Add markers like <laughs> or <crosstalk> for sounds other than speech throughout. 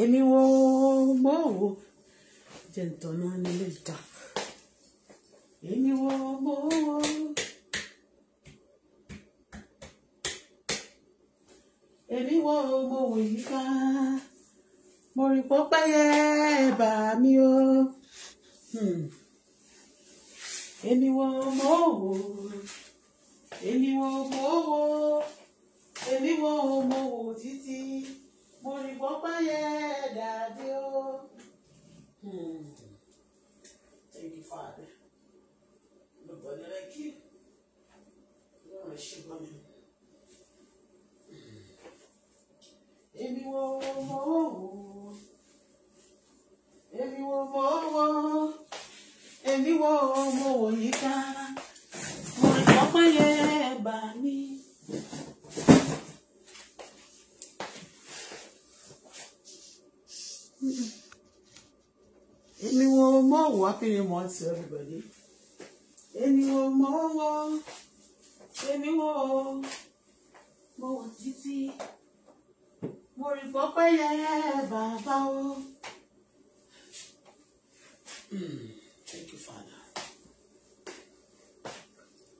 èmi wo mo wo jẹ́ ìtọ́nà nílé ìta èmi wo mo wo. èmi wo mo wò yí ká mo rí pọ́pẹ́ yẹ bà mí o hmm. èmi wo mo wò wo mo wò wo mo títí mo rí pọ́pá yẹ dàdí o. Hmm. Thank you, Father. Nobody like you. Lọ́rọ̀ ṣe bọ́ mi. Hmm. Èmi wo mo wò? Èmi wo mo wò? Èmi wo mo wò yíká? Mo rí pọ́pá yẹ bà Anyone more walking in amongst everybody? Anyone more? Anyone more títí? Mo rí pọ́pẹ́ yẹ bàbá o. Thank you, Father.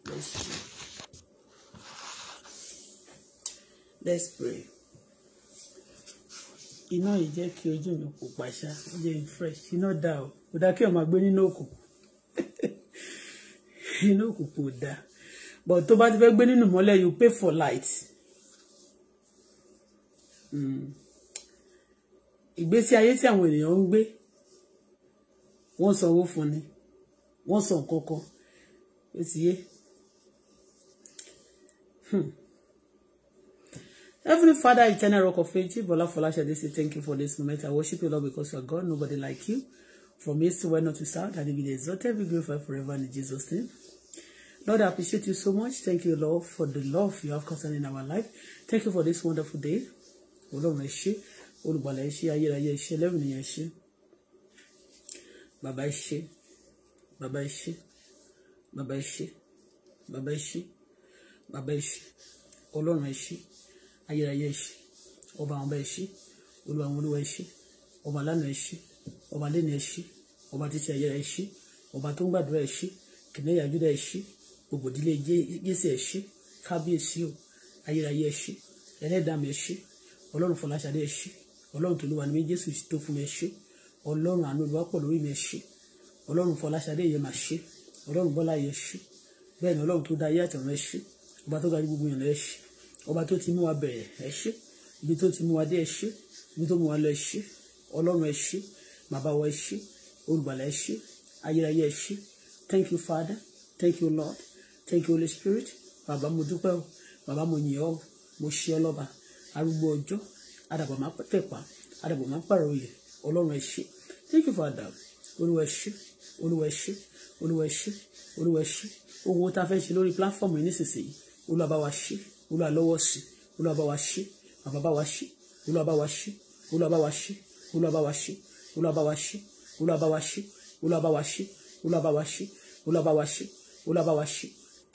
Let's pray. Let's pray iná yìí jẹ́ kí ojú mi kò pàṣá ó jẹ́ fresh iná dà ó kò dá kí ọmọ gbé nínú òkùnkùn <laughs> inú òkùnkùn ò dá but tó bá ti fẹ́ gbé nínú mọ́lẹ̀ you pay for light hmm. ìgbésí ayé tí àwọn ènìyàn ń gbé wọ́n sanwó fún ni wọ́n san kankan ó ti yé. Hmm. Heavenly Father, eternal rock of ages, Bola Folasha, they say thank you for this moment. I worship you, Lord, because you are God, nobody like you. From east to west, not to south, and be exalted, be glorified forever in Jesus' name. Lord, I appreciate you so much. Thank you, Lord, for the love you have concerned in our life. Thank you for this wonderful day. Ọlọ́run ẹ ṣé, olùgbàlà ẹ ṣé, Baba ẹ ṣé, lẹ́mìnì ẹ ṣé. Bàbá ẹ ṣé, ayérayé ẹ ṣé ọba àwọn ọba ẹ ṣé olúwa àwọn olúwa ẹ ṣé ọba lánàá ẹ ṣé ọba lẹ́nu ẹ ṣé ọba títí ayérayé ẹ ṣé ọba tó ń gbàdúrà ẹ ṣé kìnìyà Júdà ẹ ṣé gbogbo ìdílé Jésè ẹ ṣé kábíyèsí o ayérayé ẹ ṣé ẹlẹ́dàá mi ẹ ṣé ọlọ́run Fọláṣadé ẹ ṣé ọlọ́run tó lówà ní mi Jésù tó fún mi ẹ ọlọ́run àánú olùwàpọ̀ lórí mi ẹ ọlọ́run Fọláṣadé yẹ ọba tó ga gbogbo èèyàn lọ ẹ ṣé ọba tó ti mú wa bẹ̀rẹ̀ ẹ ṣé ibi tó ti mú wa dé ẹ ṣé ibi tó mú wa lọ ẹ ṣé ọlọ́run ẹ ṣé bàbá wa ẹ ṣé olùgbàlà ẹ ṣé ayérayé ẹ ṣé thank you father thank you lord thank you holy spirit bàbá mo dúpẹ́ o bàbá mo yìn ọ́ o mo ṣe ọ́ lọ́ba arúgbó ọjọ́ àdàbọ̀ máa tẹ̀pá àdàbọ̀ máa pààrọ̀ yẹ ọlọ́run ẹ ṣé thank you father olúwa ẹ ṣé olúwa ẹ ṣé olúwa ẹ ṣé olúwa ẹ ṣé owó tá a fẹ́ ṣe lórí pláfọ́ọ̀mù yìí nísinsìnyí olúwa bá wa ṣe olúwa lọ́wọ́ sí olúwa bá wa ṣe bàbá bá wa ṣe olúwa bá wa ṣe olúwa bá wa ṣe olúwa bá wa ṣe olúwa bá wa ṣe olúwa bá wa ṣe olúwa bá wa ṣe olúwa bá wa ṣe olúwa bá wa ṣe olúwa bá wa ṣe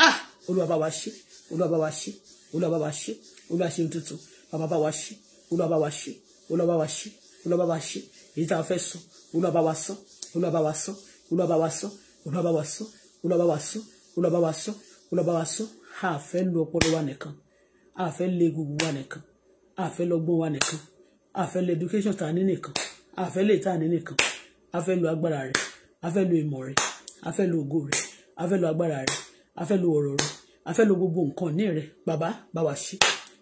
ah olúwa bá wa ṣe olúwa bá wa ṣe olúwa bá wa ṣe olúwa ṣe tuntun bàbá bá wa ṣe olúwa bá wa ṣe olúwa bá wa ṣe olúwa bá wa ṣe èyí tá a fẹ́ sọ olúwa bá wa sọ olúwa bá wa sọ olúwa bá wa sọ olúwa bá wa sọ olúwa bá wa sọ olúwa bá wa sọ olúwa bá wa sọ a fẹ́ lu ọpọlọ wa nìkan a fẹ́ lé egungun wa nìkan a fẹ́ lọ́gbọ́n wa nìkan a fẹ́ lo education ta ní nìkan a fẹ́ lè ta ní nìkan a fẹ́ lo agbára rẹ̀ a fẹ́ lo ìmọ̀ rẹ̀ a fẹ́ lo ògo rẹ̀ a fẹ́ lo agbára rẹ̀ a fẹ́ lo ọ̀rọ̀ rẹ̀ a fẹ́ lo gbogbo nǹkan ní rẹ̀ bàbá bàbá ṣe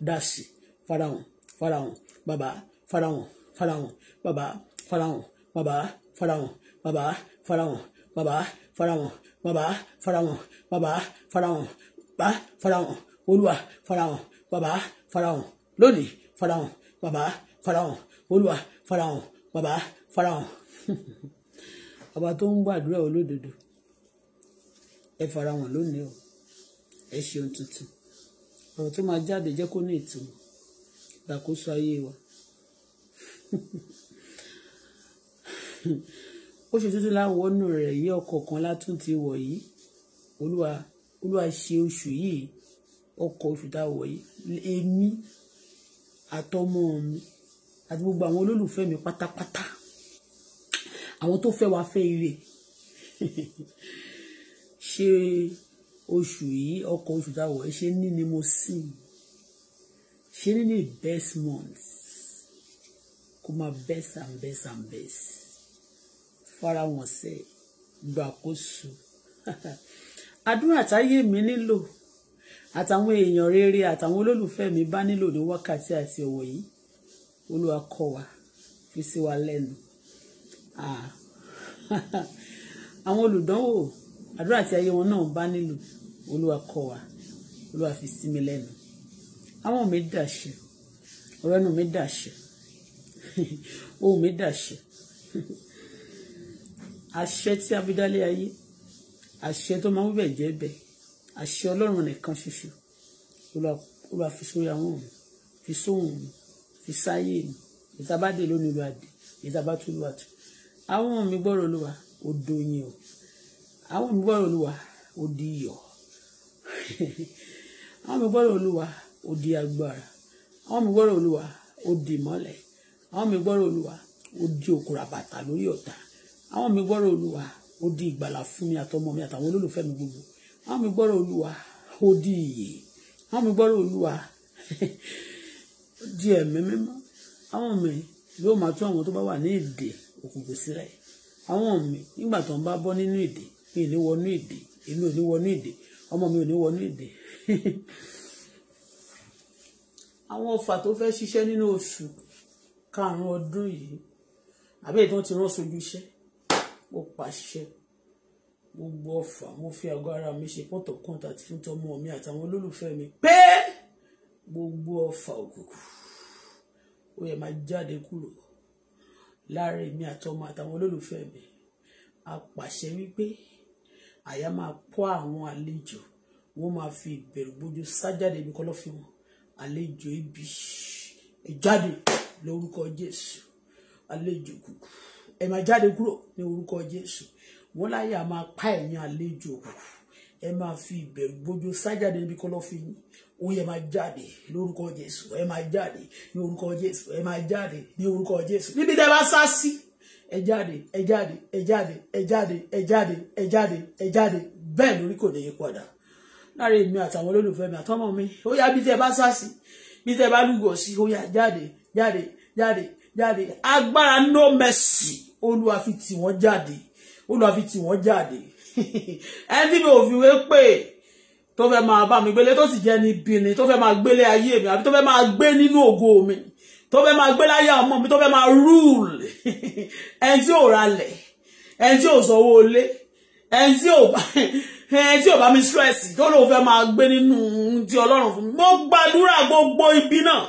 dá sí farahàn farahàn bàbá farahàn farahàn bàbá farahàn bàbá farahàn bàbá farahàn bàbá farahàn bàbá farahàn bàbá farahàn bá farahàn olúwa farahàn bàbá farahàn lónìí farahàn bàbá farahàn olúwa farahàn bàbá farahàn <laughs> bàbá tó ń gbàdúrà olódodo ẹ farahàn lónìí o ẹ ṣeun tuntun ọ̀rọ̀ tó máa jáde jẹ́ kó ní ìtumọ̀ ìgbàkóso ayé wa <laughs> ó ṣe tuntun láwọnú rẹ̀ yí ọkọ̀ kan látún ti wọ̀ yìí olúwa olúwa ṣe oṣù yìí ọkọ̀ oṣù tá a wọ̀ yìí èmi àtọmọ mi àti gbogbo àwọn olólùfẹ́ mi pátápátá àwọn tó fẹ́ wa fẹ́ ire <laughs> ṣe oṣù yìí ọkọ̀ oṣù tá a wọ̀ yìí ṣe ní ni mo sìn ṣe ní ní best month kó máa best and best and best farahàn sẹ́ẹ̀ gbàkóso àdúrà táyé mi nílò àtàwọn èèyàn rere àtàwọn olólùfẹ́ mi bá nílò ní wákàtí àti ọ̀wọ̀ yìí olúwa kọ́ wa fi sí wa lẹ́nu <laughs> àwọn olùdánwò àdúrà tí ayé wọn náà bá nílò olúwa kọ́ wa olúwa fi sí mi lẹ́nu àwọn mi dàṣẹ ọ̀rọ̀ ẹnu mi dàṣẹ <laughs> ohùn mi dàṣẹ <laughs> àṣẹ tí abídálé ayé àṣẹ tó máa ń wíbẹ̀ jẹ́ bẹ́ẹ̀ àṣẹ ọlọ́run nìkan ṣoṣo olúwa fi sórí àwọn òun fi sóhun mi fi sáyé mi ìtabádé lónìí olúwa dé ìtabátú olúwa tó àwọn ohun mi gbọ́rọ̀ olúwa odò yìí o àwọn ohun mi gbọ́rọ̀ olúwa odi iyọ̀ <laughs> àwọn mi gbọ́rọ̀ olúwa odi agbára àwọn mi gbọ́rọ̀ olúwa odi ìmọ́lẹ̀ àwọn mi gbọ́rọ̀ olúwa odi òkúra bàtà lórí ọ̀tá àwọn mi gbọ́rọ̀ olúwa odi ìgbàlà fún mi àtọmọ mi àtàwọn olólùfẹ́ mi gbogbo àwọn mi gbọ́rọ̀ olúwa ó di ìyè àwọn mi gbọ́rọ̀ olúwa di ẹ̀mí mímọ́ àwọn mi yóò máa tún àwọn tó bá wà ní èdè òkùnkùn sílẹ̀ àwọn mi nígbà tó ń bá bọ́ nínú èdè mi ò ní wọnú èdè èmi ò ní wọnú èdè ọmọ mi ò ní wọnú èdè <laughs> àwọn ọfà tó fẹ́ ṣiṣẹ́ nínú oṣù karùn-ún ọdún yìí àbẹ́ẹ̀dán ti rán sojú iṣẹ́ ó pàṣẹ gbogbo ọ̀fà mo fi àgọ́ ara mi ṣe pọ́tọ̀ kọ́ńtà àti fún tọmọ mi àtàwọn olólùfẹ́ mi pé gbogbo ọ̀fà òkùnkùn ó yẹ máa jáde kúrò láàrin mi àtọmọ àtàwọn olólùfẹ́ mi a pàṣẹ wípé àyà máa pọ́ àwọn àlejò wọ́n máa fi ìbẹ̀rù gbójú sájáde ibi kọ́lọ́ fi wọn àlejò ibi ẹ jáde lórúkọ Jésù àlejò kùkù ẹ máa jáde kúrò ní orúkọ Jésù wọ́n láyé a máa pa ẹ̀yìn àlejò ẹ máa fi ìbẹ̀rù gbójú sájáde níbi kọ́lọ́ fi yín ó yẹ máa jáde lórúkọ Jésù ẹ máa jáde ní orúkọ Jésù ẹ máa jáde ní orúkọ Jésù níbi tẹ́ bá sá sí ẹ jáde ẹ jáde ẹ jáde ẹ jáde ẹ jáde ẹ jáde ẹ jáde bẹ́ẹ̀ lórí kò ní padà láàrin èmi àtàwọn olólùfẹ́ mi àtọ́mọ mi ó yá bí tẹ́ bá sá sí bí tẹ́ bá lúgọ sí ó yá jáde jáde jáde jáde agbára no mercy olúwa fi tì wọ́n jáde olùwà fi tì wọ́n jáde <laughs> ẹni tí mi ò fi wé pè tó fẹ́ máa bá mi gbélé tó sì jẹ́ ní bìnrin tó fẹ́ máa gbélé ayé mi àbí tó fẹ́ máa gbé nínú ògo mi tó fẹ́ máa gbé láyé ọmọ mi tó fẹ́ máa rúùlù <laughs> ẹni tí ò ralẹ̀ ẹni tí ò sanwó ilé ẹni tí ò bá <laughs> ẹni tí ò bá mi stress tó lóun fẹ́ máa gbé nínú ti ọlọ́run fún mi mo gbàdúrà gbogbo ibi náà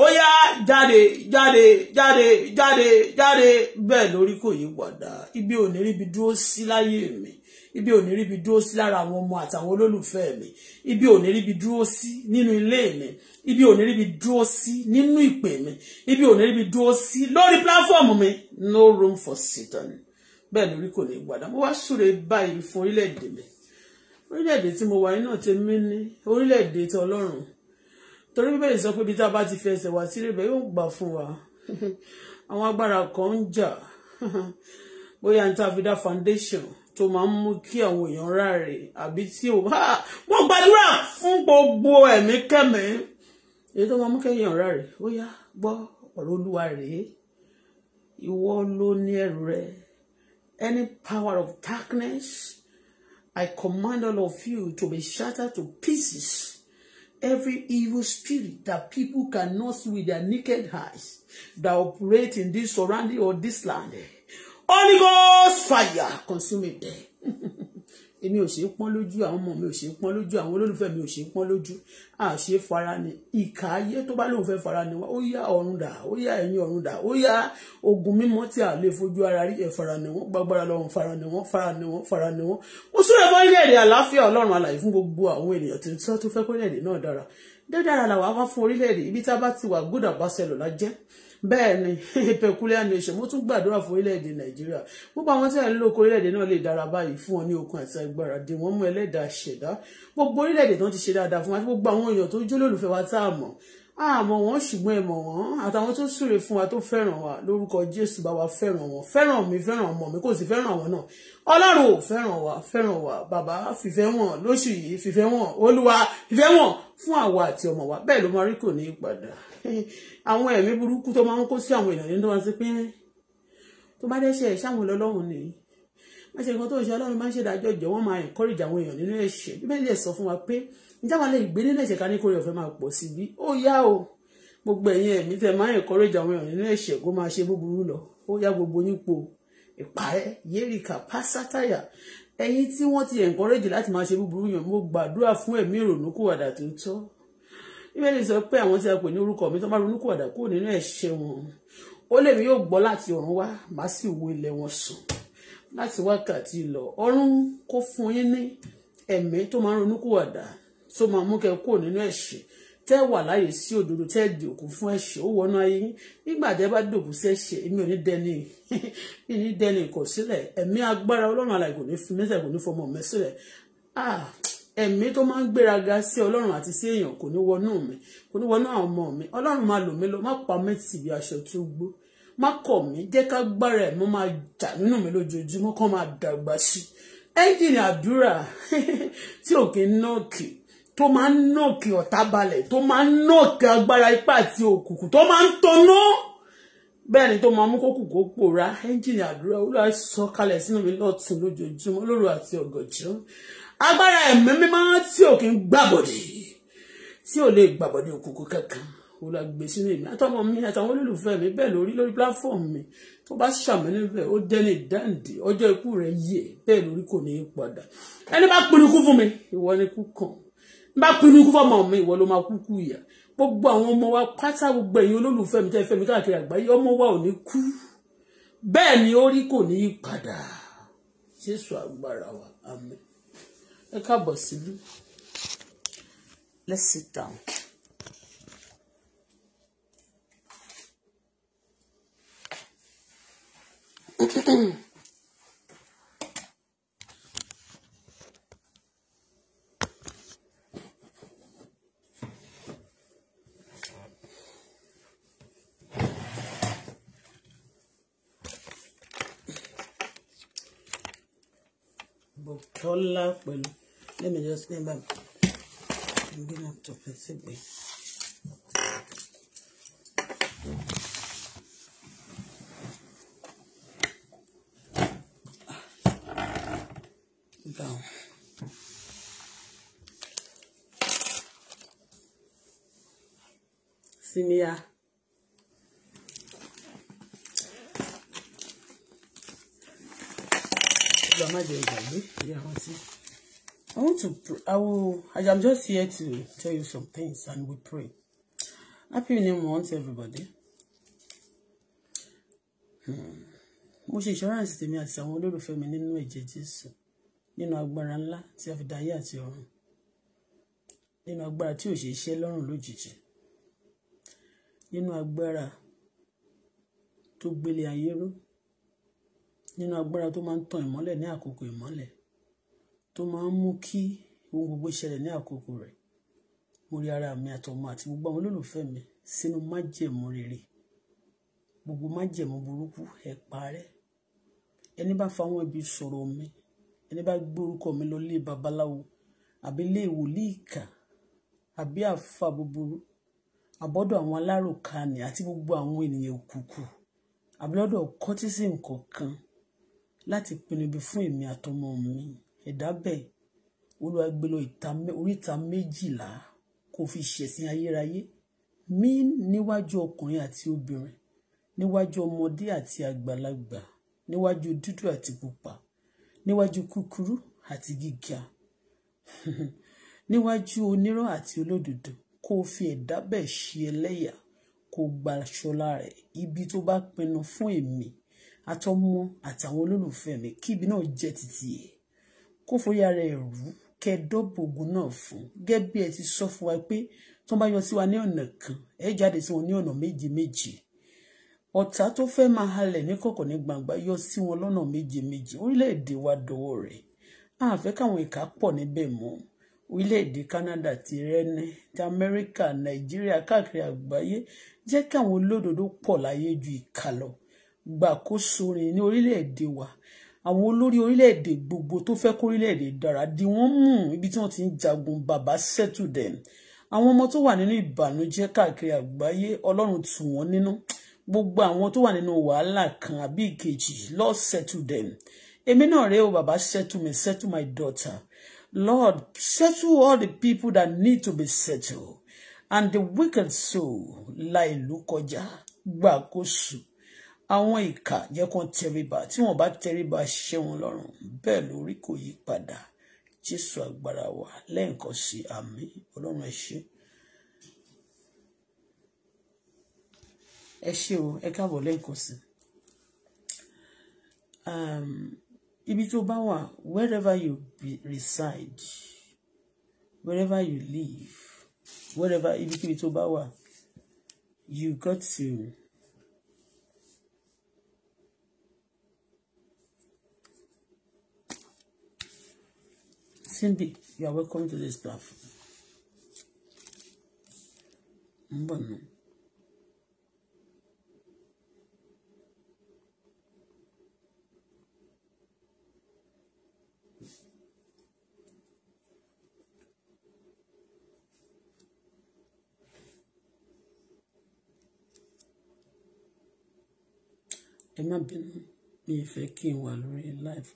ó yá jáde jáde jáde jáde jáde bẹ́ẹ̀ lórí kò yí padà ibi ò ní ríbi dúró sí láyé mi ibi ò ní ríbi dúró sí lára àwọn ọmọ àtàwọn olólùfẹ́ mi ibi ò ní ríbi dúró sí nínú ilé mi ibi ò ní ríbi dúró sí nínú ìpè mi ibi ò ní ríbi dúró sí lórí pílàfọ́ọ̀mù mi no room for Satan bẹ́ẹ̀ lórí kò ní gbàdá mo wá súre báyìí fún orílẹ̀-èdè mi orílẹ̀-èdè tí mo wà yìí náà ti mí ní orílẹ̀-èdè tí ọlọ́run torí bíbélì sọ pé ibi tá a bá ti fi ẹsẹ̀ wá sí rèébẹ̀ yóò gbà fún wa <laughs> àwọn agbára kan ń jà <laughs> bóyá n ta fi dá foundation tó máa ń mú kí àwọn èèyàn ráre àbí tí ò bá wọ́n ah! gbàdúrà fún gbogbo ẹ̀mí kẹ́mí èyí tó máa mú kéèyàn ráre bóyá gbọ́ ọ̀rọ̀ olúwa rèé ìwọ ló ní ẹrù rẹ any power of darkness I command all of you to be shattered to pieces every evil spirit that people cannot see with their naked eyes that operate in this surrounding or this land. Holy Ghost fire, consume them. <laughs> èmi ò ṣe é pọ́n lójú àwọn ọmọ mi ò ṣe é pọ́n lójú àwọn olólùfẹ́ mi ò ṣe é pọ́n lójú à fara ni ìkà ayé tó bá lóun fẹ́ fara ni wá ó yá ọ̀run dà ó yá ẹ̀yìn ọ̀run dà ó yá ogun mímọ́ tí a lè fojú ara rí ẹ̀ fara ni wọ́n gbàgbára lọ́run fara ni wọ́n fara ni wọ́n fara ni wọ́n. mo súnra fún ilé èdè àlàáfíà ọlọ́run alàyè fún gbogbo àwọn ènìyàn tí wọ́n tó fẹ́ kó ilé èdè náà dára dáadáa làwọn á wá fún orílẹ̀ èdè ibi tá a bá ti wà good ambassador la jẹ́ bẹ́ẹ̀ ni <laughs> peculiar nation mo tún gbàdúrà fún orílẹ̀-èdè nàìjíríà gbogbo àwọn tí ẹ̀ ń lò kó orílẹ̀-èdè náà lè dára báyìí fún wọn ní okun àti agbára dè wọ́n mú ẹlẹ́dàá ṣẹ̀dá gbogbo orílẹ̀-èdè tó ti ṣe dáadáa fún wa gbogbo àwọn èèyàn tó jólólùfẹ́ wa tá a mọ̀ àmọ́ wọn ṣùgbọ́n ẹ mọ̀ wọ́n àtàwọn tó súre fún wa tó fẹ́ràn wa lórúkọ jésù bá wa fẹ́ràn wọn fẹ́ràn mi fẹ́ràn ọmọ mi kò sì fẹ́ràn àwọn náà ọlọ́run ò fẹ́ràn wa fẹ́ràn wa bàbá fìfẹ́ wọn lóṣù yìí fìfẹ́ wọn olúwa fìfẹ́ wọn fún àwa àti ọmọ wa bẹ́ẹ̀ ló máa rí kò ní í padà. <laughs> àwọn ẹ̀mí burúkú tó máa ń kó sí àwọn ìlànà tó wá sí pé tó bá dẹ́ṣẹ̀ sáwọn ọlọ́run nìyí má ṣe nǹkan tó ń ṣe ọlọ́run má ń ṣe dájọ́ ìjọ wọ́n máa encourage àwọn èèyàn nínú ẹ̀ṣẹ̀ bí bẹ́ẹ̀ lè sọ fún wa pé ìjáwá lè gbé nínú ẹ̀ṣẹ̀ ká ní kórè ọ̀fẹ́ máa pọ̀ sí bí ó yá o gbogbo ẹ̀yin ẹ̀mí tẹ máa encourage àwọn èèyàn nínú ẹ̀ṣẹ̀ kó máa ṣe búburú lọ ó yá gbogbo yín po ìparẹ́ yéríkà pásátàyà ẹ̀yin tí wọ́n ti encourage láti máa ṣe búburú yàn mo gbàdúrà fún ẹ̀mí ìrònúkúwàdà tó tọ́ bíbélì sọ pé àwọn tí a pè ní orúkọ mi tó bá ronú kúwàdà kúrò nínú ẹ̀ṣẹ̀ wọn ó lèmi yóò gbọ́ láti ọ̀run wá màá sì wo ilẹ̀ wọn sùn láti wákàtí lọ ọ̀run kó fún yín ní ẹ̀mí tó máa ń ronú kúwàdà tó máa mú kẹ́ kúrò nínú ẹ̀ṣẹ̀ tẹ́ wà láàyè sí òdodo tẹ́ di òkú fún ẹ̀ṣẹ̀ ó wọnú ayé yín nígbà tẹ́ bá dòkú sí ẹ̀ṣẹ̀ èmi ò ní dẹni <laughs> ní dẹni ìkọ̀sílẹ̀ ẹ̀mí agbára ọlọ́run alàìkò ní fún mẹ́sẹ̀ kò ní fọmọ mẹ́sílẹ̀ ah ẹ̀mí tó máa ń gbéraga sí ọlọ́run àti sí èèyàn kò ní wọnú mi kò ní wọnú àwọn ọmọ mi ọlọ́run máa lò mí lọ má pa mí tì bí aṣọ tó gbó má kọ̀ mí jẹ́ ká gbára ẹ̀ mo máa jà nínú mi lójoojúmọ́ kán máa dàgbà sí ẹ́ńjìnì àdúrà <laughs> tí òkè nọ́ọ̀kì tó máa ń nọ́ọ̀kì ọ̀tá balẹ̀ tó máa ń nọ́ọ̀kì agbára ipá àti òkùnkùn tó máa ń tọ́nú bẹ́ẹ̀ ni tó máa mú kókù kó pòórá ẹ́ńjìnì àdúrà ó lọ́ọ́ sọ kalẹ̀ sínú mi lọ́ọ̀tún lójoojúmọ́ lóru àti ọ̀gànjọ́ agbára ẹ̀mí mímọ́ tí ò kí ń gbàbọ̀dì tí ò lè gbàbọ̀dì òkùnkùn kankan ó la gbé sínú èmi àtọmọ mi àtàwọn olólùfẹ́ mi bẹ́ẹ̀ lórí lórí platform mi tó bá ṣàmì níbẹ̀ ó dẹni dáǹdì ọjọ́ ikú rẹ̀ yẹ bẹ́ẹ̀ lórí kò ní í padà ẹni bá pinnu kú fún mi ìwọ ni kú kàn ń bá pinnu kú fọmọ mi ìwọ ló máa kú kú ìyà gbogbo àwọn ọmọ wa pátá gbogbo ẹ̀yin olólùfẹ́ mi tẹ́ fẹ́ mi káàkiri àgbáyé ọmọ wa ò ní kú bẹ́ẹ̀ ni orí kò ní í padà Jésù agbára wa àmín ẹ káàbọ̀ sílú let's sit down. mm <clears throat> Tọ́lá pẹ̀lú let me just name am I'm going up to Pensibe. Ah. Down. Simia. Lord, my dear, yeah, I want to, pray. I will, I'm just here to tell you some things and we pray. Happy New Month, everybody. Hmm. Mo ṣe insurance tèmi àti àwọn olólùfẹ́ mi nínú ẹ̀jẹ̀ Jésù nínú agbára ńlá tí a fi dá ayé àti ọ̀run nínú agbára tí ò ṣe iṣẹ́ lọ́rùn lójijì nínú agbára tó gbélé ayé nínú agbára tó máa ń tan ìmọ́lẹ̀ ní àkókò ìmọ́lẹ̀ tó máa ń mú kí ohun gbogbo ṣẹlẹ̀ ní àkókò rẹ̀ mo rí ara mi àtọmọ àti gbogbo àwọn olólùfẹ́ mi sínú májẹ̀mú rere gbogbo májẹ̀mú burúkú ẹ̀ parẹ́ ẹni bá fa àwọn ibi sọ̀rọ̀ mi ẹni bá gbé orúkọ mi lọ lé babaláwo àbí lé wòlíì ìkà àbí àfa búburú àbọ́dọ̀ àwọn aláròkànì àti gbogbo àwọn ènìyàn òkùnkùn àbí lọ́dọ̀ kọ́tísì nǹkan kan láti pinnu ibi fún èmi àtọmọ mi ẹ̀dá bẹ́ẹ̀ olúwa gbé lọ oríta méjìlá kò fi ṣẹ̀sìn ayérayé mí níwájú ọkùnrin àti obìnrin níwájú ọmọdé àti àgbàlagbà níwájú dúdú àti pupa níwájú kúkúrú àti gíga <laughs> níwájú onírọ́ àti olódodo kó o fi ẹ̀dá bẹ́ẹ̀ ṣe ẹlẹ́yà kó o gba aṣọ lára ibi tó bá pinnu fún èmi àtọmọ àti àwọn olólùfẹ́ mi kíbi náà jẹ́ títì ẹ̀ kó forí ara ẹ̀ rú kẹ́ dọ́bù ogun náà fún gẹ́gẹ́ bí ẹ ti sọ fún wa pé tó bá yọ sí wa ní ọ̀nà kan ẹ jáde sí wọn ní ọ̀nà méje méje ọ̀tá tó fẹ́ máa halẹ̀ ní kọ̀kọ̀ ní gbangba yọ sí wọn lọ́nà méje méje orílẹ̀ wa dọwọ́ rẹ̀ àfẹ́ káwọn ìka pọ̀ níbẹ̀ mọ́ orílẹ̀ Canada ti rẹ́ni ti Amẹ́ríkà Nàìjíríà káàkiri àgbáyé jẹ́ káwọn olódodo pọ̀ láyé ju ìka lọ gbàkóso rẹ̀ ní orílẹ̀-èdè wa àwọn olórí orílẹ̀-èdè gbogbo tó fẹ́ kó orílẹ̀-èdè dára di wọ́n mú ibi tí wọ́n ti ń jagun bàbá settle them àwọn ọmọ tó wà nínú ìbànújẹ́ káàkiri àgbáyé ọlọ́run tù wọ́n nínú gbogbo àwọn tó wà nínú wàhálà kan àbí ìkejì lord settle them èmi náà rèé o bàbá settle me settle my daughter lord settle all the people that need to be settled and the wicked soul la ìlú kọjá gbàkóso àwọn ìkà jẹ́ kán tẹríba tí wọ́n bá tẹríba ṣẹ́ wọn lọ́rùn bẹ́ẹ̀ lórí kò yí padà jésù agbára wa lẹ́ǹkan sí àmín ọlọ́run ẹ ṣé. ẹ ṣé o ẹ káàbọ̀ lẹ́ǹkan sí ibi tó bá wà wherever you be, reside wherever you live wherever ibikíbi tó bá wà you got to. Simbi, you are welcome to this platform. Mbọ̀nà. ẹ má bínú mi ì fẹ́ kí n wà lórí live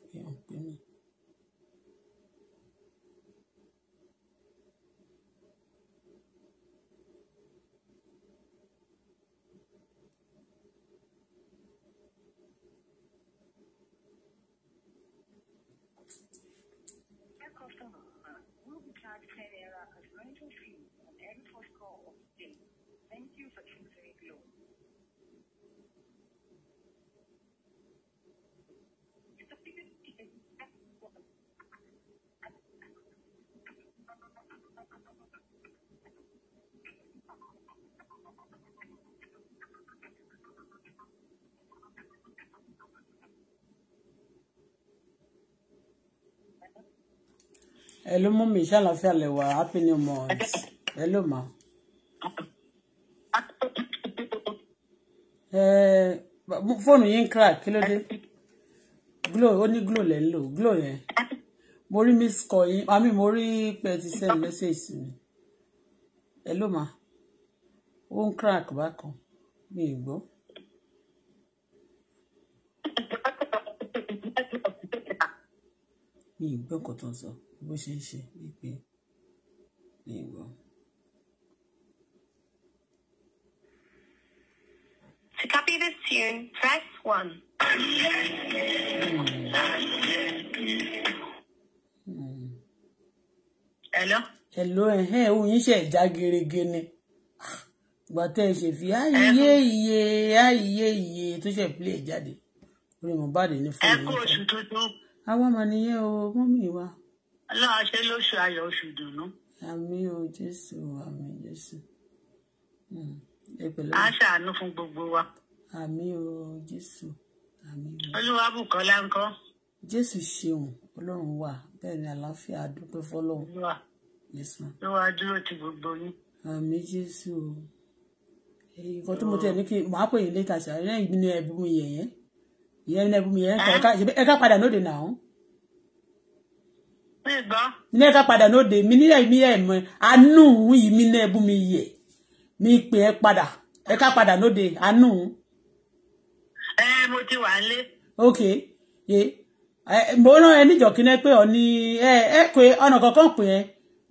Hello, mommy. Ṣàlàáfíà lẹ wà? Happy new month. Hello, ma. Eh, fóònù yín ń crack kí ló dé? Glo ó ní glo lẹ́ ń lò glo yẹn mo rí miss call yín mo rí pẹ̀tì send message mi ẹ ló mà ó ń crack bákan mi ì gbọ́. mi ì gbọ́ nǹkan tó ń sọ bó ṣe ń ṣe wípé mi ì gbọ́. To copy this tune, press one. Hmm hello. hello ẹ ẹ òun yín ṣe ìjà gerege ni ah, ìgbà tẹ ẹ ṣe fi àìyé iye àìyé iye tó ṣe play jáde orí Mohbad ní fún mi. ẹ kú oṣù tuntun. àwa mà nìyẹn o mọ́mì wa. ọlọ́run ṣe lóṣù ayọ̀ oṣù dùnú. àmín o jésù àmín jésù. a hmm, ṣàánú fún gbogbo wa. àmín o jésù àmín. olúwa bùkọ́lá ńkọ́. jésù ṣeun ọlọ́run wà bẹ́ẹ̀ ni àlàáfíà dúpẹ́ fọlọ́run. olúwa ló wá dúró ti gbogbo yín. àmì jésù o nǹkan tí mo tẹ̀ ní kí màá pè yín létà sí àárẹ̀ ìbínú ẹ̀bùn mi yẹn yẹn ìyẹn ní ẹ̀bùn mi yẹn ẹ ká padà lóde nà án. mi gbọ́. ní ẹ ká padà lóde mi nílẹ̀ mi ẹ̀ mọ́ àánú yìí mi ní ẹ̀bùn mi yẹ mi pè ẹ padà ẹ ká padà lóde àánú. ẹ mo ti wà ń lé. ok ye mo rán ẹ níjọ kí n ẹ pé ọ ní ẹ ẹ pé ọ̀nà kankan pè ẹ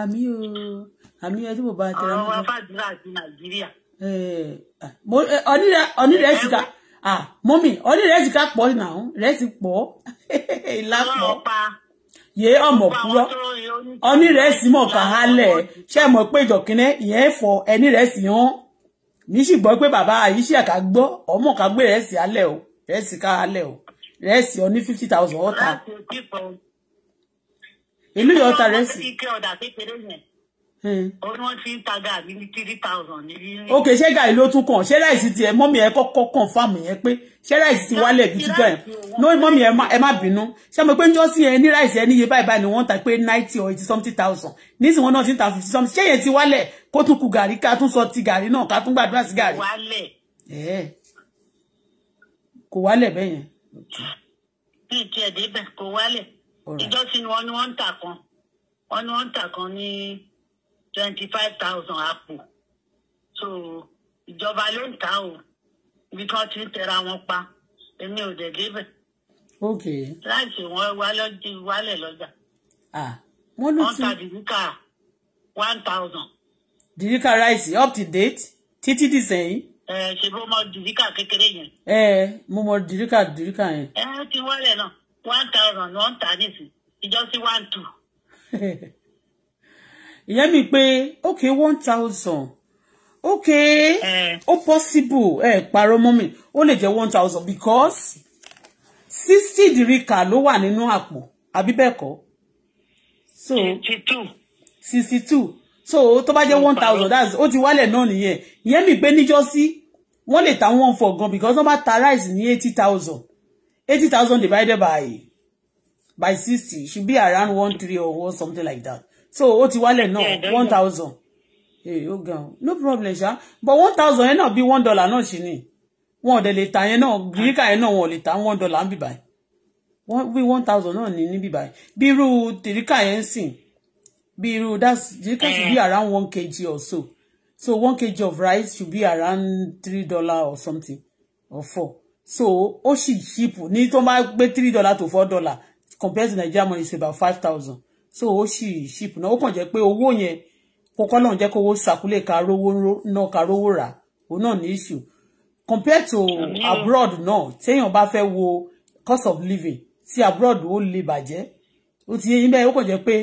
àmì o àmì ẹ tí mo bá tẹ̀lé. ọ̀rọ̀ wa fàdúrà àti nàìjíríà. onírẹsì ká mọ́mì onírẹsì ká pọ̀ nà ó rẹ́sì pọ̀ <laughs> ìlà pọ̀ yé ọmọ kúrọ onírẹsì mọ kà á lẹ ṣé ẹ mọ̀ pé ìjọkínẹ ìyẹn fọ ẹnírẹsì hàn ní sì gbọ́ pé bàbá àyíṣẹ ká gbọ́ ọmọ ká gbé rẹsì alẹ o rẹsì ká alẹ o rẹsì ọ ní fifty thousand ọta. láti ojú ìfọ̀n ìlú yọta rẹ sí. ó ní wọ́n ti ń ta gàrí ní three thousand ní. ok ṣé gàrí ló tún kàn ṣé ráìsì tiẹ̀ mọ́mì ẹ kọ́kọ́ kàn fáàmù yẹn pé ṣé ráìsì ti wálẹ̀ bí tíjọ́ yẹn no mọ́mì ẹ má bínú ṣé mo pé ń sí yẹn ní ráìsì ẹ níye báyìí báyìí ni wọ́n ta pé ninety or eighty something thousand nísìnyí wọ́n náà ti ń ta fifty something ṣé yẹn ti wálẹ̀ kó tún ku gàrí ká tún sọ ti gàrí náà ká tún gbàdúrà sí gàrí. wálẹ̀. ẹ kò wálẹ̀ bẹ́yẹn. bí ìtì ẹ̀ kò wálẹ̀ ìjọsìn ni wọ́n ní wọ́n ń tà kan wọ́n ní wọ́n ń tà kan ní twenty five thousand àpò so ìjọba ló ń tà o ibi tí wọ́n ti ń tẹra wọn pa èmi ò dẹ̀ débẹ̀. ok láìsí wọn wálẹ̀ lọ́jà. ah wọ́n ló ti wọ́n ta dìríkà one thousand. dìríkà ráìsì up to date títí dìsẹ́yìn ṣe bó mọ dìríkà kékeré yẹn. ẹ mo mọ dìríkà dìríkà yẹn. ẹ ti wọlé náà one thousand ni wọ́n ń tà nísìn one two. <laughs> ìyẹn mi pé okay one thousand okay ó possible ẹ parọ́ mọ́ mi ó lè jẹ́ one thousand because sixty dìríkà ló wà nínú àpò àbí bẹ́ẹ̀ kọ́ so sixty two sixty two so tó bá jẹ́ one thousand that's ó ti wálẹ̀ náà nìyẹn ìyẹn mi pé níjọ́ sí wọ́n lè ta one for gan because wọ́n bá ta rice ní eighty thousand eighty thousand divided by by sixty should be around one three or one something like that so ó ti wálẹ̀ náà one thousand ee ó ga no problem ṣá but one thousand yẹn náà bí one dollar náà ṣì ni wọn ò dẹ̀ lè ta yẹn náà gíríkà yẹn náà wọn ò ta one dollar ń bì báyìí wọ́n bí one thousand náà ní níbí báyìí bí irú tìríkà yẹn ń sìn bí irú that's tìríkà should be eh. around one kg or so so one kg of rice should be around three dollar or something or four so ó sì cheap ní tó máa gbé three dollar to four dollar compared to Nigeria money is about five thousand so ó sì cheap náà ó kàn jẹ́ pé owó yẹn kókó lóun jẹ́ kówó sàkúlẹ̀ ká rówó náà ká rówó rà òun náà ní issue compared to abroad náà téèyàn bá fẹ́ wo cost of living tí abroad ó lè bàjẹ́ ó ti yé yín bẹ́ẹ̀ ó kàn jẹ́ pé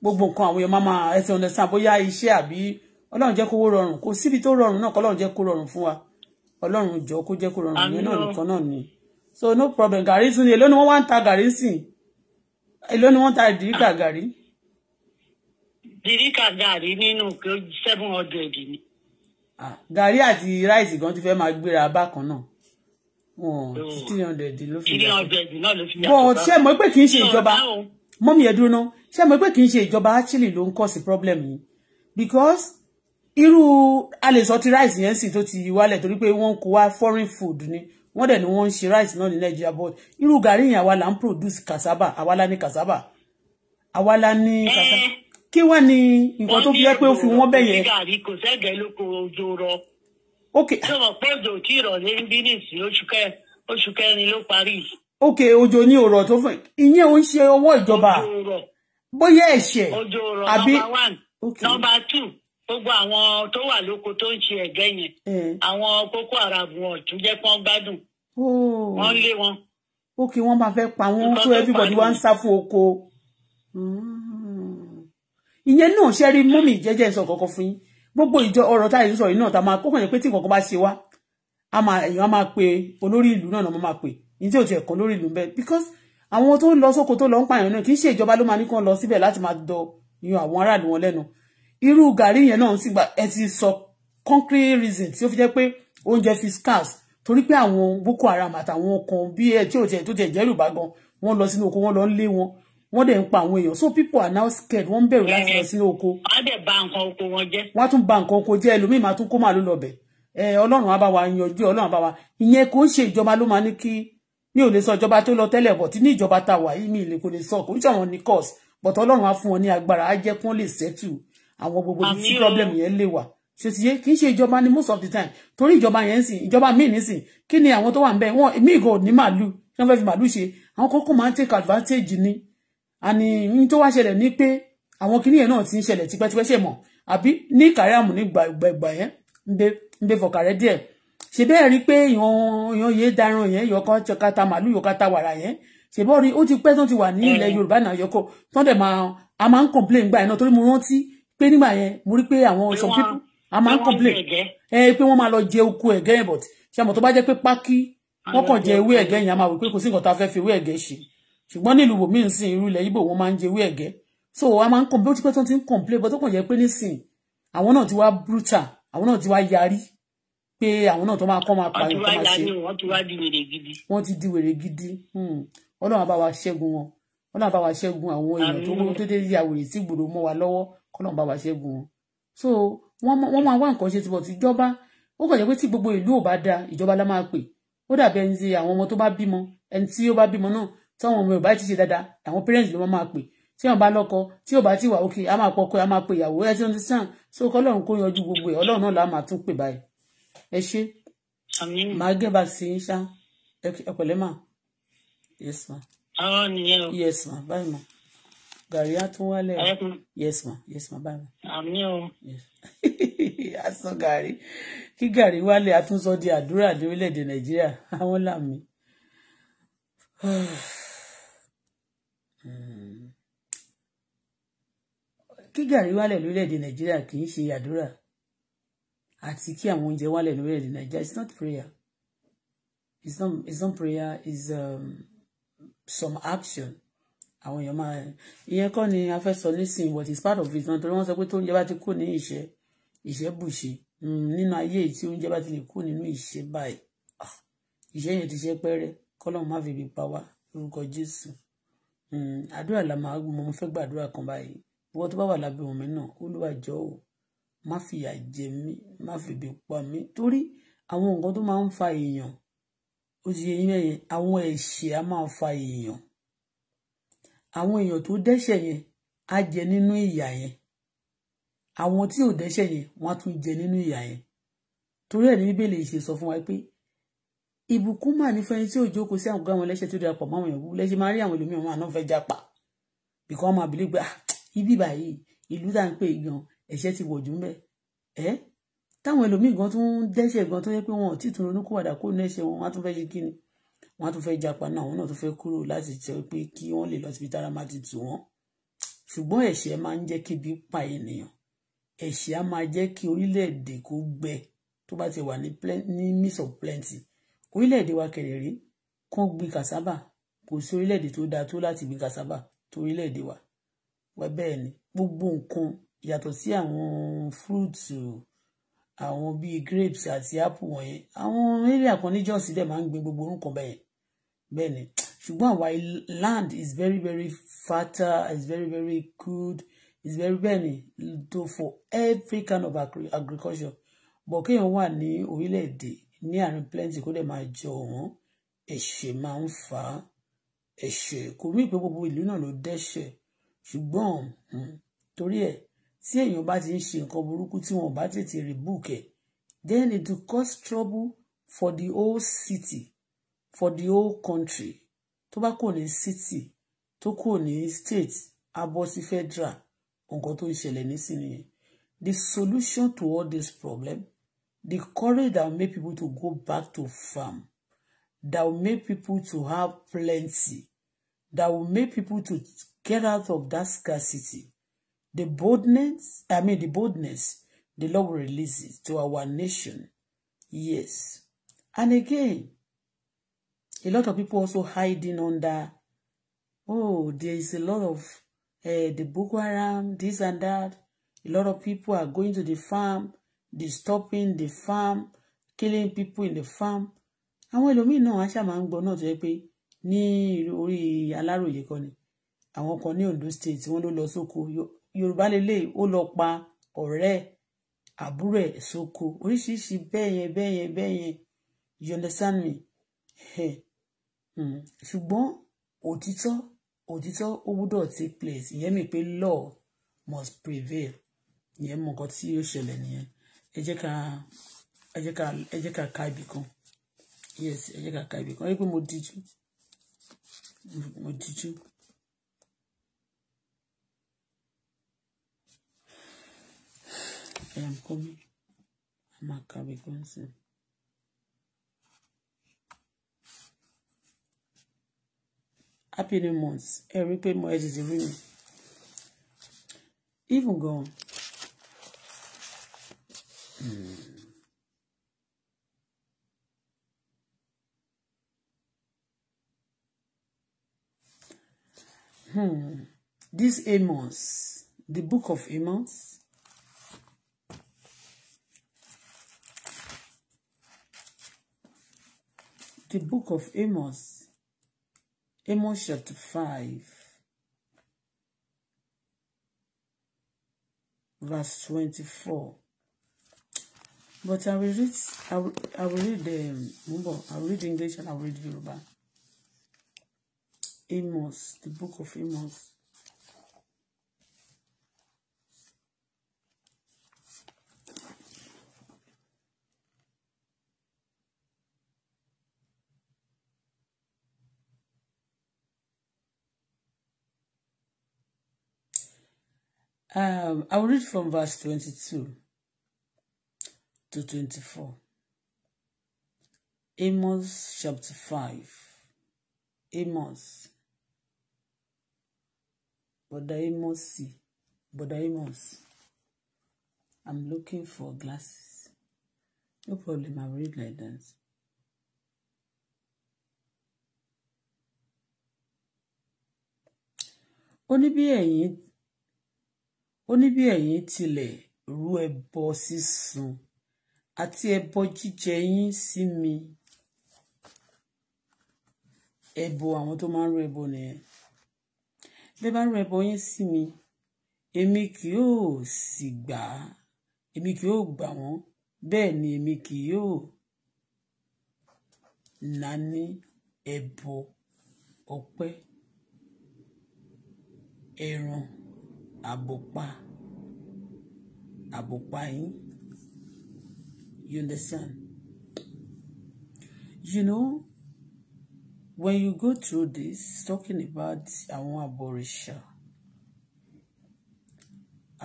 gbogbo nǹkan àwọn èèyàn máa máa ẹ ti understand bóyá iṣẹ́ àbí ọlọ́run jẹ́ kówó rọrùn kò síbi tó rọrùn náà kọ́ ọlọ́run kó rọrùn fún wa ọlọ́run jọ kó jẹ́ kó rọrùn yẹn náà nìkan náà ni so no problem gàrí sí ni èló ni wọ́n wá ń ta gàrí sí èló ni wọ́n ta ìdíríkà gàrí. ìdíríkà gàrí nínú seven hundred ni. gàrí àti ráìsì gan ti fẹ́ máa gbéra bákan náà three hundred ló fi yàtọ̀ bọ́n ṣé mo pé kì í ṣe ìjọba mọ́mí ẹ̀dùn náà ṣé mo pé kì í ṣe ìjọba actually ló ń cause problem yìí because irú a lè sọ ti rice yẹn sì tó ti wálẹ̀ torí pé wọ́n kó wá foreign food ni wọ́n dẹ̀ ni wọ́n ń ṣe rice náà ní Nigeria but irú gàrí yẹn àwa ń produce cassava àwa ni ní cassava àwa la eh. cassava kí wá ni nǹkan tó fi yẹ pé ó fi wọ́n bẹ̀yẹ. kò sẹ́gẹ̀ẹ́ ló kó ojú rọ. ok. sọ̀rọ̀ pé òjò tí ìrọ̀lẹ́ ń bí nìsín oṣù kẹrin ló parí. ok òjò ní ọ̀rọ̀ tó fún ìyẹn ò ń ṣe ọwọ́ ìjọba bóyá ẹ̀ṣẹ̀ àbí. ojú rọ nọmba one nọmba two gbogbo àwọn tó wà lóko tó ń ṣe ẹ̀gẹ́ yẹn àwọn Boko Haram wọn tún jẹ́ kí wọ́n gbádùn wọ́n lé wọn. ó kí wọ́n máa fẹ́ pa wọ́n tó everybody wá ń sá fún oko. Hmm. ìyẹn náà ṣe rí mọ́mì jẹ́jẹ́ sọ kọ̀ọ̀kan fún yín gbogbo ìjọ ọ̀rọ̀ tá à ń sọ yìí náà tá a máa kókàn yẹn pé tí nǹkan kan bá ṣe wá a máa èèyàn máa pe olórí ìlú náà náà máa pè ní tí ò tiẹ̀ kan lórí ìlú bẹ́ẹ̀ because àwọn tó ń lọ sóko tó lọ ń pààyàn náà kì í ṣe ìjọba ló máa ní kán lọ síbẹ̀ láti máa dọ ìyàn àwọn aráàlú wọn lẹ́nu irú gàrí yẹn náà ti gbà ẹ ti sọ concrete reason tí ó fi jẹ́ pé oúnjẹ fi scarce torí pé àwọn Boko Haram àtàwọn kan bí ẹ tí ò tiẹ̀ tó tiẹ̀ jẹ́rù bá gan wọ́n lọ sínú oko wọ́n lọ ń lé wọn wọ́n dẹ̀ ń pa àwọn èèyàn so people are now scared wọ́n ń bẹ̀rù láti lọ sínú oko. Eh, wọ́n dẹ̀ bà nǹkan oko wọn jẹ́. wọ́n á tún bà nǹkan oko jẹ́ ẹlòmíì máa tún kó màálù lọ́bẹ̀ ẹ eh, ọlọ́run á bá wa yanjú ọlọ́run á bá wa ìyẹn kò ń ṣe ìjọba ló máa ní kí mi ò lè sọ ìjọba tó lọ tẹ́lẹ̀ bọ̀ tí ní ìjọba ta wà yìí mi ì lè kò lè sọ kò ń ṣàwọn ní cause but ọlọ́run á fún wọn ní agbára á jẹ́ kí lè settle àwọn gbogbo yìí problem yẹn lè wà ṣètìyé kì í ṣe ìjọba ni most of the time torí ìjọba yẹn ń sìn ìjọba míì nísìn kí ni àwọn tó wà ń bẹ wọn míì kò ní màálù kí wọn fẹẹ fi màálù ṣe àwọn kókó máa ń take advantage ni àní ní tó wá ṣẹlẹ̀ ní pé àwọn kìnìyẹn náà ti ń ṣẹlẹ̀ tipẹ́tipẹ́ ṣe mọ̀ àbí ní kàríàmù ní gbàgbà yẹn ń bẹ fọkàrẹ́ díẹ̀ ṣe bẹ́ẹ̀ rí pé ìyọ̀n yé daran yẹn yọ̀kan kata màálù yọ̀kan ta wàrà yẹn ṣèbọ̀ rí ó ti pẹ́ tó ti wà ní ilẹ̀ mm. Yorùbá náà yọkọ̀ tó dẹ̀ máa a máa ń complain gbà yẹn náà torí mo rántí pé nígbà yẹn mo rí pé àwọn some people a máa ń complain ẹ pé wọ́n máa lọ jẹ oko ẹ̀gẹ́ yẹn but ṣe àmọ̀ tó bá jẹ́ pé pákí wọ́n kàn jẹ ewé ẹ̀gẹ́ yẹn a máa wò pé kò sí nǹkan tá a fẹ́ fi ewé ẹ̀gẹ́ ṣe ṣùgbọ́n nílùú bòmí nsìn irú ilẹ̀ Ìgbò wọ́n máa ń jẹ ewé ẹ̀gẹ́ so a máa ń complain ó ti pẹ́ tó ti ń complain but ó kàn jẹ́ pé nísìn àwọn náà ti wá brutal àwọn náà ti wá yarí pé àwọn náà tó máa kọ́ máa parí nǹkan máa ṣe wọ́n ti di wèrè gidi wọ́n ti di wèrè gidi hmm. ọlọ́run bá wa ṣẹ́gun wọn ọlọ́run bá ṣẹ́gun àwọn èèyàn tó dédé ya wèrè sí gbòòrò mọ́ wa lọ́wọ́ kọ́lọ́n bá wa ṣẹ́gun wọn so wọ́n wọ́n máa wá nǹkan ṣe tìbọ̀ tìjọba ó kàn jẹ́ pé tí gbogbo ìlú ò bá da ìjọba lá máa pè ó dàbí ẹni tí àwọn ọmọ tó bá bímọ ẹni tí ó bá bímọ náà táwọn ọmọ yorùbá ti ṣe dáadáa àwọn parents ló máa pè tí wọn bá lọ́kọ tí ò bá ti wà òkè a máa pọ ọkọ a máa pè ìyàwó ẹ ti ń sàn so kọ́lọ́run kó yanjú gbogbo ẹ Ọlọ́run náà la máa tún pè báyìí ẹ ṣe yes ma. àwọn nìyẹn yes ma báyìí ma gàrí á tún wálẹ̀ yes ma yes ma báyìí. àmì o. <laughs> a sọ gàrí kí gàrí wálẹ̀ àtúnṣọ di àdúrà ní orílẹ̀-èdè nàìjíríà àwọn làmì. <sighs> kí gàrí wálẹ̀ lórílẹ̀-èdè nàìjíríà kì í ṣe àdúrà àti kí àwọn oúnjẹ wálẹ̀ lórílẹ̀-èdè nàìjíríà it's not prayer it's not it's not prayer it's um, some action àwọn èèyàn máa ìyẹn kọ́ ni a fẹ́ sọ nísìnyí but it's part of it náà torí wọ́n sọ pé tó oúnjẹ bá ti kú ní ìṣẹ́ ìṣẹ́ bùṣe hmm, nínú ayé tí oúnjẹ bá ti lè kú nínú ìṣẹ́ báyìí ah, ìṣẹ́ yẹn ti ṣe pẹ́rẹ́ kọ́lọ́run má fi bí pa wá lórúkọ Jésù hmm, àdúrà là máa mo fẹ́ gbàdúrà kan báyìí ìwọ tó bá wà lábẹ́ òun mi náà Olúwa jọ̀ọ́ má fìyà jẹ mí má fi bí pa mí torí àwọn nǹkan tó máa ń fa èèyàn ó ti yẹ yín mẹ́yìn àwọn ẹ̀ṣẹ̀ á máa fa èèyàn àwọn èèyàn tó dẹ́ṣẹ̀ yẹn á jẹ nínú ìyà yẹn àwọn tí ò dẹ́ṣẹ̀ yẹn wọ́n á tún jẹ nínú ìyà yẹn torí ẹ̀ ní bíbélì ṣe sọ fún wa pé ìbùkún mà ní fẹ́ni tí ò jókòó sí àwùjọ àwọn ẹlẹ́ṣẹ̀ tó darapọ̀ mọ́ àwọn èèyàn búburú máa rí àwọn ẹlòmíràn wọn àná fẹ́ japa bìkọ́ ọmọ àbílẹ̀ gbà ibi báyìí ìlú tá à ń pè gan ẹ̀ṣẹ̀ ti wọ̀jú ń bẹ̀ ẹ́ táwọn ẹlòmíì gan tún dẹ́ṣẹ̀ gan tó yẹ pé wọn ò tí tún ronú kó wàdà kó nẹ́ṣẹ̀ wọn wá tún fẹ́ ṣe kí ni wọ́n á tún fẹ́ japa náà àwọn náà tún fẹ́ kúrò láti jẹ́ pé kí wọ́n lè lọ síbi tára máa ti tù wọ́n ṣùgbọ́n ẹ̀ṣẹ̀ máa ń jẹ́ kí ibi pa ènìyàn ẹ̀ṣẹ̀ á máa jẹ́ kí orílẹ̀-èdè kó gbẹ tó bá ti wà ní midst of plenty orílẹ̀-èdè wa kẹ̀rẹ̀ rí kán gbin cassava kò sí orílẹ̀-èdè tó dáa tó láti gbin cassava tó orílẹ̀-èdè wa wẹ́ bẹ́ẹ̀ ni gbogbo nǹkan yàtọ̀ sí àwọn fruits àwọn bíi grapes àti apple wọ̀nyẹn àwọn area kan ní Jones dẹ̀ máa ń gbin gbogbo orúkọ bẹ́ẹ̀ bẹ́ẹ̀ ni ṣùgbọ́n àwa land is very very fertile is very very good is very bẹ́ẹ̀ ni to for every kind of agri agriculture but kéèyàn wà ní orílẹ̀-èdè ní àárín plenty kó dẹ̀ máa jọ wọ́n ẹ̀ṣẹ̀ máa ń fa ẹ̀ṣẹ̀ kò rí pé gbogbo ìlú náà ló dẹ́ṣẹ̀ ṣùgbọ́n hmm, torí ẹ̀ tí èèyàn bá ti ń ṣe nǹkan burúkú tí wọn bá tètè rí búùkẹ̀ then it will cause trouble for the whole city for the whole country tó bá kò ní city tó kò ní state abọ́ sí federal nǹkan tó ń ṣẹlẹ̀ nísìn the solution to all this problem the courage that will make people to go back to farm that will make people to have plenty that will make people to get out of that scarcity the boldness i mean the boldness the Lord releases to our nation yes and again a lot of people also hiding under oh there is a lot of uh, the Boko Haram this and that a lot of people are going to the farm disturbing the farm killing people in the farm àwọn ẹlòmíín náà wá ṣáà máa ń gbọ́ náà tó yẹ pé ní orí Aláròyé kan ni àwọn kan ní Ondo state wọ́n ló lọ sóko Yorùbá lélẹ̀ ó lọ pa ọ̀rẹ́ àbúrò ẹ̀ sóko oríṣiríṣi bẹ́ẹ̀ yẹn bẹ́ẹ̀ yẹn bẹ́ẹ̀ yẹn you understand me Hmm. ṣùgbọ́n òtítọ́ òtítọ́ ó gbúdọ̀ take place ìyẹn mi pé law must prevail ìyẹn mọ nǹkan tí ó ṣẹlẹ̀ nìyẹn ẹ jẹ́ ká ẹ ká ibì kan yes ẹ jẹ́ ká ka ibì kan ẹ pé mo díjú mo díjú. <sighs> I am coming. I'm a Capricorn. happy new month ẹ rí pé mo ẹ even gan. Hmm. Hmm. This Amos, the book of Amos. The book of Amos. Amos chapter 5, verse 24. But I will read, I will, I will read the, um, I will read English and I will read Yoruba. Amos, the book of Amos. Um, I will read from verse 22 to 24. Amos chapter 5. Amos. But Brother Amos But Brother Amos. I'm looking for glasses. No problem, I'll read like that. Only be a ẹ̀yin ó ní bí ẹ̀yin tilẹ̀ rú ẹbọ sísun àti ẹbọ jíjẹ yín sí mi ẹbọ àwọn tó máa ń rú ẹbọ nìyẹn bẹ́ẹ̀ bá rú ẹbọ yín sí mi èmi kì yóò sì gbà á èmi kì yóò gbà wọ́n bẹ́ẹ̀ ni èmi kì yóò nání ẹbọ ọpẹ́ ẹran. Abopa. Abopain. You understand? You know, when you go through this, talking about àwọn àbọ̀rìṣà,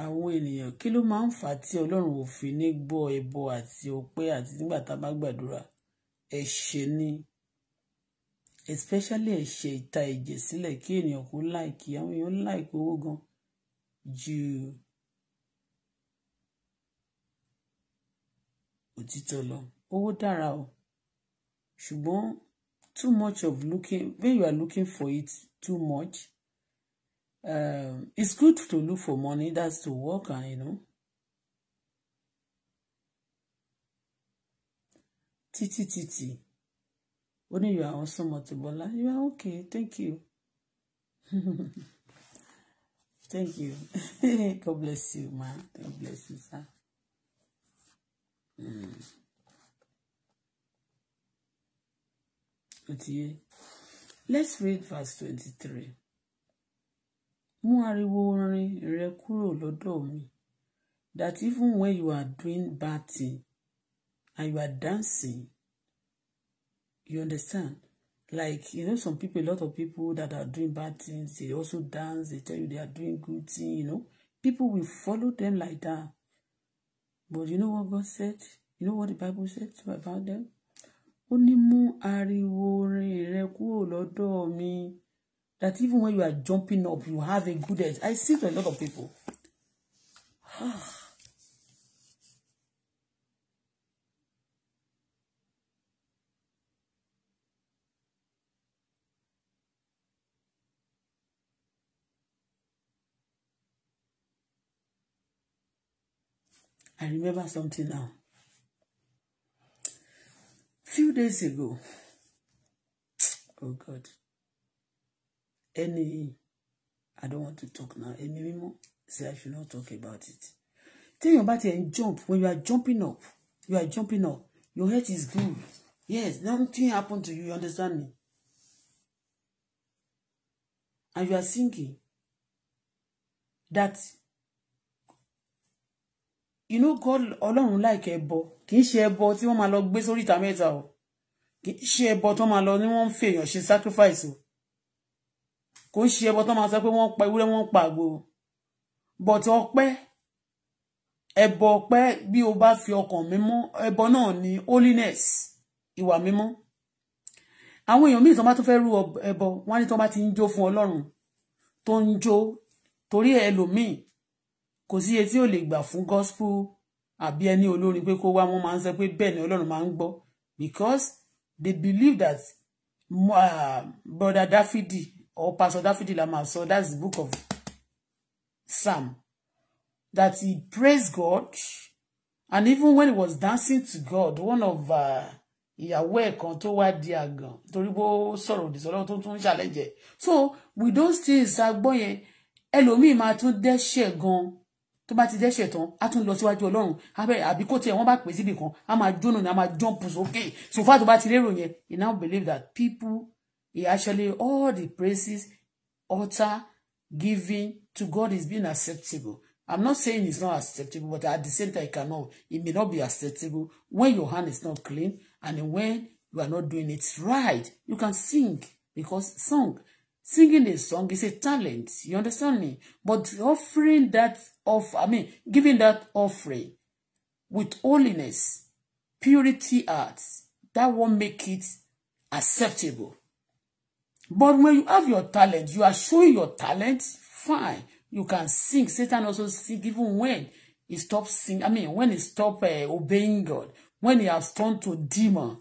àwọn ènìyàn kí ló máa ń fà á tí Ọlọ́run ò fi ní gbọ́ ẹbọ àti ọpẹ́ àti nígbà tá a bá gbàdúrà ẹ̀ṣẹ̀ ni especially ẹ̀ṣẹ̀ ìta ẹ̀jẹ̀ sílẹ̀ kí ènìyàn kó láìkì àwọn èèyàn láìkì owó gan-an ju òtítọ́ lọ owó dára o ṣùgbọ́n too much of looking when you are looking for it too much um, it's good to look for money that's to work and you know Titi titi, ó ní you are awesome Auto Bola you are okay thank you. <laughs> Thank you. <laughs> God bless you, ma. God bless you, sir. Mm. Let's read verse 23. Mú ariwo orin rẹ mi. That even when you are doing bad thing and you are dancing, you understand? like you know some people a lot of people that are doing bad things they also dance they tell you they are doing good thing you know people will follow them like that but you know what God said you know what the Bible said about them ó ní mú ariwo orin rẹ kúrò lọ́dọ̀ mi that even when you are jumping up you have a good head I see a lot of people. Ah. I remember something now. Few days ago, oh God, any, I don't want to talk now. Any more? say I should not talk about it. Tell your body and jump, when you are jumping up, you are jumping up, your head is good. Yes, nothing happened to you, you understand me? And you are thinking that you know God ọlọ́run láìka ẹbọ kì í ṣe ẹbọ tí wọ́n máa lọ gbé sórí ìta mẹ́ta o kì í ṣe ẹbọ tó máa lọ ní wọ́n ń fi èèyàn ṣe sacrifice o kò ń ṣe ẹbọ tó máa sọ pé wọ́n pa ewúrẹ́ wọ́n pa àgbo but ọpẹ́ ẹbọ ọpẹ́ bí o bá fi ọkàn mímọ́ ẹbọ náà ní holiness ìwà mímọ́ àwọn èèyàn míì tó bá tó fẹ́ rú ẹbọ wọ́n á ní tó bá ti ń jó fún ọlọ́run tó ń jó torí ẹlòmíì kò sí iye tí ò lè gbà fún gospel àbí ẹni olórin pé kó wá wọn máa ń sọ pé bẹ́ẹ̀ ni Ọlọ́run máa ń gbọ́ because they believe that uh, brother Dáfídì or pastor Dáfídì la máa sọ that's the book of Psalm that he praised God and even when he was dancing to God one of uh, ìyàwó ẹ̀ kan tó wá di àgàn torí bó sọ̀rọ̀ òdì sọ́lọ́ tó tún ń so we don't still ṣàgbọ́ yẹn ẹlòmíì máa tún dẹ́ṣẹ̀ gan tó bá ti dẹ́ṣẹ̀ tán á tún lọ síwájú ọlọ́run abẹ́ àbí kó tiẹ̀ wọ́n bá pè síbì kan á máa jóná ni á máa jump sókè so far tó bá ti lérò yẹn he now believe that people he actually all the praises utter giving to God is being acceptable I'm not saying it's not acceptable but at the same time it know it may not be acceptable when your hand is not clean and when you are not doing it right you can sing because song singing a song is a talent you understand me but offering that of I mean giving that offering with holiness, purity heart, that won't make it acceptable. But when you have your talent, you are showing your talent, fine. You can sing. Satan also sing even when he stops singing. I mean, when he stops uh, eh, obeying God, when he has turned to demon.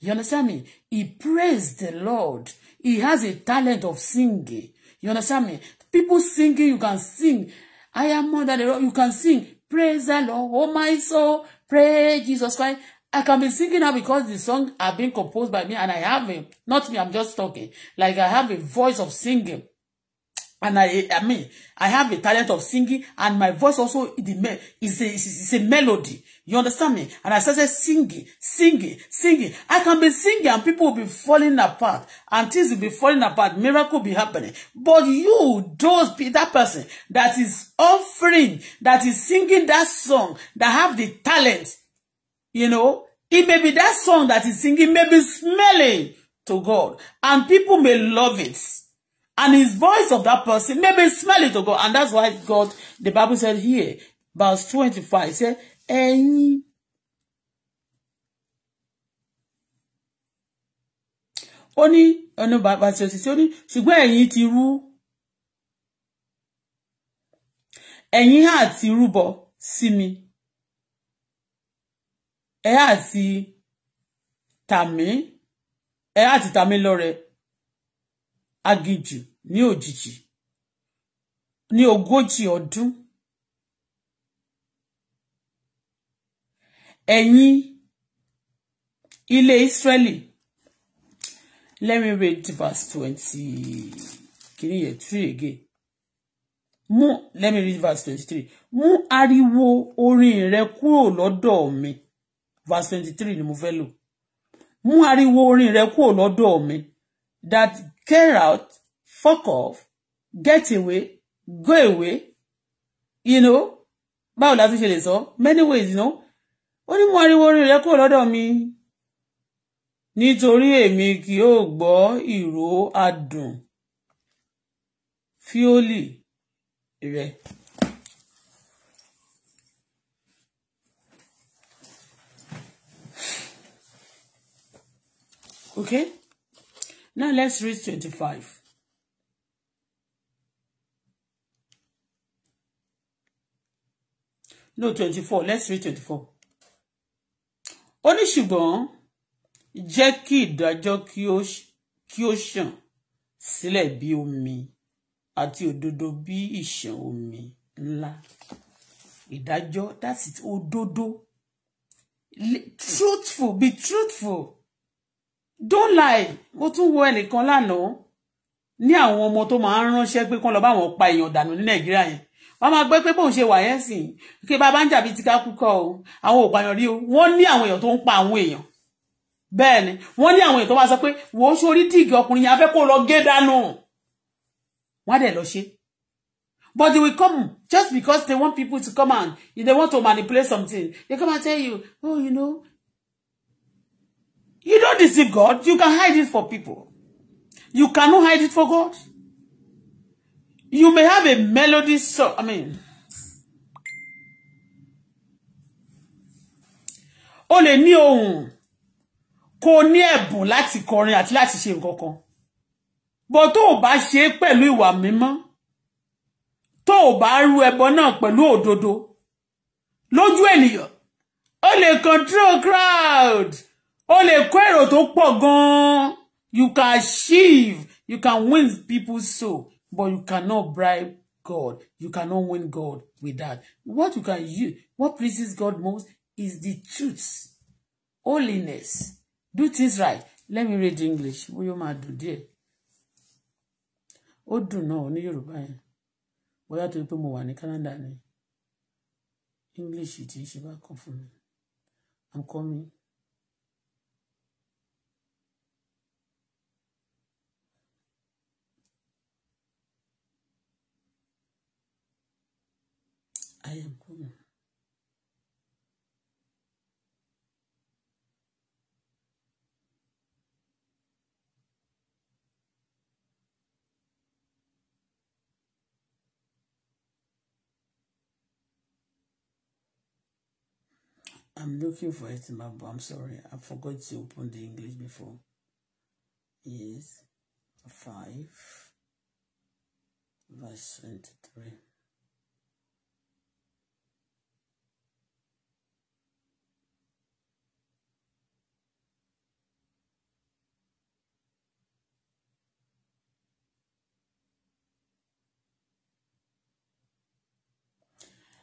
You understand me? He praised the Lord. He has a talent of singing. You understand me? People singing, you can sing. I am more than a rock. You can sing. Praise the Lord. Oh, my soul. Praise Jesus Christ. I can be singing now because the song are being composed by me and I have a, not me, I'm just talking. Like I have a voice of singing and I, I mean, I have a talent of singing, and my voice also the me is a is a melody. You understand me? And I started singing, singing, singing. I can be singing, and people will be falling apart, and things will be falling apart. Miracle will be happening. But you, those that person that is offering, that is singing that song, that have the talent, you know, it may be that song that is singing, may be smelling to God, and people may love it. And his voice of that person maybe smell it to oh God. And that's why God, the Bible said here, verse 25, it said, "Any, only, ní ọ̀nà bàbá tí she ti ṣe ó ní ṣùgbọ́n ẹ̀yin had rú rubo hà ti rúbọ sí mi ẹ̀ hà ti tà mí ẹ̀ aginjù ní òjijì ní ogójì ọdún ẹ̀yin ilé Ísírẹ́lì let me read verse twenty kìíní yẹn three again mú let me read verse twenty three mú ariwo orin rẹ kúrò lọ́dọ̀ mi verse twenty three ni mo fẹ́ lò mú ariwo orin rẹ kúrò lọ́dọ̀ mi that Care out, fuck off, get away, go away, you know. Báwo la tún ṣe lè sọ? Many ways, you know. Ó ní mo ariwo orin rẹ̀ kúrò lọ́dọ̀ mi. Nítorí èmi kì yóò gbọ́ ìró adùn fíólì rẹ̀. Okay? Now let's read 25. No, 24. Let's read 24. Ó ní ṣùgbọ́n jẹ́ kí ìdájọ́ kí ó ṣàn sílẹ̀ bí omi àti òdodo bí ìṣàn omi ńlá. Ìdájọ́ that's it òdodo. Truthful be truthful don't lie mo tún wo ẹnìkan lánàá ní àwọn ọmọ tó máa ń ránṣẹ́ pé kán lọ bá wọn pa èèyàn dànù ní nàìjíríà yẹn wọ́n máa gbé pé bóun ṣe wà yẹn sìn kí bàbá ń jàbí tíká kúkọ o àwọn òpàyàn rí o wọ́n ní àwọn èèyàn tó ń pa àwọn èèyàn bẹ́ẹ̀ ni wọ́n ní àwọn èèyàn tó máa sọ pé wò ó sórí díìgì ọkùnrin yẹn afẹ́ kó lọ gé dànù wọ́n á dẹ̀ lọ ṣe but they will come just because they want people to come and they want to manipulate something they come and tell you oh you know You don't deceive God. You can hide it for people. You cannot hide it for God. You may have a melody so I mean. O lè ní ohùn kò ní ẹ̀bùn láti kọrin àti láti ṣe nǹkan kan. Bó tó o bá ṣe é pẹ̀lú ìwà mímọ́ tó o bá rú ẹbọ o lè control crowd o lè kó èrò tó pọ̀ gan-an you can achieve you can win people so but you cannot bribe God you cannot win God with that what you can use what pleases God most is the truth holiness do things right let me read English bóyá ó máa dùn díẹ̀ ó dùn náà ní Yorùbá yẹn bóyá torí pé mo wà ní Canada ni English tí ń ṣe bá kan fún mi I'm coming. I am coming. I'm looking for it in my book. I'm sorry. I forgot to open the English before. Yes. 5 verse 23.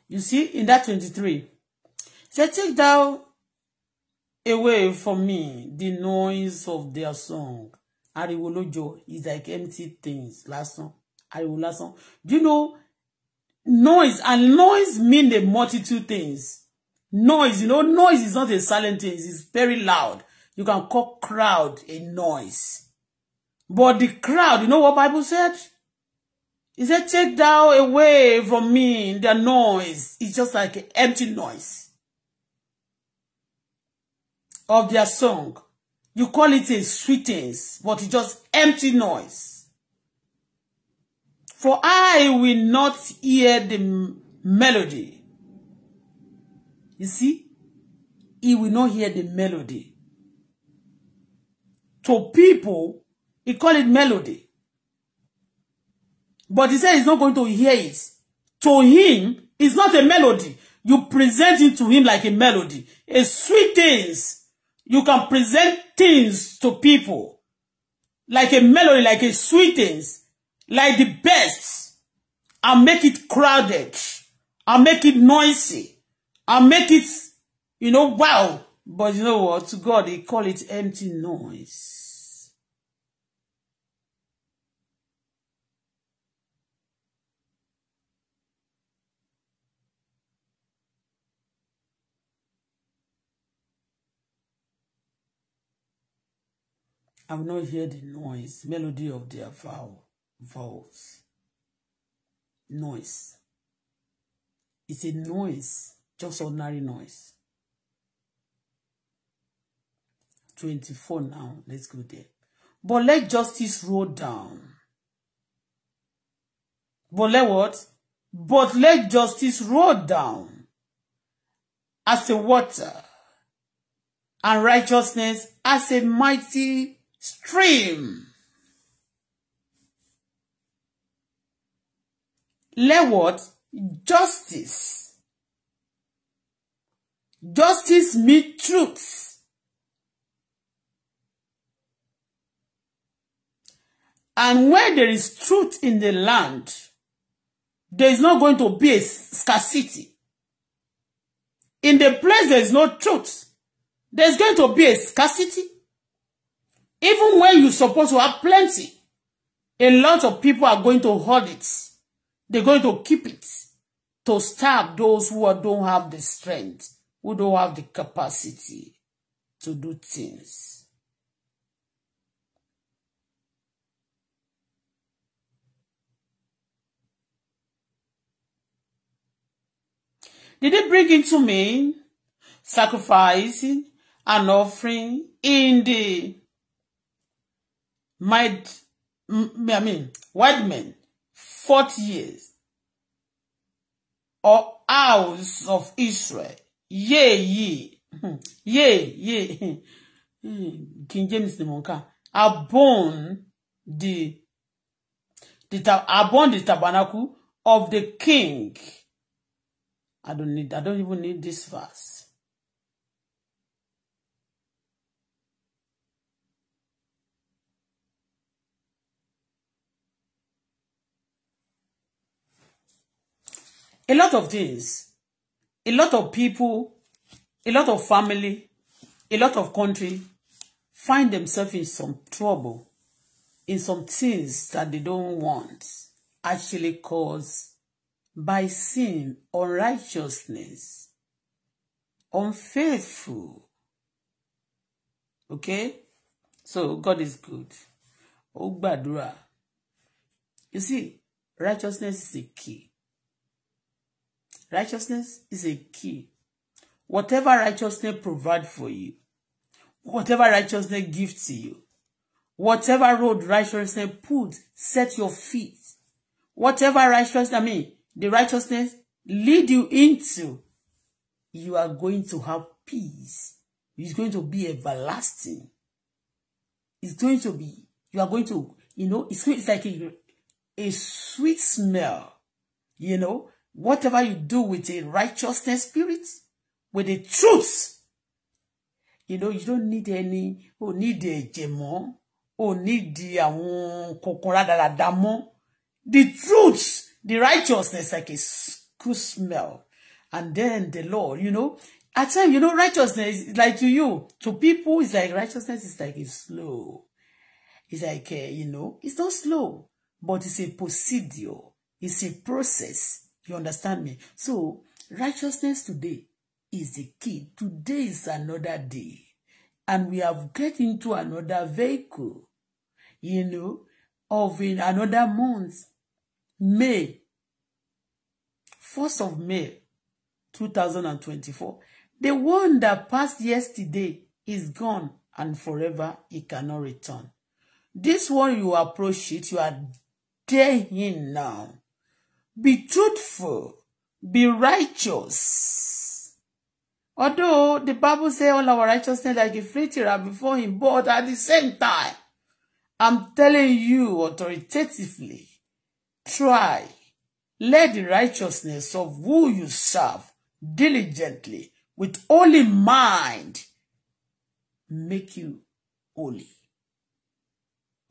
You see, in that 23, say, Take thou away from me the noise of their song. Ariwo lójó is like empty things, lásán. Ariwo lásán. Do you know, noise and noise mean a multitude things. Noise, you know, noise is not a silent thing. It's very loud. You can call crowd a noise. But the crowd, you know what Bible said? He said, take thou away from me the noise. It's just like an empty noise of their song. You call it a sweetness, but it's just empty noise. For I will not hear the melody. You see? He will not hear the melody. To people, he call it melody. But he said he's not going to hear it. To him, it's not a melody. You present it to him like a melody. A sweet things. You can present things to people. Like a melody, like a sweet things. Like the best. And make it crowded. And make it noisy. And make it, you know, wow. But you know what? To God, He call it empty noise. I will not hear the noise, melody of their vow, vows. Noise. It's a noise, just ordinary noise. 24 now, let's go there. But let justice roll down. But let what? But let justice roll down as a water and righteousness as a mighty stream. Let what? Justice. Justice meet truth. And where there is truth in the land, there is not going to be a scarcity. In the place there is no truth, there is going to be a scarcity. Even when you supposed to have plenty, a lot of people are going to hold it. They're going to keep it to starve those who don't have the strength, who don't have the capacity to do things. Did they bring into me sacrificing and offering in the my I mean white men 40 years or house of Israel yea ye yea hmm, yea hmm, hmm, King James the mo ń ah, the the tab upon the tabernacle of the king I don't need I don't even need this verse a lot of things a lot of people a lot of family a lot of country find themselves in some trouble in some things that they don't want actually caused by sin unrighteousness unfaithful okay so God is good ó gbàdúrà you see righteousness is the key Righteousness is a key. Whatever righteousness provides for you, whatever righteousness gives to you, whatever road righteousness puts, set your feet. Whatever righteousness, I mean, the righteousness lead you into, you are going to have peace. It's going to be everlasting. It's going to be, you are going to, you know, it's, it's like a, a sweet smell, you know, Whatever you do with a righteousness spirit, with the truth, you know, you don't need any, Oh, need the mọ́, Oh, need àwọn kòkòrò rádaràda mọ́. The truth, the righteousness like a good smell. And then the Lord, you know, at time, you know, righteousness like to you, to people, it's like righteousness is like it's slow. It's like, uh, you know, it's not slow, but it's a procedure. It's a process. You understand me? So, righteousness today is the key. Today is another day. And we have get into another vehicle, you know, of in another month, May, 1st of May, 2024. The one that passed yesterday is gone and forever it cannot return. This one, you approach it, you are dying now be truthful, be righteous. Although the Bible says all our righteousness like a filthy are before him, but at the same time, I'm telling you authoritatively, try. Let the righteousness of who you serve diligently with holy mind make you holy.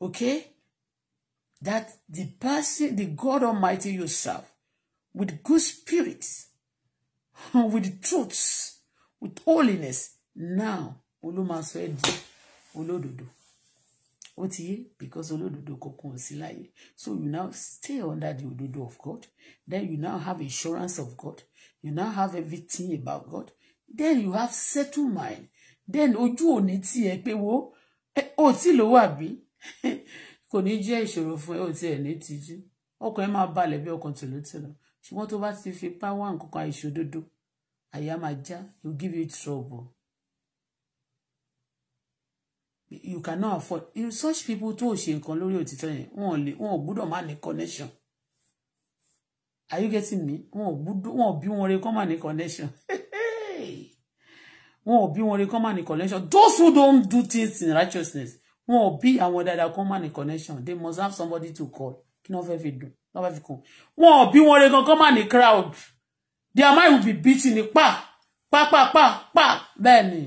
Okay? that the person, the God Almighty yourself, with good spirits, <laughs> with truths, with holiness, now, olómasọ́ẹ̀dì olódodo. Ó ti yé because olódodo kankan ò sí So you now stay under the òdodo of God. Then you now have assurance of God. You now have everything about God. Then you have settled mind. Then ojú òní tiẹ̀ pé wo, ó ti <laughs> kò ní jẹ́ ìṣòro fún ẹ ò tiẹ̀ ní tìjú ọkàn ẹ máa balẹ̀ bí ọkàn tòlótòló ṣùgbọ́n tó bá ti fi páwá nǹkan kan àìṣòdodo àyà máa já you give you trouble you cannot afford you such people tó ò ṣe nǹkan lórí òtítọ́ yẹn wọn ò lè wọn ò gbúdọ̀ má ní connection are you getting me wọn ò gbúdọ̀ wọn ò bí wọn re kọ́ má ní connection <laughs> wọn ò bí wọn re kọ́ má ní connection those who don't do things in righteousness wọn ò bí àwọn dáadáa kan má ní connection they must have somebody to call kí ni wọ́n fẹ́ fi dùn wọ́n fẹ́ fi kàn wọn ò bí wọn regan kan má ní crowd their mind will be beating ni pa pa pa pa pa bẹ́ẹ̀ ni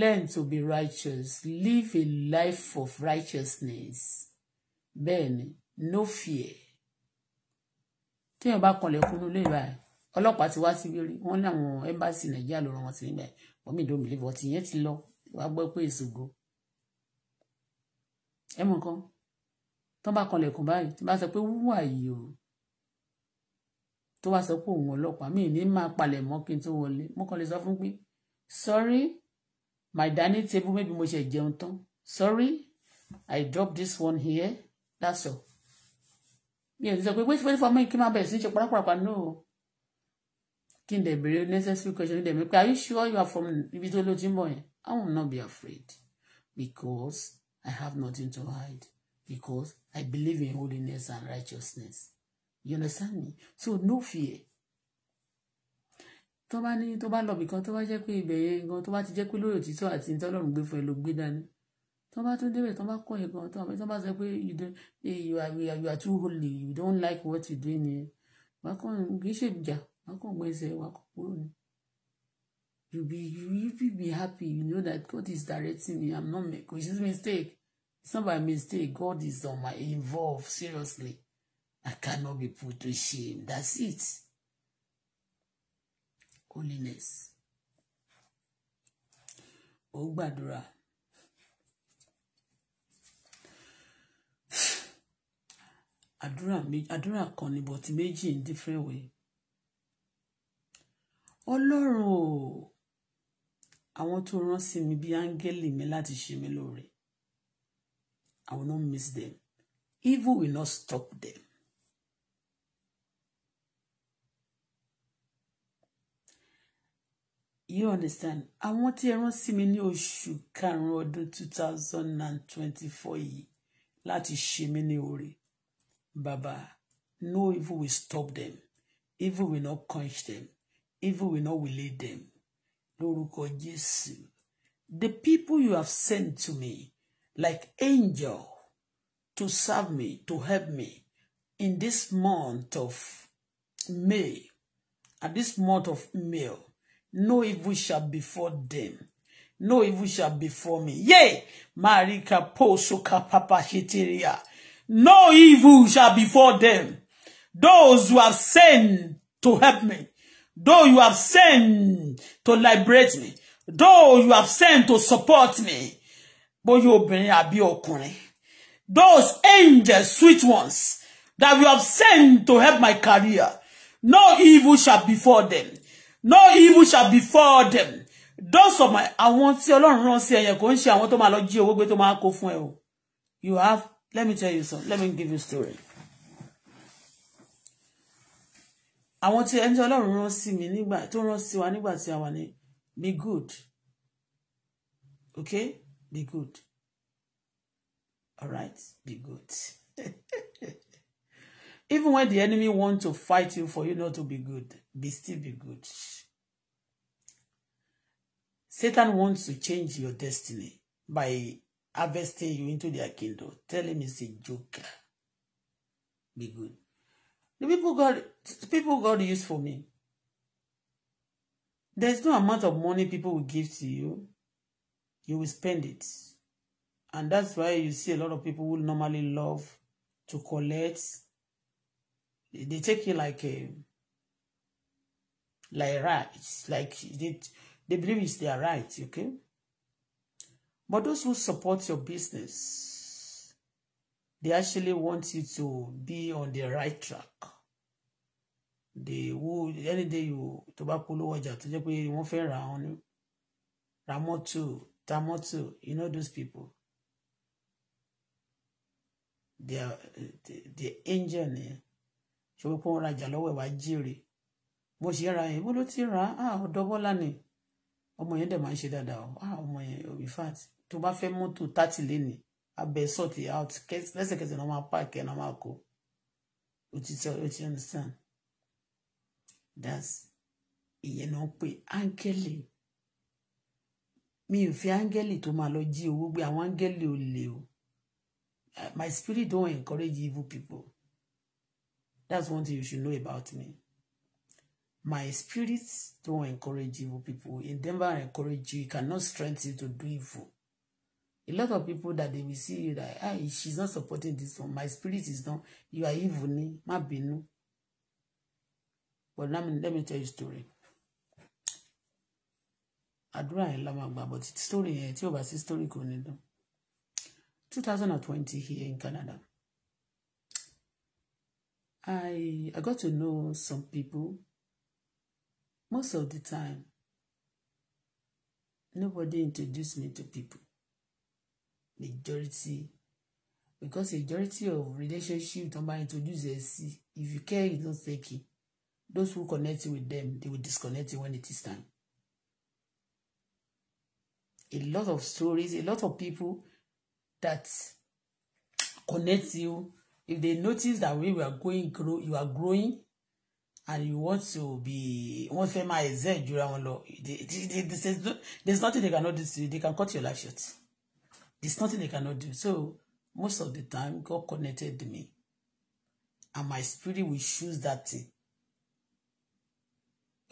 learn to be righteous live a life of righteousness bẹ́ẹ̀ ni no fear téèyàn bá kanlẹ̀kùn nílé ìbáyìí ọlọ́pàá ti wá síbi rí wọ́n ní àwọn ẹ́mbáàsì nàìjíríà ló rán wọn sí nígbà yẹn wọ́n mi dòmìnira bọ̀ tìyẹn ti lọ wàá gbọ́ pé èsògo ẹ mọ nǹkan tán bá kanlẹ̀kùn báyìí tí bá sọ pé wúwà yìí o tó wá sọ pé òun ọlọ́pàá mi ní máa palẹ̀ mọ́ kí n tó wọlé mo kàn lè sọ fún pé sorry my dining table maybe mo ṣe jẹun tán sorry I drop this one here that's all mi ò sọ pé wait wait for me kí n máa bẹ̀rẹ̀ sí ṣe pàápàá no kí n dẹ̀ béèrè necessary question kí n dẹ̀ mi pé are you sure you are from ibi tó ló ti ń bọ̀ yẹn I will not be afraid because I have nothing to hide because I believe in holiness and righteousness. You understand me? So no fear. tó bá ní tó bá lọ bìkan tó bá jẹ́ pé ibẹ̀ yẹn gan tó bá ti jẹ́ pé lórí òtítọ́ àti ìtọ́lọ́run gbé fún ẹ ló gbé dání tó bá tún débẹ̀ tó bá kọ́ yẹn gan tó bá sọ pé eh, you are you are too holy you don't like what you doing here wákàn kì í ṣèjà wákàn gbẹ́sẹ̀ wákàn kúrò ní you be you if be happy you know that God is directing me i'm not making it's his mistake it's not by mistake God is on my involved seriously i cannot be put to shame that's it holiness ó gbàdúrà àdúrà méjì àdúrà kan ni bọ̀tí méjì in different way ọlọ́run o àwọn tó rán sí mi bíi áńgẹ́lì mi láti ṣe mí lóore I will not miss them evil will not stop them. you understand àwọn tí ẹ rán sí mi ní oṣù karùn-ún ọdún two thousand and twenty-four yìí láti ṣe mí ní oore bàbá no evil will stop them evil will not quench them evil will not delay them lórúkọ Jésù the people you have sent to me like angel to serve me to help me in this month of May and this month of May no evil shall befall them no evil shall befall me yea marika posoka papa sheteria no evil shall befall them those who have sent to help me though you have sent to liberate me though you have sent to support me but you obìnrin àbí ọkùnrin those angels sweet ones that you have sent to help my career no evil shall befall them no evil shall befall them those of my I want ọlọ́run rán run ẹ̀yẹ̀ kò ń ṣe àwọn tó my lọ jí owó gbé tó máa you have let me tell you something let me give you a story. àwọn tí ẹni tí ọlọ́run rán sí mi nígbà tó rán sí wa nígbà tí a wà ní be good okay be good all right be good <laughs> even when the enemy want to fight you for you not to be good be still be good Satan wants to change your destiny by harvesting you into their kingdom tell him it's a joke be good The people God, people God used for me. There's no amount of money people will give to you. You will spend it. And that's why you see a lot of people who normally love to collect. They, take it like a um, like rights, like they, they believe it's their right, okay? But those who support your business, They actually want you to be on the right track. They will any day you tó bá polówó ọjà tó jẹ́ pé wọ́n fẹ́ ra wọn ra mọ́tò ta mọ́tò you know those people. They are the, the angel ni ṣe wípé wọ́n rajà lọ́wọ́ ẹ̀ wá jèrè bó ra yẹn bó ló ti rà á ah, ọ̀dọ́ Bọ́lá ni Omo yẹn dẹ̀ máa ń ṣe dáadáa ọ ah, ọmọ yẹn in fact tó bá fẹ́ mọ́tò tátì lé nìí abẹ sort it out lẹ́sẹ̀kẹsẹ̀ náà máa pààkì normal náà máa kó o ti you o ti understand that's You know, pé áńgẹ́lì Me, if fi áńgẹ́lì tó máa lọ jí owó gbé àwọn áńgẹ́lì uh, my spirit don't encourage evil people that's one thing you should know about me my spirits don't encourage evil people In it I encourage you it cannot strengthen you to do evil a lot of people that they will see you that ah she's not supporting this one my spirit is done. you are evil ni má but let me let me tell you story I yẹn la máa gbà but story here. tí o bá story kò ní two thousand and twenty here in Canada I I got to know some people most of the time nobody introduced me to people majority because majority of relationship tó bá introduce a. sí if you care you don't take it those who connect you with them they will disconnect you when it is time a lot of stories a lot of people that connect you if they notice that we were going grow you are growing and you want to be wọ́n fẹ́ máa ẹ̀zẹ́ ìjura wọn there's nothing they cannot do to you they can cut your life short. There's nothing they cannot do. So most of the time, God connected me. And my spirit will choose that thing.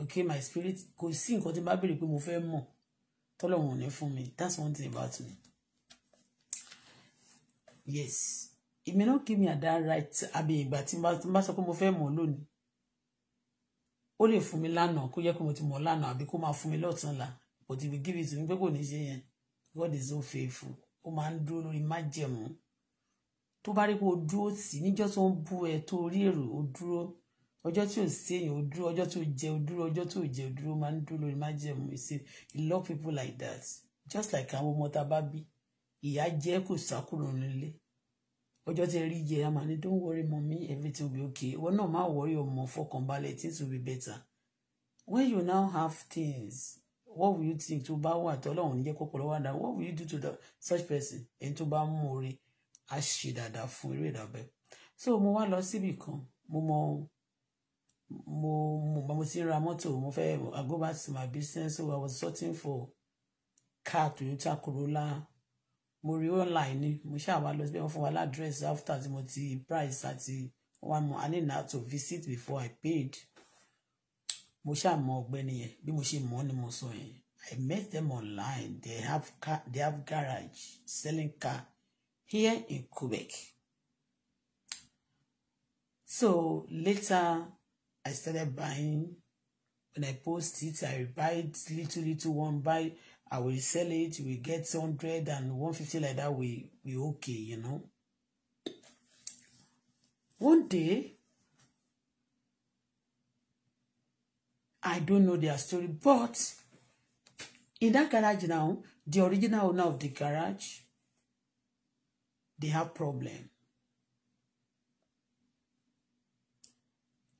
Okay, my spirit, kò sí nǹkan tí n bá béèrè pé mo fẹ́ mọ̀ tọ́lọ́run ò ní fún That's one thing about me. Yes. It may not give me a that right àbí ìgbà tí n must, sọ come mo fẹ́ alone. Only for me, fún mi lánàá kó jẹ́ pé mo ti mọ̀ lánàá àbí kó la. But if you give it to me pé kò ní God is so faithful ó máa ń dúró lórí májẹ̀mú tó bá rí pé o dúró tì níjọ́ tó ń bú ẹ tó rí èrò o dúró ọjọ́ tí ò sí èèyàn o dúró ọjọ́ tó jẹ o dúró ọjọ́ tó jẹ o dúró máa ń dúró lórí májẹ̀mú you see you love people like that just like àwọn ọmọ tá a bá bí ìyá jẹ kò sákúrò nílé ọjọ́ tí rí jẹ a máa ní don't worry mommy everything will be okay ìwọ náà má worry ọmọ fọkànbalẹ̀ things will be better when you now have things what will you think tó bá wà tọ́lọ́run ní jẹ́ kọ́pọ̀ lọ́wọ́ àdá what will you do to the such person ẹni tó bá mú oore á ṣe dáadáa fún eré ìdàbẹ́ so mo wá lọ síbì kan mo mọ mo mo mo ti ra mọ́tò mo fẹ́ I go back to my business so I was sorting for car Toyota Corolla mo rí online ni mo ṣáà wá lọ síbẹ̀ wọ́n fún wa ládírẹ́sì after tí mo ti price àti one more I need now to visit before I paid mo ṣáà mọ ọ̀gbẹ́ni yẹn bí mo ṣe mọ ni mo sọ yẹn I met them online they have car they have garage selling car here in Quebec so later I started buying when I post it I buy it little little one buy I will sell it we get hundred and one fifty like that we we okay you know one day I don't know their story, but in that garage now, the original owner of the garage, they have problem.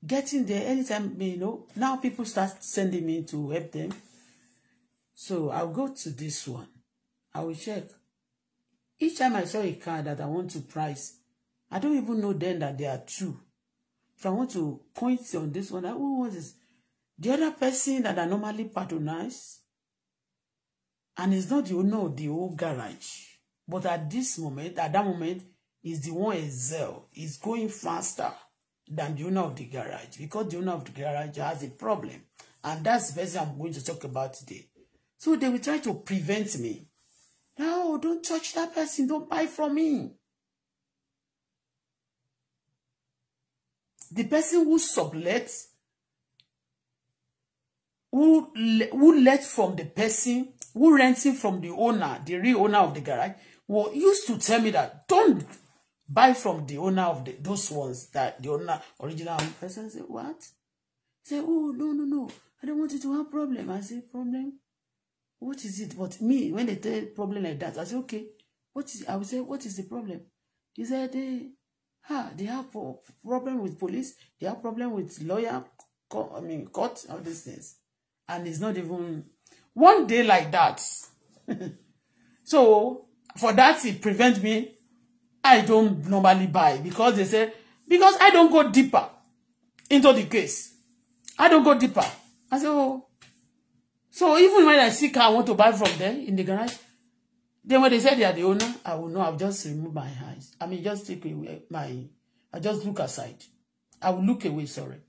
Getting there anytime, you know, now people start sending me to help them. So I'll go to this one. I will check. Each time I saw a car that I want to price, I don't even know then that there are two. If I want to point on this one, I, who wants this? The other person that I normally patronize, and it's not you know the old garage, but at this moment, at that moment, is the one excel, is going faster than the owner of the garage because the owner of the garage has a problem. And that's the person I'm going to talk about today. So they will try to prevent me. No, don't touch that person. Don't buy from me. The person who sublets who who let from the person who renting from the owner, the real owner of the garage, who used to tell me that don't buy from the owner of the those ones that the owner original person say what? Say oh no no no I don't want you to have problem. I say problem. What is it? But me when they tell problem like that I say okay. What is I will say what is the problem? He said they ah they have problem with police. They have problem with lawyer. I mean court all these things and it's not even one day like that. <laughs> So for that, it prevents me. I don't normally buy because they say, because I don't go deeper into the case. I don't go deeper. I say, oh. So even when I see car I want to buy from them in the garage, then when they say they are the owner, I will know. I'll just remove my eyes. I mean, just take away my, I just look aside. I will look away, sorry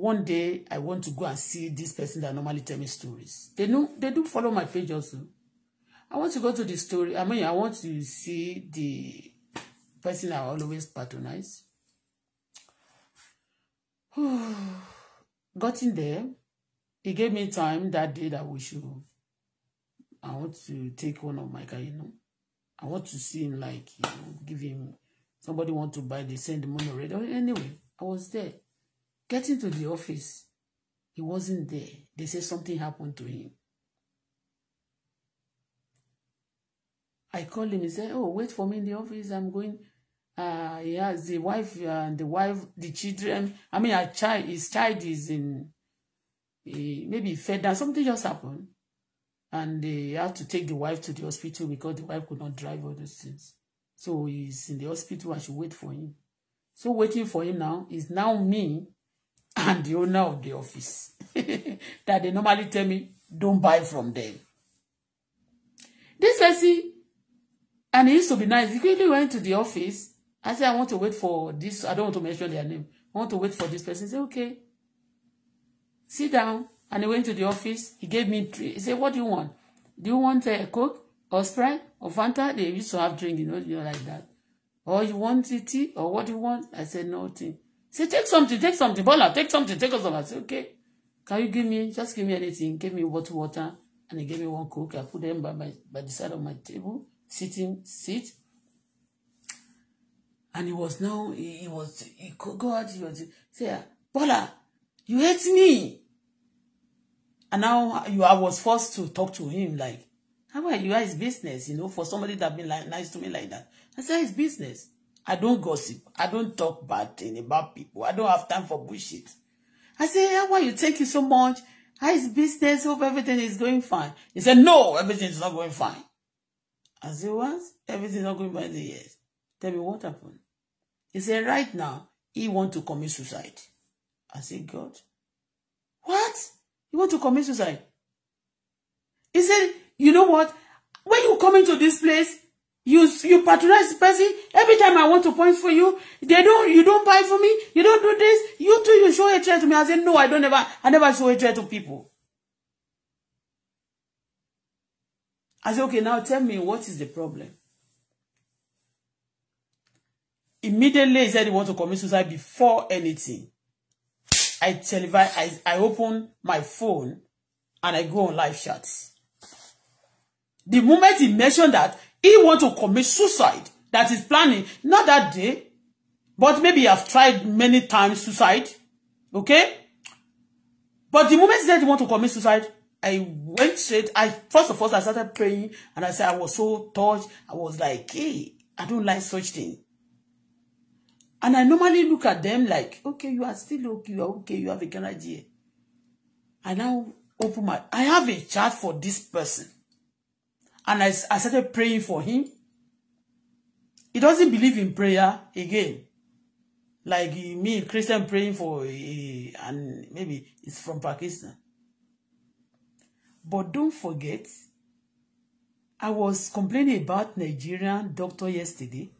one day I want to go and see this person that normally tell me stories. They know they do follow my page also. I want to go to the story. I mean, I want to see the person I always patronize. <sighs> Got in there. He gave me time that day that we should. I want to take one of my guy, you know. I want to see him like, you know, give him, somebody want to buy, the send the money already. Anyway, I was there. Getting to the office, he wasn't there. They say something happened to him. I called him. and said, "Oh, wait for me in the office. I'm going." Uh, he has the wife and uh, the wife, the children. I mean, a child. His child is in. Uh, maybe fed down. Something just happened, and they had to take the wife to the hospital because the wife could not drive all those things. So he's in the hospital. I should wait for him. So waiting for him now is now me and the owner of the office <laughs> that they normally tell me don't buy from them. This person, and he used to be nice. He quickly went to the office. I said, I want to wait for this. I don't want to mention their name. I want to wait for this person. He said, okay. Sit down. And he went to the office. He gave me three. He said, what do you want? Do you want a uh, Coke or Sprite or Fanta? They used to have drink, you know, you know like that. Or you want tea or what do you want? I said, nothing. Say, take something, take something, Bola, take something, take us all. I say, okay. Can you give me, just give me anything. Give me bottle water. And he gave me one coke. I put them by, my, by the side of my table, sitting, seat. And he was now, he, he was, he could go out, he was, say, ah, Bola, you hate me. And now you, I was forced to talk to him like, how about you? Are his business, you know, for somebody that been like, nice to me like that. I said, his business. I don't gossip. I don't talk bad thing about people. I don't have time for bullshit. I say, yeah, why you thank you so much? How is business? Hope everything is going fine. He said, no, everything is not going fine. I said, what? Everything is not going fine. yes. Tell me what happened. He said, right now, he want to commit suicide. I said, God. What? You want to commit suicide? He said, you know what? When you come into this place, You you patronize the person. Every time I want to point for you, they don't you don't buy for me, you don't do this, you too, you show hatred to me. I say, no, I don't ever I never show hatred to people. I say, okay, now tell me what is the problem? Immediately he said he want to commit suicide before anything. I televise I, I open my phone and I go on live chats. The moment he mentioned that, He want to commit suicide. That is planning. Not that day. But maybe I've tried many times suicide. Okay? But the moment he said he want to commit suicide, I went straight. I first of all I started praying and I said I was so touched. I was like, hey, I don't like such thing. And I normally look at them like, okay, you are still okay, you are okay, you have a good idea. I now open my I have a chart for this person and I, I started praying for him. He doesn't believe in prayer again. Like me, Christian praying for, eh, and maybe it's from Pakistan. But don't forget, I was complaining about Nigerian doctor yesterday.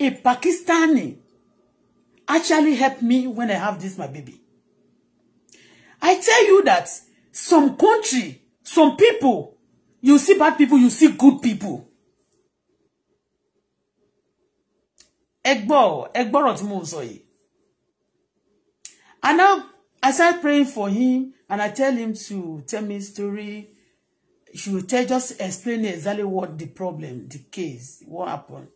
A Pakistani actually helped me when I have this, my baby. I tell you that some country, some people, You see bad people, you see good people. Egbo, Egbo ẹ gbọ́rọ̀ tí And now I started praying for him and I tell him to tell me story. She will tell, just explain exactly what the problem, the case, what happened.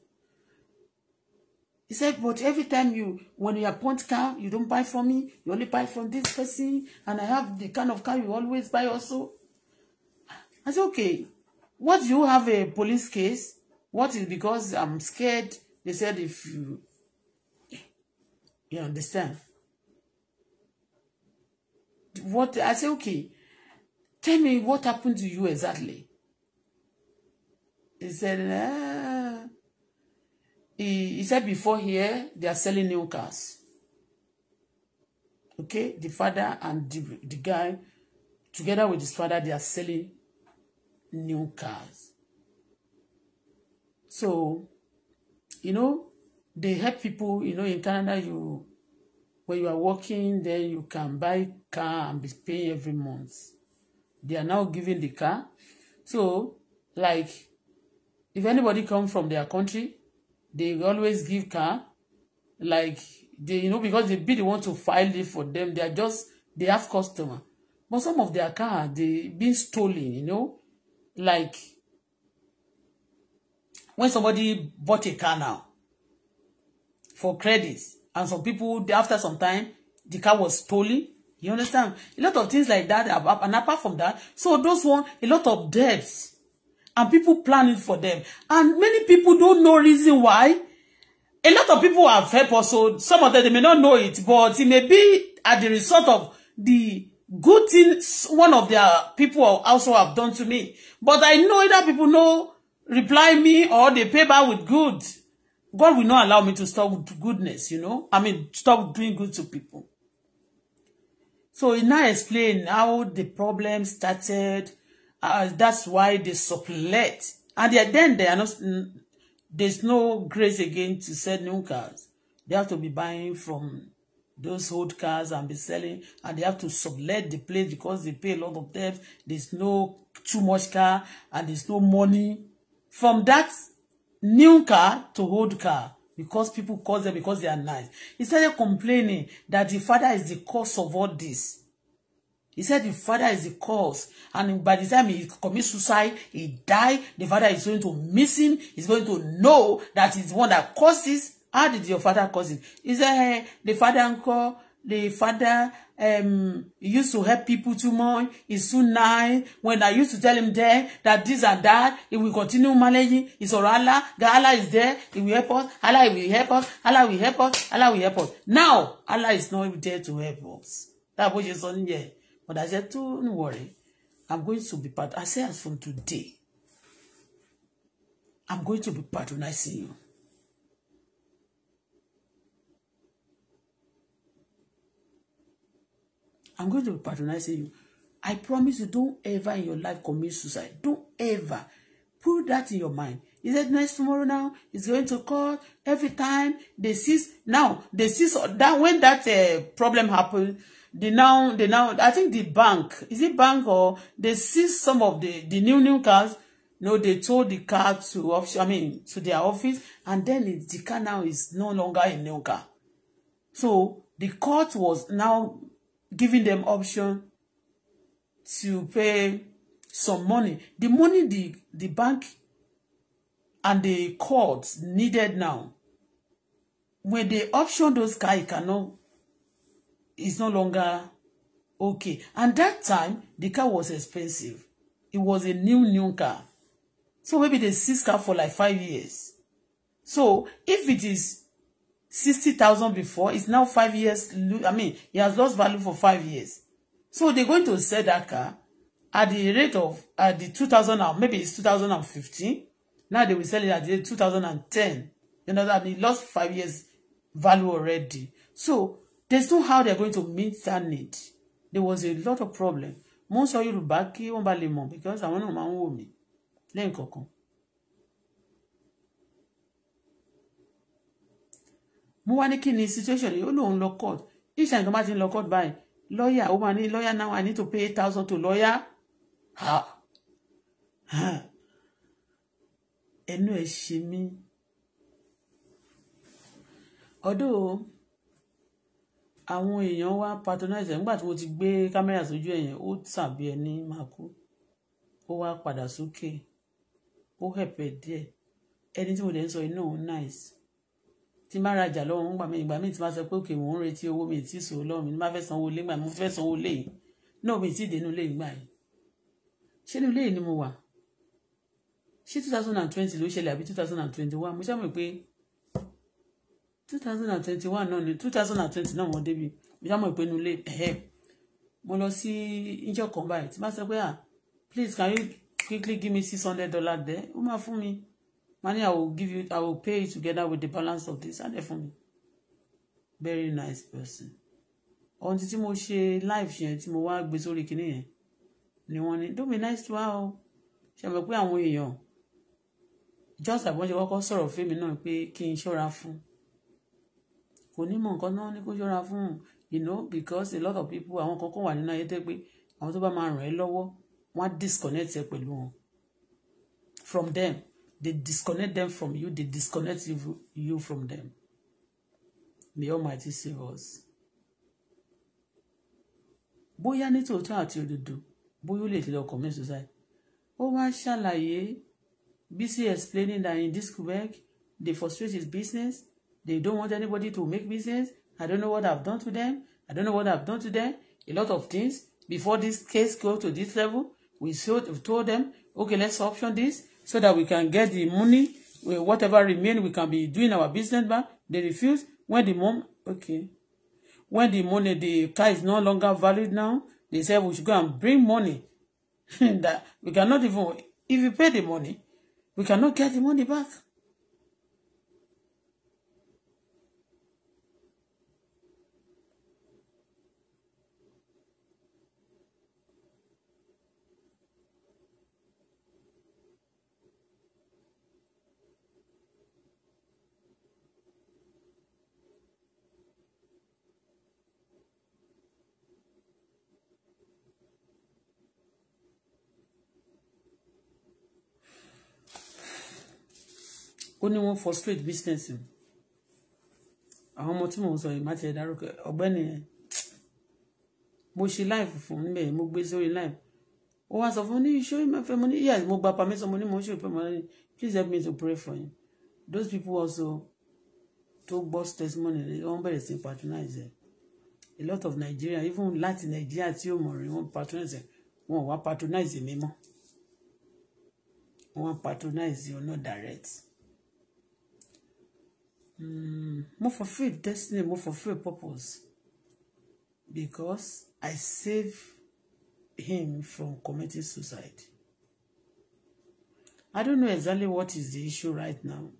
He said, but every time you, when you appoint car, you don't buy from me. You only buy from this person. And I have the kind of car you always buy also. I said, okay, what do you have a police case? What is because I'm scared? They said, if you, you understand. What I said, okay, tell me what happened to you exactly. He said, ah. he, he said before here, they are selling new cars. Okay, the father and the, the guy, together with his father, they are selling new cars. So, you know, they help people, you know, in Canada, you when you are working, then you can buy car and be paying every month. They are now giving the car. So, like, if anybody come from their country, they always give car. Like, they, you know, because they be the one to file it for them. They are just, they have customer. But some of their car, they been stolen, you know like when somebody bought a car now for credit and some people after some time the car was stolen you understand a lot of things like that and apart from that so those one a lot of debts and people planning for them and many people don't know reason why a lot of people have helped also some of them they may not know it but it may be at the result of the good things one of their people also have done to me. But I know either people know reply me or they pay back with good. God will not allow me to stop with goodness, you know. I mean, stop doing good to people. So he now explain how the problem started. Uh, that's why they supplet. And they, then they are not, there's no grace again to sell new cars. They have to be buying from those old cars and be selling and they have to sublet the place because they pay a lot of debt there's no too much car and there's no money from that new car to old car because people call them because they are nice he started complaining that the father is the cause of all this he said the father is the cause and by the time he commits suicide he die the father is going to miss him he's going to know that he's the one that causes How did your father cause it? Is said, hey, eh, the father uncle, the father um, used to help people too much. He's too nice. When I used to tell him there that this and that, he will continue managing. It's all Allah. God, Allah is there. He will help us. Allah will help us. Allah will help us. Allah will help us. Now, Allah is not there to help us. That's what your son here. But I said, don't worry. I'm going to be part. I said, as from today, I'm going to be patronizing you. I'm going to be patronizing you. I promise you, don't ever in your life commit suicide. Don't ever. Put that in your mind. Is said, nice tomorrow now, it's going to court. Every time they cease. Now, they cease. That, when that uh, problem happened, they now, they now, I think the bank, is it bank or they cease some of the, the new, new cars. No, they told the car to, office, I mean, to their office. And then it, the car now is no longer a new car. So, the court was now giving them option to pay some money. The money the, the bank and the courts needed now, when they option those guys cannot, is no longer okay. And that time, the car was expensive. It was a new, new car. So maybe they see car for like five years. So if it is sixty thousand before it's now five years I mean he has lost value for five years so they're going to sell that car at the rate of at the two thousand and maybe it's two thousand and fifteen now they will sell it at the two thousand and ten you know that he lost five years value already so there's no how they're going to meet that need there was a lot of problem Most of you back here, wọ́n bá lè mọ̀ because àwọn náà máa ń wò mí lẹ́yìn kọ̀ọ̀kan mo wá ní kí ni situation yìí ó lóun lọ court each time tó bá ti ń lọ court báyìí lawyer, ó máa ní lọ́ọ̀yà now I need to pay eight thousand to lọ́ọ̀yà ẹnu ẹ̀ ṣe mí ọdún àwọn èèyàn wá patronize ẹ̀ nígbà tí mo ti gbé kámẹ́rà sójú ẹ̀yẹn ó tàbí ẹni máa kú ó wá padà sókè ó hẹ̀pẹ̀ díẹ̀ ẹni tí mo dẹ̀ ń sọ iná òun nice tí má rajà lọ́wọ́ ń gbà mí ìgbà míì tí má sọ pé òkè mò ń retí owó mi tí sòó lọ́wọ́ mi ní má fẹ́ sanwó lé gbà mo fẹ́ sanwó lé yìí náà mi tí dénú lé gbà yìí ṣé inú lé yìí ni mo wà ṣé two thousand and twenty ló ṣẹlẹ̀ àbí two thousand and twenty one mo ṣàmì pé two thousand and twenty one náà ni two thousand and twenty náà wọ́n débi mo ṣàmì pé inú lé ẹ̀ẹ́ mo lọ sí ìjọ kan báyìí tí má sọ pé ah please can you quickly give me six hundred dollars there ó máa fún mi money i will give you i will pay you together with the balance of this and fún mi very nice person ohun tí mo ṣe live yẹn tí mo wá gbé sórí kinní yẹn ni wọ́n ní don't be nice to her o ṣe mọ̀ pé àwọn èèyàn just àbọ̀n ṣe kọ́kọ́ sọ̀rọ̀ fẹ́mi náà pé kí n ṣọ́ra fún kò ní mọ̀ nǹkan náà ní kó ṣọ́ra fún you know because a lot of people àwọn kan kàn wà nínú ayé tẹ́ pé àwọn tó bá máa ràn ẹ́ lọ́wọ́ wọ́n á disconnect ẹ pẹ̀lú wọn from them They disconnect them from you. They disconnect you, you from them. May Almighty save us. to Bóyá ní tòótọ́ àti òdodo, bóyá ó Come tẹ̀lé say, oh, why shall I? Ye, Bisi explaining that in this Quebec, they frustrate his business. They don't want anybody to make business. I don't know what I've done to them. I don't know what I've done to them. A lot of things. Before this case go to this level, we told them, okay, let's option this so that we can get the money whatever remain we can be doing our business But they refuse when the mom okay when the money the car is no longer valid now they say we should go and bring money <laughs> that we cannot even if you pay the money we cannot get the money back ó ní wọ́n frustrate business mi àwọn ọmọ tí mò ń sọ yìí má ti ẹ̀ dárúkọ ọ̀gbẹ́ni yẹn mo ṣe live fún níbẹ̀ mo gbé sórí live ó wá sọ fún mi ní iṣẹ́ ìmọ̀fẹ́ mo ní yes mo gba permission mo ní mo ń ṣòro pé mo ní please help me to pray for you those people also tó gbọ́ testimony rẹ̀ wọ́n bẹ̀rẹ̀ sí patronize a lot of Nigeria even láti Nigeria tí ó mọ̀ rí wọ́n patronize ẹ̀ wọ́n wá patronize mi mọ́ wọ́n patronize you not direct. Mm, mo fulfill destiny, mo fulfill purpose. Because I saved him from committing suicide. I don't know exactly what is the issue right now,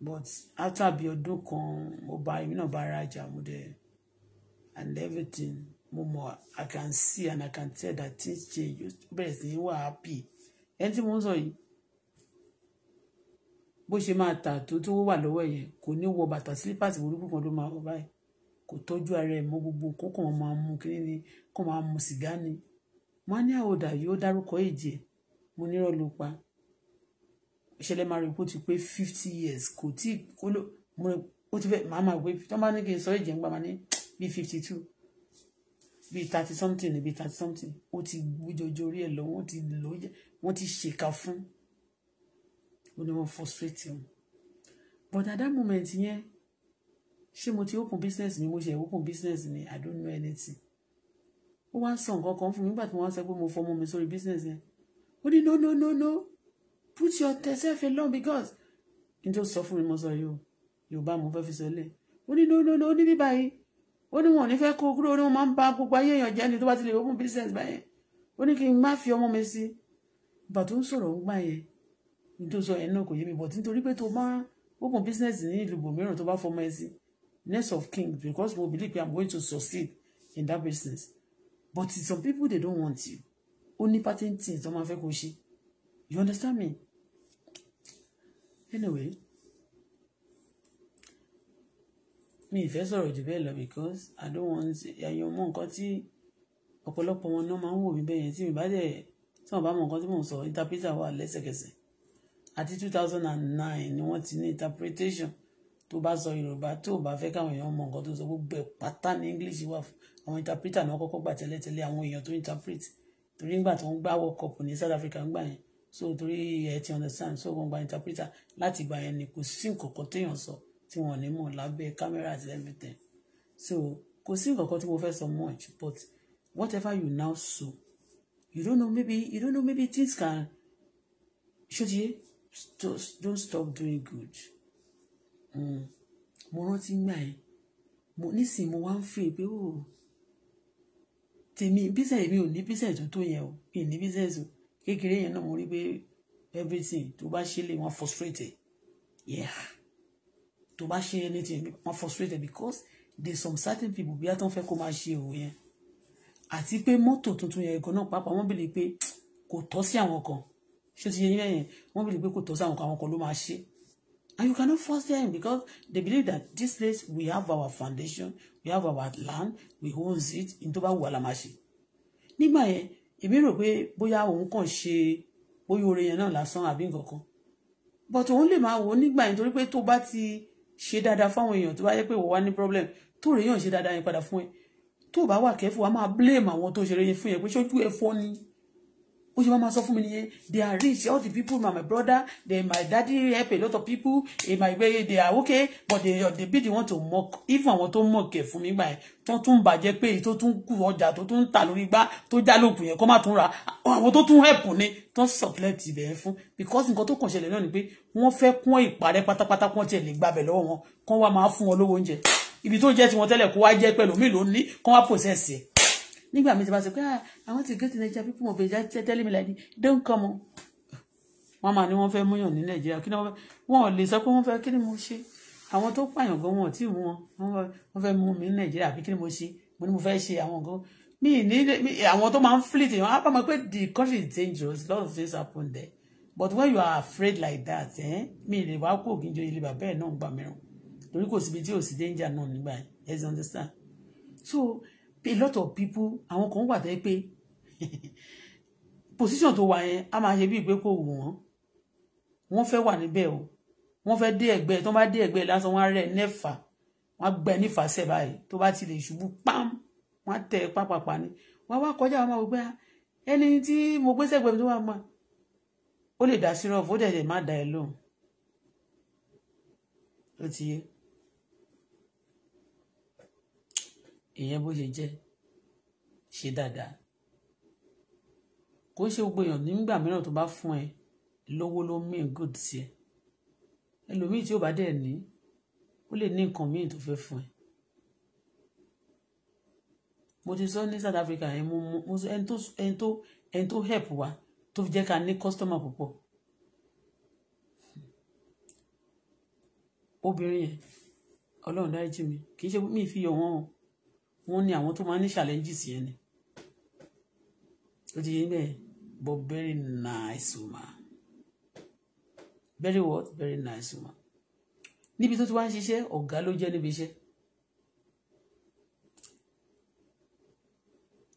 but after Abiodun mobile, you know èmi náà and everything, mo I can see and I can tell that things change. Ó bẹ̀rẹ̀ sí happy. Anything tí mo bó ṣe máa tà tó tó wà lọ́wọ́ yẹn kò ní wọ bàtà sílípàsì burúkú kan ló máa wọ báyìí kò tọ́jú ara ẹ̀ mọ́ gbogbo kó kàn máa mu kiri ni kó máa mu sìgá ni wọ́n ní àwòdà yìí ó dárúkọ èjì mo nírọ̀ ló pa ìṣẹ̀lẹ̀ máa rí i pé fifty years kò tí kó ló ó ti fẹ́ màá máa gbé tí bá ní kí n sọ èjì ń gbà máa ní bíi fifty two bíi thirty something bíi thirty something ó ti gbújọjọ orí ẹ̀ lọ wọ́n ti lò wọ́n ti ṣèkà fún ó ní wọ́n frustrate wọn but at that moment yẹn ṣé mo ti open business mi mo ṣe open business mi i don't know anything ó wá ń sọ nǹkan kan fún mi nígbà tí wọ́n sọ pé mo fọmọ mi sórí business yẹn ó ní no no no no put your yourself alone because n tó sọ fún mi mo sọ yìí o yorùbá mo fẹ́ fi sọ ó ní no no no ó ní bíbá yìí ó ní wọn ò ní fẹ́ kó kúrò ó ní wọn máa ń ba gbogbo ayé èèyàn jẹ́ ni tó bá ti lè open business báyẹn ó ní kí n má fi ọmọ mi sí bàtó ń sọ̀rọ̀ ń gbà yẹn nítorí sọ yẹn náà kò yé mi but nítorí pé tó bá open business ní ìlú bòmíràn tó bá fọmọ ẹ sí next of king because mo believe pé i'm going to succeed in that business but some people they don't want you Only ní things tó máa fẹ́ kó ṣe you understand me anyway mi ìfẹ́ sọ̀rọ̀ jù bẹ́ẹ̀ lọ because i don't want àyàn mọ nǹkan tí ọ̀pọ̀lọpọ̀ wọn náà máa ń wò mí bẹ́ẹ̀ yẹn tí mi bá dẹ̀ tí wọn bá mọ nǹkan tí mò ń sọ interpreter wà lẹ́sẹ̀kẹsẹ̀ àti two thousand and nine ni wọ́n ti ní interpretation tó bá sọ yorùbá tó bá fẹ́ káwọn èèyàn mọ nǹkan tó sọ gbogbo ẹ̀ pátá ní english wà fún àwọn interpreter náà kọ́kọ́ gbà tẹ́lẹ̀tẹ́lẹ̀ àwọn èèyàn tó interpret torí ńgbà tó ń gbá world cup ní south africa ńgbà yẹn so torí ẹ ti understand so wọ́n gba interpreter láti gbà yẹn ni kò sí nǹkan kan téèyàn sọ tí wọ́n ní mọ̀ lábẹ́ camera àti everything so kò sí nǹkan kan tí mo fẹ́ sọ much but whatever you now sow you don't know maybe you don't know maybe things can ṣó ti don't stop doing good. Mm. mo rántí gbà yẹn mo nísìnyí mo wá ń fi pé ó oh, tèmi bísẹ̀ mi ò ní bísẹ̀ tó tó yẹn o mi ní bísẹ̀ o kékeré yẹn náà mo rí pé everything tó bá ṣe lè wọ́n frustrate yeah tó bá ṣe anything wọ́n frustrate because there's some certain people bí a tó ń fẹ́ kó máa ṣe òun yẹn àti pé mọ́tò tuntun yẹn gan náà pàápàá wọ́n bèèrè pé kò tọ́ sí àwọn kan ṣó ti yẹ yín lẹ́yìn wọ́n bìlì pé kò tọ́ sáwọn kan àwọn kan ló máa ṣe and you cannot force them because they believe that this place we have our foundation we have our land we own it in tó bá wù wá la máa ṣe nígbà yẹn èmi rò pé bóyá òun kàn ṣe bóyá oore yẹn náà lásán àbí nǹkan kan but òun lè máa wò ó nígbà yẹn torí pé tó bá ti ṣe dáadáa fáwọn èèyàn tó bá yẹ pé wọ́n wá ní problem tó rèéyàn ṣe dáadáa yẹn padà fún ẹ tó bá wà kẹ́fù wá máa blame àwọn tó ṣeré yẹn fún yẹn pé ṣojú ẹ fọ́ ni ó ṣe máa ma sọ fún mi nìyẹn they are rich all the people my, my brother they, my daddy help a lot of people in eh, my way eh, they are okay but they, they be the one to mock even àwọn to mock ẹ̀ fún mi gbà yẹn tó tún bàjẹ́ pé èyí tó tún kú ọjà tó tún tà lórí igbá tó já lóògùn yẹn kó má tún ra àwọn tó tún help ni tó ń supplement ibẹ̀ fún because nǹkan tó kàn ṣẹlẹ̀ náà ni pé wọ́n fẹ́ kún ìparẹ́ pátápátá kún tiẹ̀ lè gbabẹ̀ lọ́wọ́ wọn kán wá máa fún wọn lówó oúnjẹ ibi tó jẹ́ tiwọn tẹ́lẹ̀ kó wá jẹ́ pẹ̀lú mi lónìí kán wá process ẹ̀ nígbà mi ti bá sọ pé i want to go to Nigeria people of Nigeria tell telling me like don't come o wọn máa ní wọn fẹ́ múyàn ní Nàìjíríà kí ni wọn ò lè sọ pé wọn fẹ́ kí ni mo ṣe àwọn tó pààyàn gan wọn ò tí ì mú wọn wọn fẹ́ mú mi ní Nàìjíríà àbí kí ni mo ṣe mo ní mo fẹ́ ṣe àwọn gan mi ní àwọn tó máa ń flit wọn á bá mọ̀ pé the country is dangerous a lot of things happen there but when you are afraid like that eh, mi lè wá kó ògìnjọ ilé bàbá ẹ̀ náà gbà mìíràn torí kò síbi tí ò sí danger náà nígbà yẹn you understand so a lot of people àwọn kan wà tẹ́ pé position tó wà yẹn a máa ṣe bíi pé kò wù wọ́n wọ́n fẹ́ wà níbẹ̀ o wọ́n fẹ́ dé ẹ̀gbẹ́ tó bá dé ẹ̀gbẹ́ lásán wọ́n á rẹ̀ nẹ́fà wọ́n á gbẹ nífà sẹ̀ báyìí tó bá ti lè ṣubú pam wọ́n á tẹ̀ pápápá ni wọ́n wá kọjá wọn máa wò pé ah, ẹni tí mo gbé sẹ́gbẹ̀ẹ́ mi tó wà mọ́ ó lè dá sí rọ́ọ̀fù ó dẹ̀ dẹ̀ má dá ẹ lóhùn ó ti yé. ìyẹn bó ṣe jẹ́ ṣe dáadáa kò ṣe gbogbo èèyàn nígbà mìíràn tó bá fún ẹ lówó ló mean good sí ẹ ẹlòmíì tí ó bá dẹ̀ ní ó lè ní nǹkan míì tó fẹ́ fún ẹ mo ti sọ ní South Africa ẹ mo mo sọ ẹni tó ẹni tó ẹni tó help wa tó fi jẹ́ ká ní customer púpọ̀ obìnrin yẹn ọlọ́run dáríjì mi kì í ṣe mi fi yọ̀ wọ́n o wọ́n ní àwọn tó máa ń ní challenges yẹn ni ó ti yé bẹ́ẹ̀ but very nice woman very what very nice woman níbi tó ti wá ń ṣiṣẹ́ ọ̀gá ló jẹ́ níbi iṣẹ́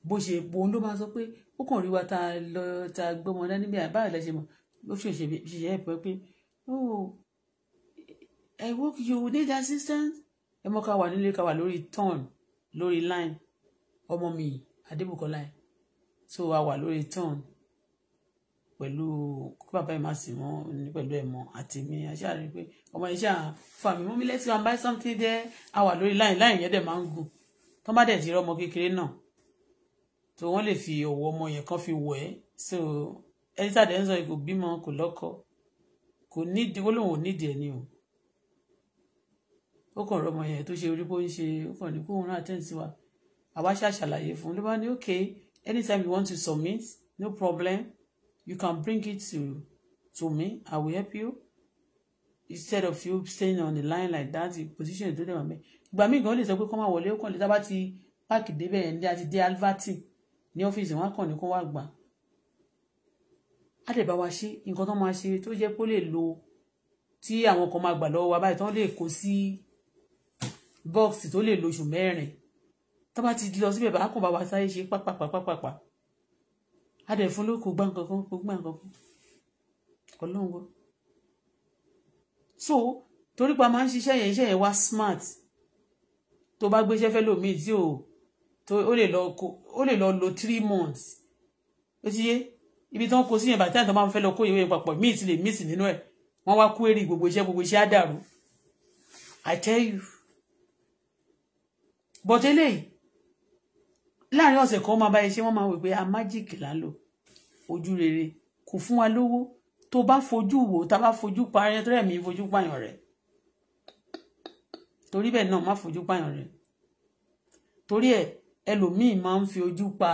bó ṣe òun ló máa sọ pé ó kàn rí wa ta lọ ta gbọ́mọ dání bí àbá àlẹ́ ṣe mọ̀ ó ṣe ṣe ẹ̀ pẹ́ pé oh I work you need assistance ẹ mọ́ ká wà nílé ká wà lórí turn lórí line ọmọ mi adébùkọ́lá ẹ̀ tó wá wà lórí tán pẹ̀lú kí bàbá yìí má sì mọ́ ní pẹ̀lú ẹ̀mọ́ àti mi aṣáà rí pé ọmọ yìí ṣáà fà mí mú mi lẹ́tí wọn bá something there a wà lórí line line yẹn dẹ̀ máa ń gùn tó bá dẹ̀ ti rí ọmọ kékeré náà tó wọ́n lè fi ọwọ́ ọmọ yẹn kan fi wọ̀ ẹ́ so ẹni tàdé ń sọ kò bímọ kò lọ́kọ kò nídìí ó lóun ò nídìí ẹ̀ ni o ó kàn rọmọ yẹn tó ṣe orí bó ń ṣe ó kàn ní kó òun náà tẹ̀sí wa àwa ṣáà ṣàlàyé fún un ló bá ní okay anytime you want to submit no problem you can bring it to to me i will help you instead of you staying on the line like that the position tó dẹ̀ wà ìgbà míì gan lè sọ pé kọ́ máa wọlé ó kàn lè tábà ti páàkì débẹ̀ ẹ̀ ní àti dé alvati ní ọ́fíìsì wọn kàn ní kó wá gbà á dẹ̀ bá wa ṣe nǹkan tó máa ṣe tó jẹ́ pé lè lo tí àwọn kan máa gbà lọ́wọ́ wa báyìí tó lè kó sí. Si bọ́ọ̀sì tó lè lóṣù mẹ́rin tó bá ti lọ síbẹ̀ bá kò bá wa sáyé ṣe pápápápápá a dẹ̀ fún ló kò gbá nǹkan kan kò gbá nǹkan kan so torí pa máa ń ṣiṣẹ́ yẹn iṣẹ́ yẹn wá smart tó bá gbéṣẹ́ fẹ́ lòmíì tí ò tó ó lè lọ ó lè lo three months ó ti yé ibi tí wọ́n kó sí yẹn bàtí àtọ́ máa fẹ́ lọ kó ìwé yẹn papọ̀ míì ti lè míì sì nínú ẹ̀ wọ́n wá kú èrè gbogbo iṣẹ́ gbogbo iṣẹ́ á dàrú I tell you but eléyìí láàrin ọ̀sẹ̀ kan máa bá iṣẹ́ wọ́n máa wò pé a magic lálò ojú rere kò fún wa lówó tó bá fojú wò tá bá fojú parẹ́ tó rẹ̀ mí fojú pààyàn rẹ̀ torí bẹ́ẹ̀ náà má fojú pààyàn rẹ̀ torí ẹ̀ ẹlòmíì máa ń fi ojú pa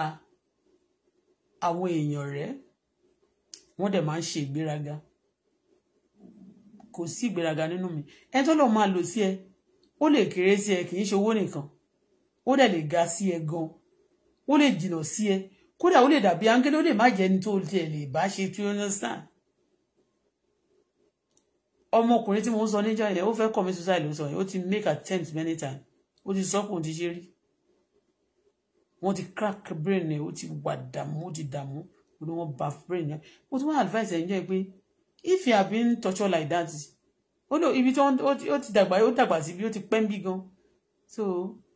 àwọn èèyàn rẹ̀ wọ́n dẹ̀ máa ń ṣe ìgbéraga kò sí ìgbéraga nínú mi ẹ tó lọ́ọ́ máa lò sí ẹ ó lè kéré sí ẹ kì í ṣe owó nìkan ó dẹ̀ lè ga sí ẹ gan ó lè jìnnà sí ẹ kódà ó lè dàbí áńgẹ́lì ó lè má jẹ́ ẹni tó tiẹ̀ lè bá ṣe tí ó ń ọmọkùnrin tí mo ń sọ níjọ yẹn ó fẹ́ commit suicide ló sọ yẹn ó ti make attempts many times ó ti sọ pé òun ti ṣe rí wọ́n ti crack brain ẹ̀ ó ti wà dààmú ó ti dààmú ó ní wọ́n bá brain ẹ̀ mo tún wá advice ẹ̀ ń jẹ́ pé if you have been tortured like that ó lò ibi tí ó ti dàgbà ó dàgbà sí bí ó ti pẹ́ ń bí gan so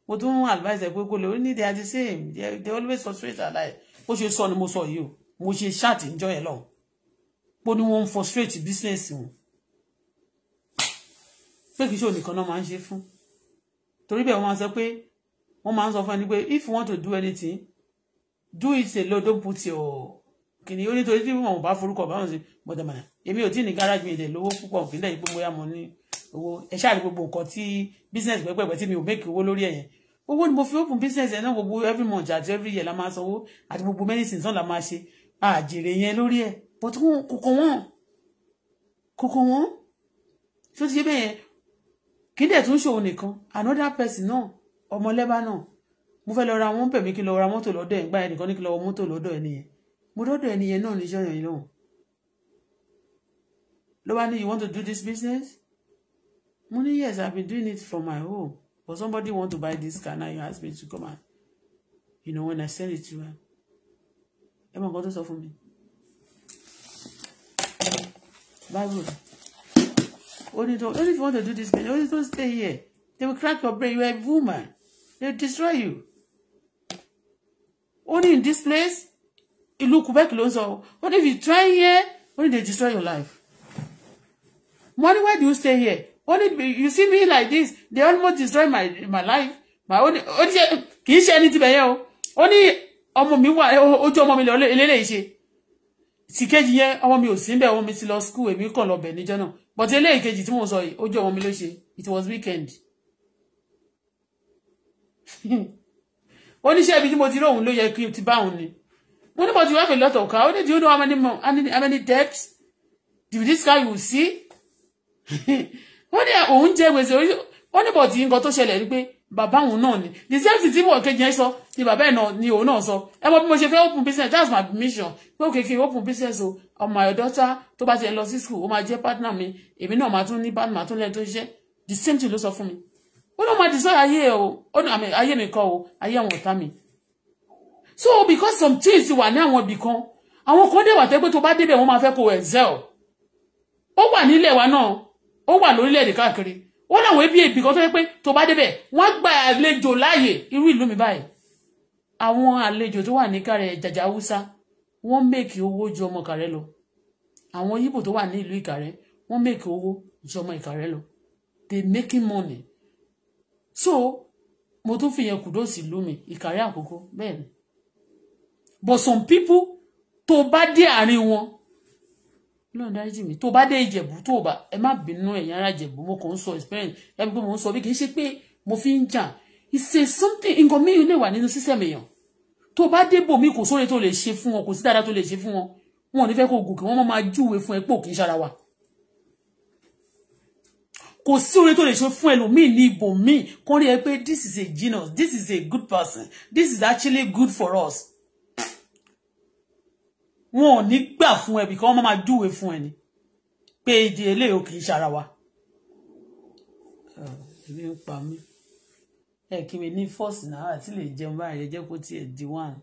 mo tún advice ẹ pé kó lè ó ní they are the same they, they always frustrate our life bó ṣe sọ ni mo sọ yìí o mo ṣe ṣáàtì ń jọ yẹn lọ bó ni wọn ń frustrate business wọn pé kì í ṣe onìkan náà máa ń ṣe fún torí bẹ́ẹ̀ wọ́n máa sọ pé wọ́n máa ń sọ fún ẹni pé if you want to do anything do it alone don't put your kìnìún ó nítorí tí wọn ò bá forúkọ báwọn ṣe bọ́dàmọ́dà eh, èmi ò tí ì ní garage mi ìdè lówó púpọ̀ kí lẹ́yìn pé bóyá mo ní owó ẹ ṣáà rí gbogbo nǹkan tí business pẹ́pẹ́pẹ́ tí mi ò make owó lórí ẹ̀yẹn owó ni mo fi open business ẹ̀ náà gbogbo every month àti every year la máa sanwó àti gbogbo medicine náà la máa ṣe àjèrè yẹn lórí ẹ̀ but kòkò wọ́n kòkò wọ́n tó ti ṣe bẹ́ẹ̀ yẹn kí dẹ̀ tún ṣòwò nìkan another person náà ọmọlẹ́bá náà mo fẹ́ lọ ra wọn pẹ̀mí kí lọ ra mọ́tò lọ́dọ̀ ẹ̀ ń gbá ẹnìkan ní kí lọ wọ mọ́tò lọ́dọ̀ ẹ̀ nìyẹn mo lọ́dọ̀ ẹ̀ nìyẹn náà níṣẹ́ yàn yín lọ́hùn ló bá ní you want to do this business Money, yes I've been doing it from my home but somebody want to buy this car now you ask me to come and you know when i sell it to her ẹ mọ nǹkan tó me. bible only don't only if you want to do this thing only don't stay here they will crack your brain you are a woman they will destroy you only in this place ìlú look back, ń sọ What if you try here only they destroy your life money why do you stay here only you see me like this they almost destroy my my life my only. ó ní ṣe kì í ṣe ẹni tibẹ̀ yẹn o ó ní ọmọ mi wà ojú ọmọ mi lọ eléyìí ṣe tí kejì yẹn ọmọ mi ò sí níbẹ̀ ọmọ mi ti lọ school èmi kàn lọ bẹ̀ níjọ́ náà but eléyìí kejì tí mo sọ yìí ojú ọmọ mi ló ṣe it was weekend oníṣẹ́ <laughs> ibi tí mo ti rí òun ló yẹ kí n ti bá òun ni mo ní but you have a lot of car ó ní do you know how many how many, how many debts this guy. you see <laughs> wọ́n ní òun jẹ gbèsè wọ́n ní bọ̀dì nǹkan tó ṣẹlẹ̀ ni bàbá òun náà ni the same thing tí wọ́n kejì ẹ sọ ni bàbá ẹ̀ náà ni òun náà sọ ẹ mọ bí mo ṣe fẹ́ open business that's my mission pé òkè kí n open business o ọmọ my daughter tó bá ti lọ sí school ó máa jẹ́ partner mi èmi náà máa tún ní partner máa tún lẹ́nu tó ṣiṣẹ́ the same thing ló sọ fún mi ó ló máa desire ayé o ayé mi kọ o ayé àwọn ọ̀tá mi so because some things wà ní àwọn ibì kan àwọn kan dé wà tẹ́ pé tó bá débẹ̀ wọ́n máa fẹ́ kó excel ó wà nílẹ̀ wa náà ó wà lórílẹ̀‐èdè káàkiri ó láwọn ebi èbì kan tó yẹ pé tó bá débẹ̀ wọ́n gba àlejò láàyè irú ìlú mi báyìí àwọn àlejò tó wà ní kàrẹ̀ jàjà haúsá wọ́n mèkì owó ju ọmọ kàrẹ́ lọ àwọn yíbò tó wà ní ìlú ìkàrẹ́ wọ́n mèkì owó ju ọmọ ìkàrẹ́ lọ they making money so mo tún fi yẹn kùdóòsì lú mi ìkàrẹ́ àkókò bẹ́ẹ̀ ni but some people tó bá dé àárín wọn ọlọ́run dáríjì mi tó bá dé ìjẹ̀bú tó bá ẹ má bínú ẹ̀yin ará ìjẹ̀bú mo kàn ń sọ experience ẹ gbé mo ń sọ bí kì ṣe pé mo fi ń jà ìṣe something nǹkan mìíràn lè wà nínú sísẹ̀mù èèyàn tó bá dé bòmí kò sóore tó lè ṣe fún wọn kò sí dáadáa tó lè ṣe fún wọn wọn ò ní fẹ́ kó gòkè wọn máa júwe fún ẹ pò kì í wa kò sí oore tó lè ṣe fún ẹlòmíì ní ibòmíì kó rí ẹ pé this is a genius this is a good person this is actually good for us wọn ò ní gbà fún ẹ bìkan wọn máa júwe fún ẹ ni pé ìdí eléyìí ò kì í ṣara wa. èmi ń pa mí ẹ kí mi ní fọ́ọ̀sì náà àti lè jẹun báyìí ẹ jẹ́ kó tiẹ̀ di one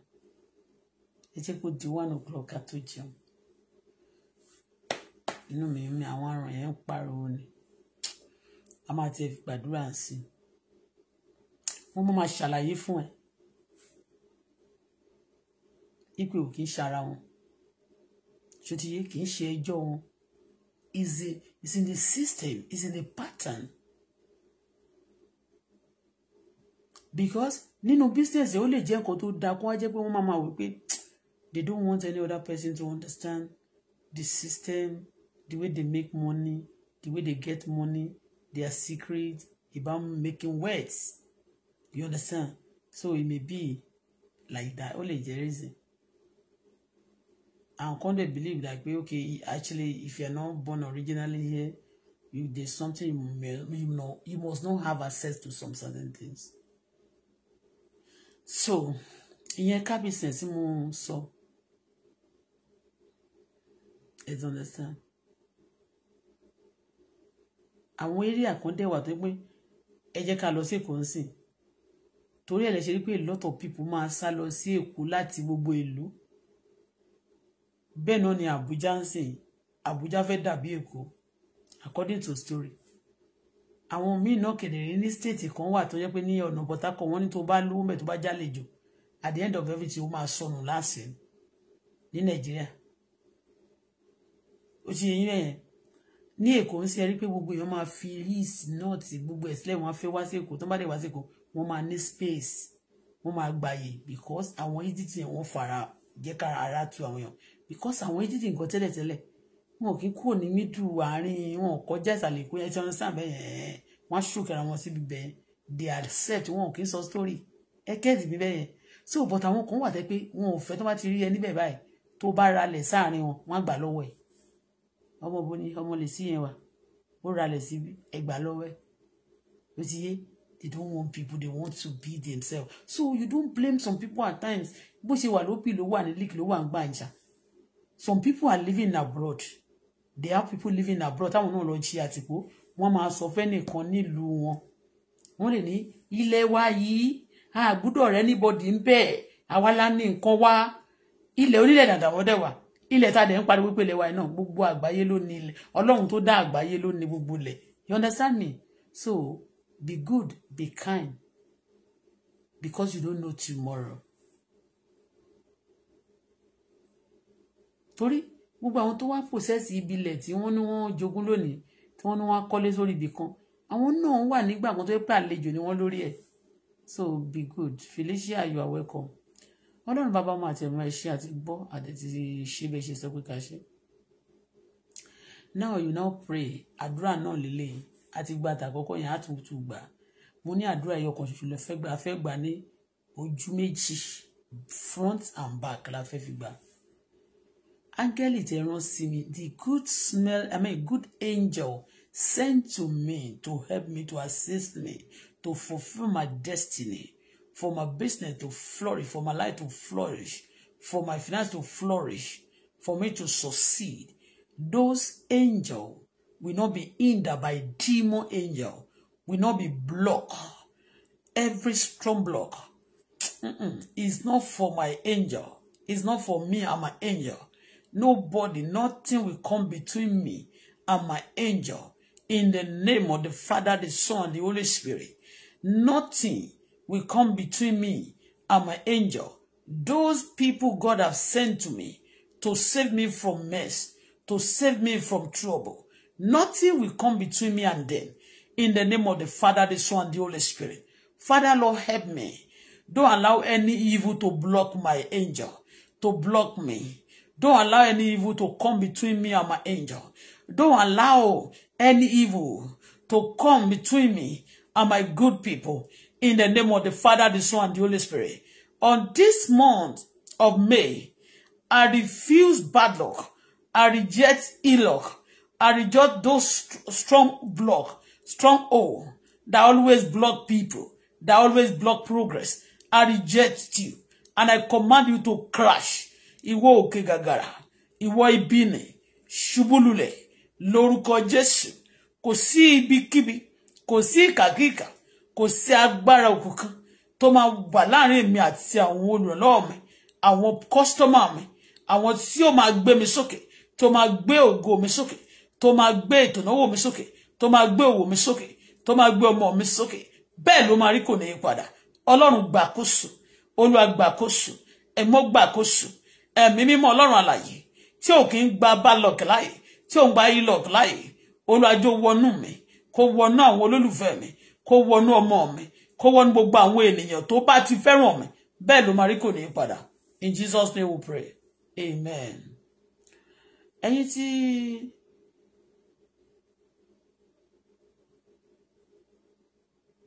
ẹ jẹ́ kó di one o'clock ká tó jẹun inú mi mi àwọn àrùn yẹn ń pariwo ni a máa ti gbàdúrà sí i wọ́n mọ̀ máa ṣàlàyé fún ẹ ipò kì í ṣara wọn ṣe ti yé kì í ṣe ẹjọ́ wọn is in is in the system is in the pattern because nínú business yẹn ó lè jẹ́ nǹkan tó dáa kó wá jẹ́ pé wọ́n máa máa wí pé they don't want any other person to understand the system the way they make money the way they get money their secret about making words you understand so it may be like that ó lè jẹ́ reason and come they believe like okay actually if you're not born originally here if there's something you, may, you know you must not have access to some certain things so ìyẹn kábíyèsí tí mo ń sọ ẹ don understand àwọn eré àkọ́ndẹ̀wà tó pé ẹ jẹ́ ká lọ sí èkó ń sìn torí ẹ̀ lè rí pé a lot of people máa sá lọ sí èkó láti gbogbo ìlú bẹ́ẹ̀ náà ni Àbújá ń sìn Àbújá fẹ́ dàbí Èkó according to story àwọn míì náà kedere ní state kan wà tó yẹ pé ní ọ̀nà pọ̀tàkọ̀ wọn ní tó bá lówó mẹ́ tó bá jálejò at the end of everything ó máa sọnù láàṣẹ ní Nàìjíríà ó ti yẹn yẹn ní Èkó ń ṣe rí pé gbogbo èèyàn máa fi lease náà ti gbogbo ẹ̀ sílẹ̀ wọ́n á fẹ́ wá sí Èkó tó bá dẹ̀ wá sí Èkó wọ́n máa ní space wọ́n máa gbàyè because àwọn easy thing fara jẹ́ ká ara tu àwọn èèyàn because àwọn Ẹ́jíptì nǹkan tẹ́lẹ̀tẹ́lẹ̀ wọn kì í kúrò ní mídù àárín wọn kọjá ìsàlẹ̀ ìpín ẹtí wọn sàn bẹ́ẹ̀ yẹn wọn ṣùkẹ́ra wọn síbi bẹ́ẹ̀ they are accept wọn kì í sọ story ẹ kẹ́ẹ̀tì mi bẹ́ẹ̀ so but àwọn kan wà tẹ́ pé wọn ò fẹ́ tó bá ti rí ẹni bẹ́ẹ̀ báyìí tó bá ralẹ̀ sáàrin wọn wọn gbà lọ́wọ́ ẹ̀ ọmọ bo ni ọmọ lè sí yẹn wà ó ralẹ̀ sí ẹgbà lọ́wọ́ ẹ̀ ló ti yé they don't want people they want to be themselves so you don't blame some people at times bó ṣe wà lópin ló wà ní leak ló wà ń gbà ìjà some people are living abroad they have people living abroad táwọn náà lọ ṣe àtìpó wọ́n máa sọ fẹ́nìkan nílùú wọn wọ́n lè ní ilé wa yìí àgbúdọ̀ rẹ níbọdì ń bẹ àwa la ní nǹkan wá ilẹ̀ onílẹ̀ dàdàwọ́ dẹ̀ wà ilẹ̀ tá a dẹ̀ ń pariwo pé ilẹ̀ wa náà gbogbo àgbáyé ló ní ilẹ̀ ọlọ́run tó dá àgbáyé ló gbogbo ilẹ̀ you understand me so be good be kind because you don't know tomorrow torí gbogbo àwọn tó wá pòṣẹ́sì ibi ilẹ̀ tí wọ́n ní wọ́n jogún lónìí tí wọ́n ní wọ́n kọ́lé sórí ibì kan àwọn náà wà nígbà kan tó yẹ pé àlejò ni wọ́n lórí ẹ̀ so be good Felicia you are welcome ọlọ́run bàbá ọmọ àti ẹ̀mọ ẹ̀ṣẹ́ àti gbọ́ àdẹ̀tí ṣe bẹ́ẹ̀ ṣe sọ pé ká ṣe now you now pray àdúrà náà lélẹ́yìn àti gba àtàkọ́kọ́ yẹn á tún tún gbà mo ní àdúrà ẹyọ kan ṣoṣo lọ fẹ́ gbà fẹ́ gbà ní ojú méjì front and back la fẹ́ fi gbà áńgẹ́lì tẹ rán sí mi the good smell i mean good angel sent to me to help me to assist me to fulfil my destiny for my business to flourish for my life to flourish for my finance to flourish for me to succeed those angel will not be hindered by demon angel will not be blocked every strong block Mm-mm. it's not for my angel it's not for me and my angel Nobody, nothing will come between me and my angel. In the name of the Father, the Son, and the Holy Spirit. Nothing will come between me and my angel. Those people God have sent to me to save me from mess, to save me from trouble. Nothing will come between me and them. In the name of the Father, the Son, and the Holy Spirit. Father, Lord, help me. Don't allow any evil to block my angel, to block me. Don't allow any evil to come between me and my angel. Don't allow any evil to come between me and my good people. In the name of the Father, the Son, and the Holy Spirit. On this month of May, I refuse bad luck. I reject ill luck. I reject those st strong block, strong O that always block people, that always block progress. I reject you and I command you to crash ìwọ òkè gàgàrà ìwọ ibi nì ṣubú lulẹ̀ lórúkọ Jésù kò sí ibikíbi kò sí ìkàkíkà kò sí agbára òkùnkùn tó máa wà láàrin èmi àti àwọn olùrànlọ́wọ́ mi àwọn kọ́sítọ́mà mi àwọn tí ó máa gbé mi sókè tó máa gbé ògo mi sókè tó máa gbé ìtònáwó mi sókè tó máa gbé òwò mi sókè tó máa gbé ọmọ mi sókè bẹ́ẹ̀ ló máa rí kò ní í padà ọlọ́run gbàkóso olúwa gbàkóso ẹ̀mí mímọ́ ọlọ́run àlàyé tí ò kí ń gba balọ̀kì láàyè tí ò ń gba ilọ̀kì láàyè olùwàjò wọnú mi kó wọnú àwọn olólùfẹ́ mi kó wọnú ọmọ mi kó wọnú gbogbo àwọn ènìyàn tó bá ti fẹ́ràn mi bẹ́ẹ̀ ló máa rí kò ní í padà in Jesus name we pray amen. ẹ̀yin tí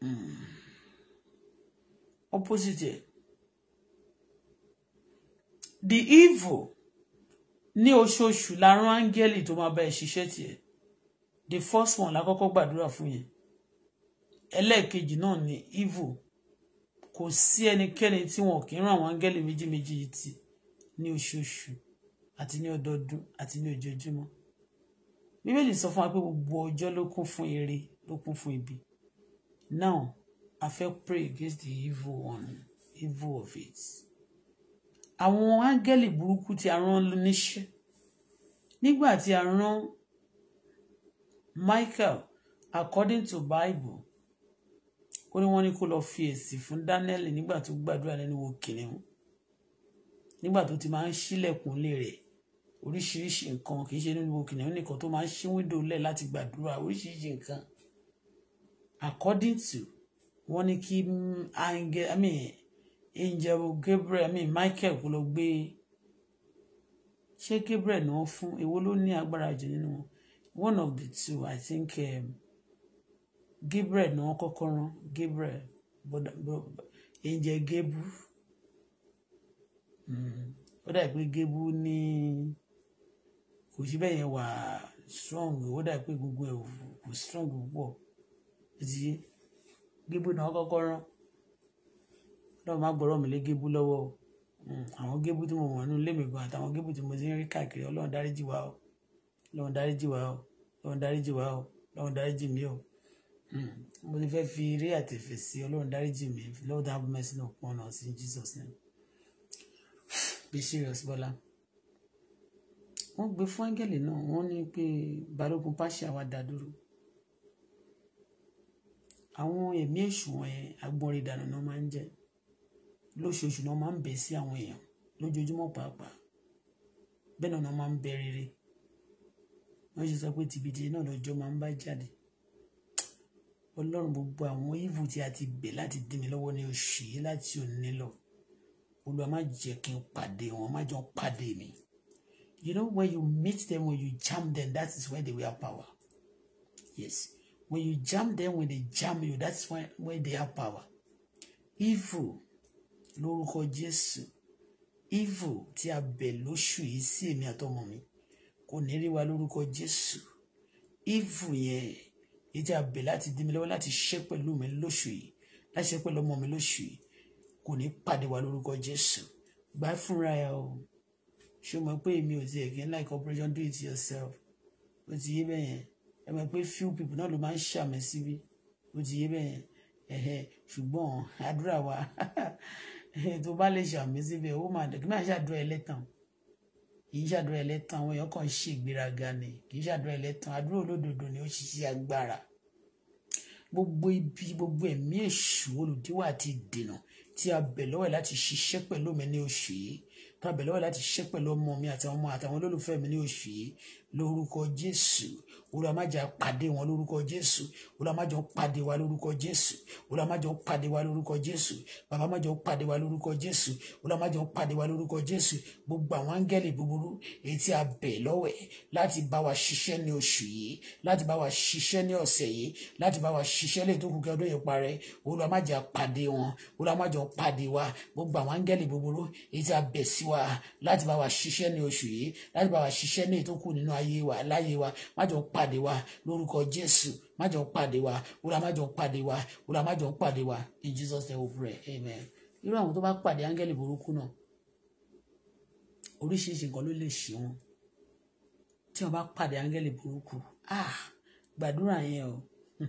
hmm. opposite yẹn the evil ní oṣooṣù láàrán áńgẹ́lì tó máa bá ẹ ṣiṣẹ́ tiẹ̀ the first one la kọ́kọ́ gbàdúrà fún yẹn ẹlẹ́ẹ̀kejì náà ni evil kò sí ẹnikẹ́ni tí wọn kì í ràn àwọn áńgẹ́lì méjì méjì yìí tì ní oṣooṣù àti ní ọdọọdún àti ní ojoojúmọ́ bíbélì sọ fún wa pé gbogbo ọjọ́ ló kún fún ire ló kún fún ibi now I fẹ́ pray against the evil one evil of it àwọn áńgẹ́lì burúkú tí a rán níṣẹ́ nígbà tí a rán Michael according to Bible ó ní wọ́n ní kó lọ fi èsì fún Daniel nígbà tó gbàdúrà lẹ́nu wo kìnìún nígbà tó ti máa ń ṣílẹ̀kùn lé rẹ̀ oríṣiríṣi nǹkan kì í ṣe nínú wo kìnìún nìkan tó máa ń ṣí wíńdò lẹ̀ láti gbàdúrà oríṣiríṣi nǹkan according to wọ́n ní kí angel i mean angel gabriel mi michael kò lọ gbé ṣé gabriel náà fún èwo ló ní agbára jù nínú wọn one of the two i think um, gabriel náà kọ́kọ́ rán gabriel angel gabu mm-hmm. ó dà pé gabu ní kò sí bẹ́ẹ̀ yẹn wà strong ó dà pé gbogbo ẹ̀ kò strong púpọ̀ ẹ̀ ti yé gabu náà kọ́kọ́ rán lọ́wọ́ má gbọ́rọ̀ mi lé gébú lọ́wọ́ o hmm, àwọn gébú tí mo mọ̀ nínú ilé mi gan àtàwọn gébú tí mo ti ń rí káàkiri ọlọ́run dáríjì wá o ọlọ́run dáríjì wá o ọlọ́run dáríjì wá o ọlọ́run dáríjì mí o hmm, mo ti fẹ́ fi eré àtẹ̀fẹ̀ sí ọlọ́run dáríjì mí Lord have mercy upon us in Jesus name be serious Bọ́lá wọ́n gbé fún áńgẹ́lì náà wọ́n ní pé balógun pàṣẹ àwa dá dúró àwọn ẹ̀mí èṣù wọ̀nyẹn agbọ́nrin ìdáná náà máa ń jẹ́ lóṣooṣù náà máa ń bẹ̀ sí àwọn èèyàn lójoojúmọ́ pàápàá bẹ́ẹ̀ náà máa ń bẹ rere wọ́n ṣe sọ pé tìbìtì náà lọ́jọ́ máa ń bá jáde ọlọ́run gbogbo àwọn ìvù tí a ti bẹ̀ láti dí mi lọ́wọ́ ní oṣù yìí láti òní lọ olúwa má jẹ́ kí n pàdé wọn má jọ pàdé mi you know when you meet them when you jam them that is where they have power yes when you jam them when they jam you that is where they have power evil lórúkọ jésù evil tí a bẹ̀ lóṣù yìí sí èmi àtọmọ mi kò ní rí wa lórúkọ jésù evil yẹn èyí tí a bẹ̀ láti dí mi lọ́wọ́ láti ṣẹ́ pẹ̀lú mi lóṣù yìí láti ṣẹ́ pẹ̀lú ọmọ mi lóṣù yìí kò ní pàdé wa lórúkọ jésù gbá fúnra ẹ o ṣé o pé èmi ò tiẹ̀ kí n like operation do it yourself ó ti yé bẹ́ẹ̀ ẹ mọ̀ pé few people náà ló máa ń ṣàmì síbí ó ti yé bẹ́ẹ̀ yẹn ẹ̀hẹ́ àdúrà wa <laughs> <laughs> tó bá lè ṣàmì síbẹ̀ ó máa dẹ̀kí máa ṣàdúrà ẹlẹ́tàn kì í ṣàdúrà ẹlẹ́tàn àwọn èèyàn kan ṣe ìgbéraga ni kì í ṣàdúrà ẹlẹ́tàn àdúrà olódodo ni ó ṣiṣẹ́ agbára gbogbo ibi gbogbo ẹ̀mí èṣù olùdíwà àti ìdènà tí a bẹ̀ lọ́wọ́ láti ṣiṣẹ́ pẹ̀lú mi ní oṣù yìí tá a bẹ̀ lọ́wọ́ láti ṣiṣẹ́ pẹ̀lú ọmọ mi àtàwọn ọmọ àtàwọn olólùfẹ́ mi ní oṣù yìí lórúkọ Jésù olùwàmájà pàdé wọn lórúkọ jésù olùwàmájà pàdé wa lórúkọ jésù olùwàmájà pàdé wa lórúkọ jésù bàbá májà pàdé wa lórúkọ jésù olùwàmájà pàdé wa lórúkọ jésù gbogbo àwọn áńgẹ́lì búburú èyí tí a bẹ̀ lọ́wẹ̀ láti bá wa ṣiṣẹ́ ní oṣù yìí láti bá wa ṣiṣẹ́ ní ọ̀sẹ̀ yìí láti bá wa ṣiṣẹ́ lè tó kù kí ọdún yìí parẹ́ olùwàmájà pàdé wọn olùwàmájà pàdé wa gbogbo àwọn áńgẹ́lì búburú èyí tí a bẹ̀ sí wa láti bá wa ṣiṣẹ́ ní oṣù yìí láti bá wa ṣiṣẹ́ ní ètò kù nínú ayé wa láyé wa májà pàdé pàdé wa lórúkọ Jésù má pàdé wa wúrà má pàdé wa wúrà má pàdé wa in Jesus name we pray amen irú àwọn tó bá pàdé áńgẹ́lì burúkú náà oríṣiríṣi nǹkan ló lè ṣe wọn tí wọn bá pàdé áńgẹ́lì burúkú ah gbàdúrà yẹn o <laughs>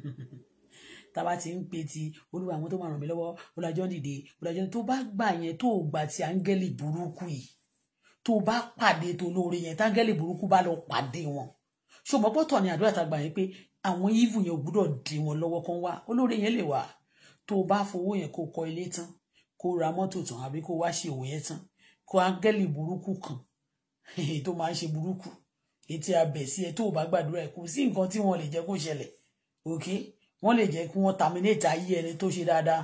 tába ti ń pe ti olúwa àwọn tó máa ràn mí lọ́wọ́ ọlájọ́ dìde ọlájọ́ tó bá gbà yẹn tó gbà ti áńgẹ́lì burúkú yìí tó bá pàdé tó lóore yẹn táńgẹ́lì burúkú bá lọ pàdé wọn ṣùgbọ́n pọ́tọ̀ ni àdúrà tá a gbà yẹn pé àwọn yíìvù yẹn ò gbúdọ̀ dí wọn lọ́wọ́ kan wá olóore yẹn lè wà tó o bá fowó yẹn kó kọ́ ilé tán kó ra mọ́tò tán àbí kó wá ṣe òwò yẹn tán kó áńgẹ́lì burúkú kan tó máa ń ṣe burúkú etí abẹ̀ sí ẹ tó o bá gbàdúrà ẹ kò sí nǹkan tí wọ́n lè jẹ́ kó ṣẹlẹ̀ okay wọ́n lè jẹ́ kí wọ́n terminate ayé ẹni tó ṣe dáadáa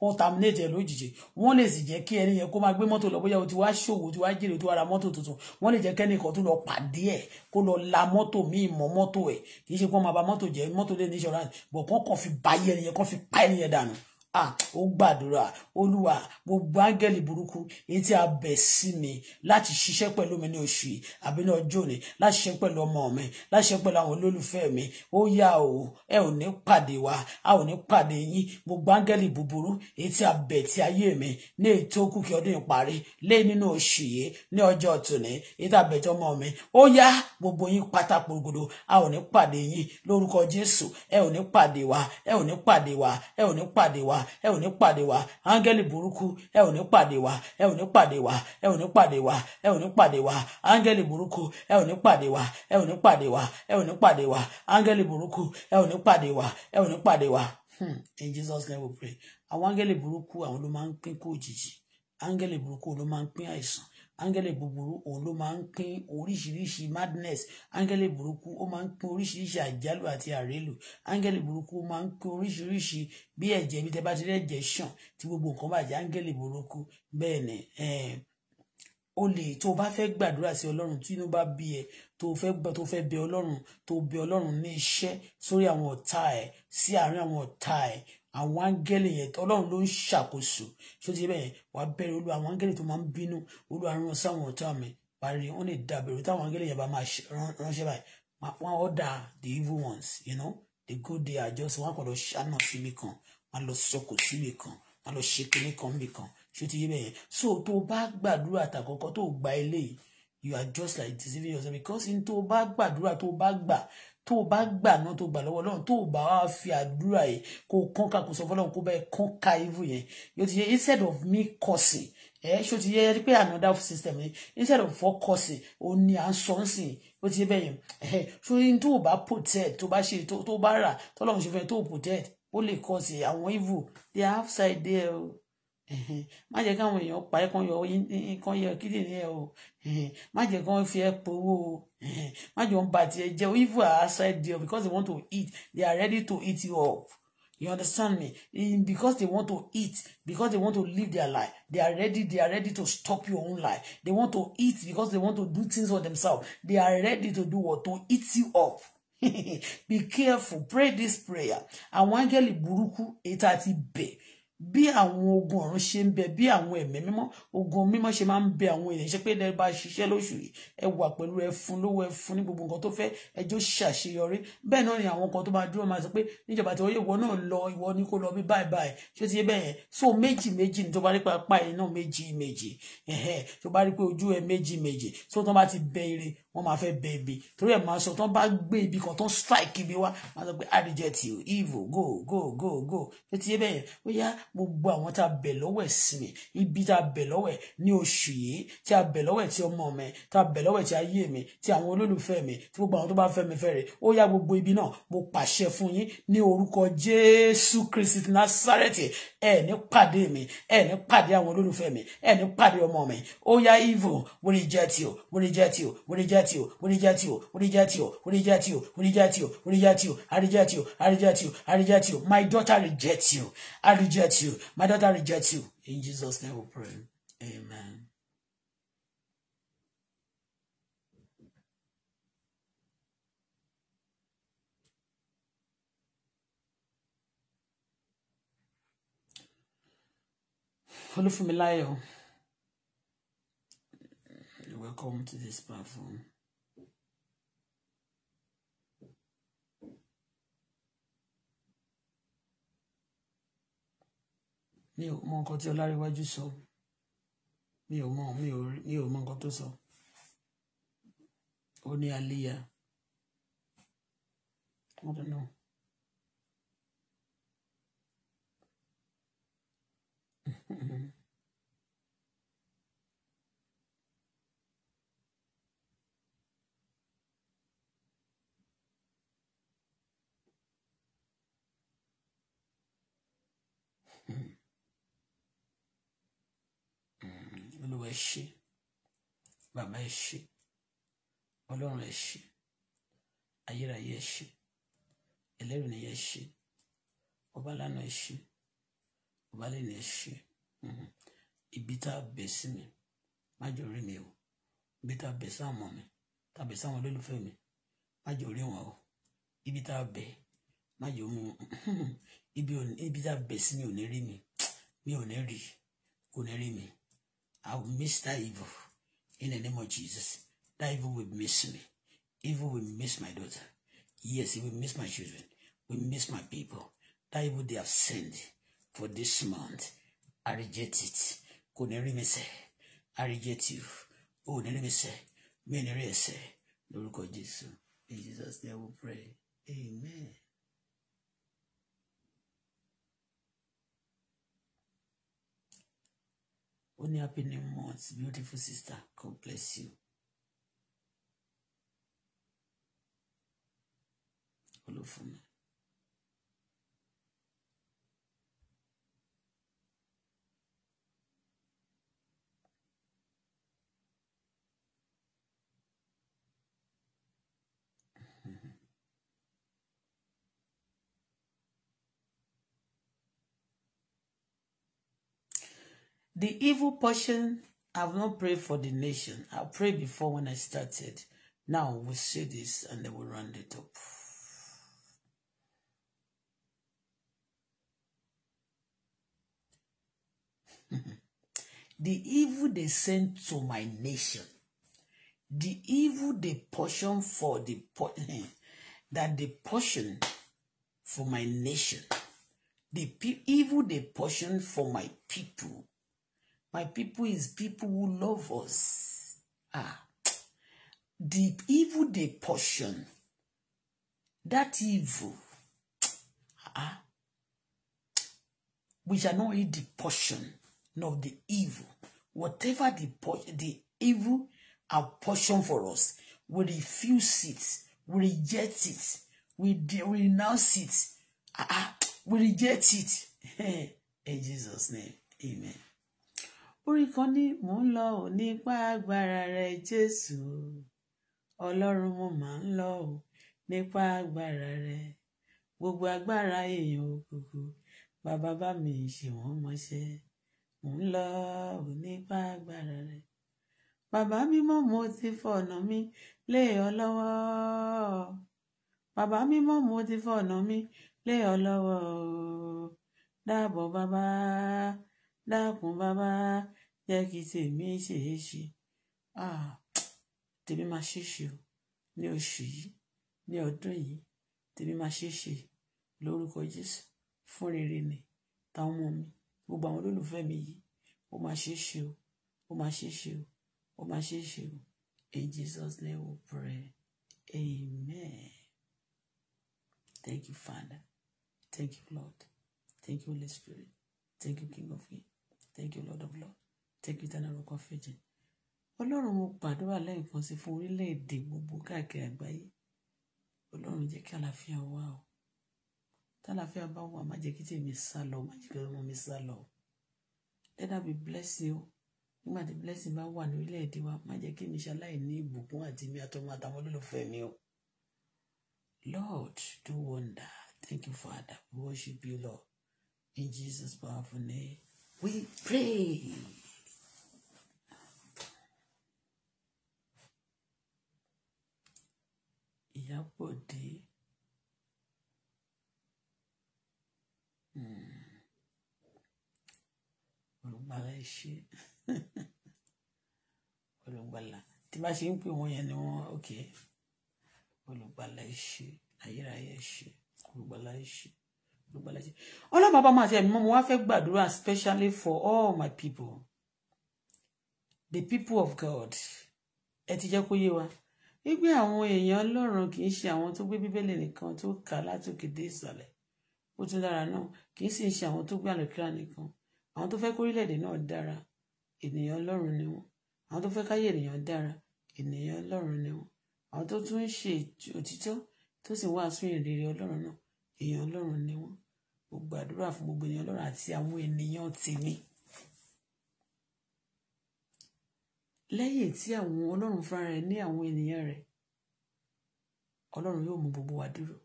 wọ́n terminate lójijì wọ́n lè sì jẹ́ kí ẹni yẹn kó máa gbé mọ́tò lọ bóyá o ti wá ṣòwò o ti wá jèrè o ti wá ra mọ́tò tuntun wọ́n lè jẹ́ kẹ́ni kan tó lọ pàdé ẹ̀ kó lọ la mọ́tò míì mọ́ mọ́tò ẹ̀ kì í ṣe kó máa ba mọ́tò jẹ́ mọ́tò lè ní insurance bọ̀ kán kàn fi báyé ẹni yẹn kán fi pa ẹni yẹn dànù ah ó gbàdúrà olúwa gbogbo áńgẹ́lì burúkú èyí tí a bẹ̀ sí mi láti ṣiṣẹ́ pẹ̀lú mi ní oṣù yìí àbí ní ọjọ́ òní láti ṣiṣẹ́ pẹ̀lú ọmọ mi láti ṣiṣẹ́ pẹ̀lú àwọn olólùfẹ́ mi ó yá o ẹ ò ní pàdé wa a ò ní pàdé yín gbogbo áńgẹ́lì búburú èyí tí a bẹ̀ ti ayé mi ní ètò kùkì ọdún ìparí lé nínú oṣù yìí ní ọjọ́ tòní èyí tí a bẹ̀ tọmọ mi ó yá gbogbo yín pátá porogodo a ẹ ò ní pàdé wa áńgẹ́lì burúkú ẹ ò ní pàdé wa ẹ ò ní pàdé wa ẹ ò ní pàdé wa ẹ ò ní pàdé wa áńgẹ́lì burúkú ẹ ò ní pàdé wa ẹ ò ní pàdé wa ẹ ò ní pàdé wa áńgẹ́lì burúkú ẹ ò ní pàdé wa ẹ ò ní pàdé wa. in Jesus name we pray àwọn áńgẹ́lì burúkú àwọn ló máa ń pín kó òjijì áńgẹ́lì burúkú ló máa ń pín àìsàn áńgẹ́lì buburu òun ló máa ń pín oríṣiríṣi madness áńgẹ́lì buruku ó máa ń pín oríṣiríṣi àjálù àti àrélù áńgẹ́lì burúkú ó máa ń pín oríṣiríṣi bí ẹ̀jẹ̀ bí tẹ bá ti rẹ́jẹ̀ ṣàn tí gbogbo nǹkan bàjẹ́ áńgẹ́lì burúkú bẹ́ẹ̀ ni o lè tó o bá fẹ́ gbàdúrà sí ọlọ́run tí inú bá bí ẹ tó o fẹ́ gbọ́ tó o fẹ́ bẹ ọlọ́run tó o bẹ ọlọ́run ní iṣẹ́ sórí àwọn ọ̀tá ẹ̀ sí àárín àwọn ọ̀tá ẹ̀ àwọn áńgẹ́lì yẹn ọlọ́run ló ń ṣàkóso ṣó ti bẹ́ẹ̀ wàá bẹ̀rẹ̀ olú àwọn áńgẹ́lì tó máa ń bínú olú àrùn sáwọn ọ̀tá mi parí wọn lè dàbẹ̀rù táwọn áńgẹ́lì yẹn bá máa ránṣẹ́ báyìí wọn order the evil ones you know the good they are just wọn kàn lọ ṣáná síbi kan wọn lọ sọkò síbi kan wọn lọ ṣe kinní kan bí kan ṣó ti bẹ́ẹ̀ yẹn so tó bá gbàdúrà tàkọ́kọ́ tó gba eléyìí you are just like deceiving yourself because n tó bá gbàdúrà tó bá gbà tó o bá gbà náà tó gbà lọ́wọ́ Ọlọ́run tó o bá wá fi àdúrà yìí kó o kàn ká kó sọ fọ́lọ́run kó bẹ́ẹ̀ kàn ká evil yẹn yóò ti yẹ instead of me cursing ẹ ṣó ti yẹ pé another system yìí instead of for cursing òun ni à ń sọ ń sìn ó ti yẹ bẹ́ẹ̀ yẹn ẹ ṣó yín tó o bá protect tó o bá ṣe tó o bá rà tọ́lọ́run ṣe fẹ́ tó o protect ó lè cause àwọn evil they are outside there o má jẹ́ káwọn èèyàn pa ẹ́ kán yọ kán yọ kídìní ẹ o má jẹ́ kán fi ẹ́ powó o má jẹ́ wọn bá tiẹ̀ jẹ́ o even outside there because they want to eat they are ready to eat you up you understand me because they want to eat because they want to live their life they are ready they are ready to stop your own life they want to eat because they want to do things for themselves they are ready to do what to eat you up. <laughs> be careful pray this prayer àwọn áńgẹ́lì burúkú èyí tá a bí àwọn ogun ọ̀run ṣe ń bẹ bí àwọn ẹ̀mí mímọ́ ogun mímọ́ ṣe máa ń bẹ àwọn èèyàn ṣe pé ẹ bá ṣiṣẹ́ lóṣù ẹ wà pẹ̀lú ẹ fún lówó ẹ fún ní gbogbo nǹkan tó fẹ́ ẹjọ́ ṣàṣeyọrí bẹ́ẹ̀ náà ni àwọn kan tó bá dúró máa sọ pé níjọba tí wọ́n yóò wọ́n náà lọ ìwọ ni kó lọ bí báyìí báyìí ṣé ti yé bẹ́ẹ̀ yẹn so méjì méjì ni tó bá rí pa apá yẹn náà méjì méjì tó bá rí pé ojú ẹ méjì méjì so tó bá ti bẹ ire wọ́n máa fẹ́ bẹ ibi torí ẹ̀ máa sọ tán bá gbé ibi kan tán strike ibi wá máa sọ pé àdìjẹ ah, o evil go go go go tó ti yé bẹ́ẹ̀ ó yá gbogbo àwọn tá a bẹ̀ lọ́wọ́ ẹ̀ sí mi ibi tá a bẹ̀ lọ́wọ́ ẹ̀ ní oṣù yìí tí a bẹ̀ lọ́wọ́ ẹ̀ tí ọmọ mi tá a bẹ̀ lọ́wọ́ ẹ̀ tí ayé mi tí àwọn olólùfẹ́ mi tí gbogbo àwọn tó bá fẹ́ mi fẹ́ rẹ̀ ó yá gbogbo ibi náà mo pàṣẹ fún yín ní orúkọ Jésù Kristi Násárẹ́tì ẹ ní pàdé mi ẹ ní pàdé àwọn olólùfẹ́ mi ẹ evil wọ́n rí jẹ́ ti o wọ́n rí jẹ́ arijatio burijatio burijatio burijatio burijatio burijatio arijatio arijatio arijatio my daughter rejects you i reject you my daughter rejects you in jesus name we pray amen. Olúfúnmiláyọ̀. Welcome to this platform. mi ò mọ nǹkan tí ọlárẹwájú sọ mi ò mọ mi ò mi ò mọ nǹkan tó sọ ó ní àlíyá I don't know. Mm-hmm. <laughs> olúwa ẹ ṣé bàbá ẹ ṣé ọlọ́run ẹ ṣé ayérayé ẹ ṣé ẹlẹ́rìí ẹ ṣé ọba lánàá ẹ ṣé ọba lẹ́nu ẹ ṣé mhm. ibi tá a bẹ̀ sí mi má jọ rí mi o ibi tá a bẹ̀ sáwọn ọmọ mi tá a bẹ̀ sáwọn olólùfẹ́ mi má jọ rí wọn o ibi tá a bẹ̀ má jọ mú <laughs> ibi tá a bẹ̀ sí mi ò ní rí mi mi ò ní rí kò ní rí mi. I'll miss that evil in the name of Jesus. That evil will miss me. Evil will miss my daughter. Yes, it will miss my children. Will miss my people. That evil they have sent for this month. I reject it. I reject you. Oh, Lord God Jesus. In Jesus' name we pray. Amen. Only happy new month, beautiful sister. God bless you. for me. The evil portion, I've not prayed for the nation. I prayed before when I started. Now we'll see this and then we'll round it up. <laughs> the evil they sent to my nation, the evil they portion for the po <laughs> that they portion for my nation, the evil they portion for my people My people is people who love us. Ah, the evil they portion, that evil, ah, we shall not eat the portion of the evil. Whatever the, the evil are portion for us, we refuse it, we reject it, we, we renounce it, ah, ah we reject it. <laughs> In Jesus' name, amen. orí kan ní mò ń lọ ò ní ipá agbára rẹ jésù ọlọ́run mo máa ń lọ ò nípa agbára rẹ gbogbo agbára èèyàn òkùnkùn bàbá bá mi ṣe wọ́n mọṣẹ́ mò ń lọ ò nípa agbára rẹ bàbá mímọ́ mo ti fọ̀nà mi lé ọ lọ́wọ́ bàbá mímọ́ mo ti fọ̀nà mi lé ọ lọ́wọ́ dáàbò bàbá dákun bàbá jẹ́ kí tèmi ṣeé ṣe ah, tèmi máa ṣeé ṣe o ní oṣù yìí ní ọdún yìí tèmi máa ṣeé ṣe lórúkọ Jésù fún rere ni táwọn ọmọ mi gbogbo àwọn olólùfẹ́ mi yìí ó máa ṣeé ṣe o ó máa ṣeé ṣe o ó máa ṣeé ṣe o in Jesus name we pray amen thank you Father thank you Lord thank you Holy Spirit thank you King of Kings thank you lord of lord thank you eternal rock of ages ọlọ́run mo gbàdúrà lẹ́yìn kan sí fún orílẹ̀-èdè gbogbo káàkiri àgbáyé ọlọ́run jẹ́ kí àlàáfíà wà o tálàáfíà bá wà má jẹ́ kí tèmi sá lọ má jẹ́ kí ọmọ mi sá lọ let that be blessing o nígbà tí blessing bá wà ní orílẹ̀-èdè wa má jẹ́ kí mi ṣaláì ní ìbùkún àti mi àtọmọ àtàwọn olólùfẹ́ mi o lord do wonder thank you father we worship you lord in jesus powerful name we pray. Ìyábọ̀dé. Hmm. Olùgbàlà ẹ ṣé. <laughs> Olùgbàlà tí bá ṣe ń pè wọ́n yẹn ni wọ́n ok. Olùgbàlà ẹ ṣé ayérayé ẹ ṣé. Olùgbàlà ẹ ọlọ́run bàbá máa ti ẹ̀mí mọ́ mo wá fẹ́ gbàdúrà especially for all my people the people of God ẹ ti jẹ́ kó yé wa wípé àwọn èèyàn ọlọ́run kì í ṣe àwọn tó gbé bíbélì nìkan tó kà látòkè dé ìsàlẹ̀ ó tún dára náà kì í sì ṣe àwọn tó gbé àlùkìrà nìkan àwọn tó fẹ́ kórílẹ̀-èdè náà dára ènìyàn ọlọ́run ni wọ́n àwọn tó fẹ́ káyé ènìyàn dára ènìyàn ọlọ́run ni wọ́n àwọn tó tún ń ṣe òtítọ́ tó sì wá sún ìrere ọlọ́run náà èèyàn ọlọ́run ni wọ́n mo gbàdúrà fún gbogbo èèyàn ọlọ́run àti àwọn ènìyàn tèmi. lẹ́yìn tí àwọn ọlọ́run fúnra rẹ̀ ní àwọn ènìyàn rẹ̀ ọlọ́run yóò mú gbogbo wa dúró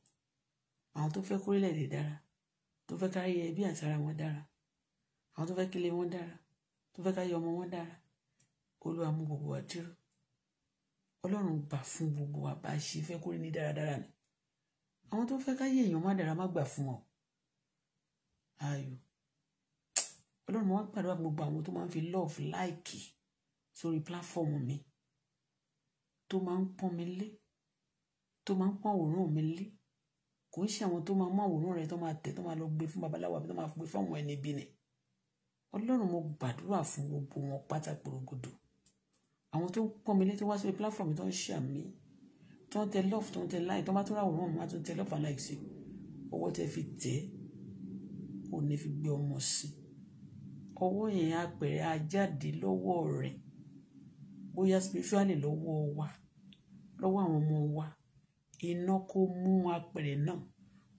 àwọn tó fẹ́ kórílẹ̀-èdè dára tó fẹ́ kárí ẹbí àti ara wọn dára àwọn tó fẹ́ kílé wọn dára tó fẹ́ káyọ ọmọ wọn dára olúwa mú gbogbo wa dúró ọlọ́run gbà fún gbogbo wa bá a ṣe fẹ́ kórí ní dáradára ni àwọn tó fẹ́ káyé èèyàn má dára má gbà fún ọ ayò ọlọ́run wọn gbàdúrà gbogbo àwọn tó máa ń fi love like sórí platform mi tó máa ń pọ́n mi lé tó máa ń pọ́n àwòrán mi lé kò ń ṣe àwọn tó máa mú àwòrán rẹ tó máa tẹ̀ tó máa lọ gbé fún babaláwo àbí tó máa gbé fún àwọn ẹni ibi ni ọlọ́run mo gbàdúrà fún gbogbo wọn pátá gbòrògbòdò àwọn tó ń pọ́n mi lé tó wá sórí platform tó ń ṣàmì tó ń tẹ love tó ń tẹ like tó bá tó ra òun ọmọ tó ń tẹ love and like sí ọwọ́ tẹ fi tẹ ò ní fi gbé ọmọ sí ọwọ́ yẹn apẹ̀rẹ̀ ajáde lọ́wọ́ rẹ̀ bóyá spiritually lọ́wọ́ wa lọ́wọ́ àwọn ọmọ wa iná kó mú apẹ̀rẹ̀ náà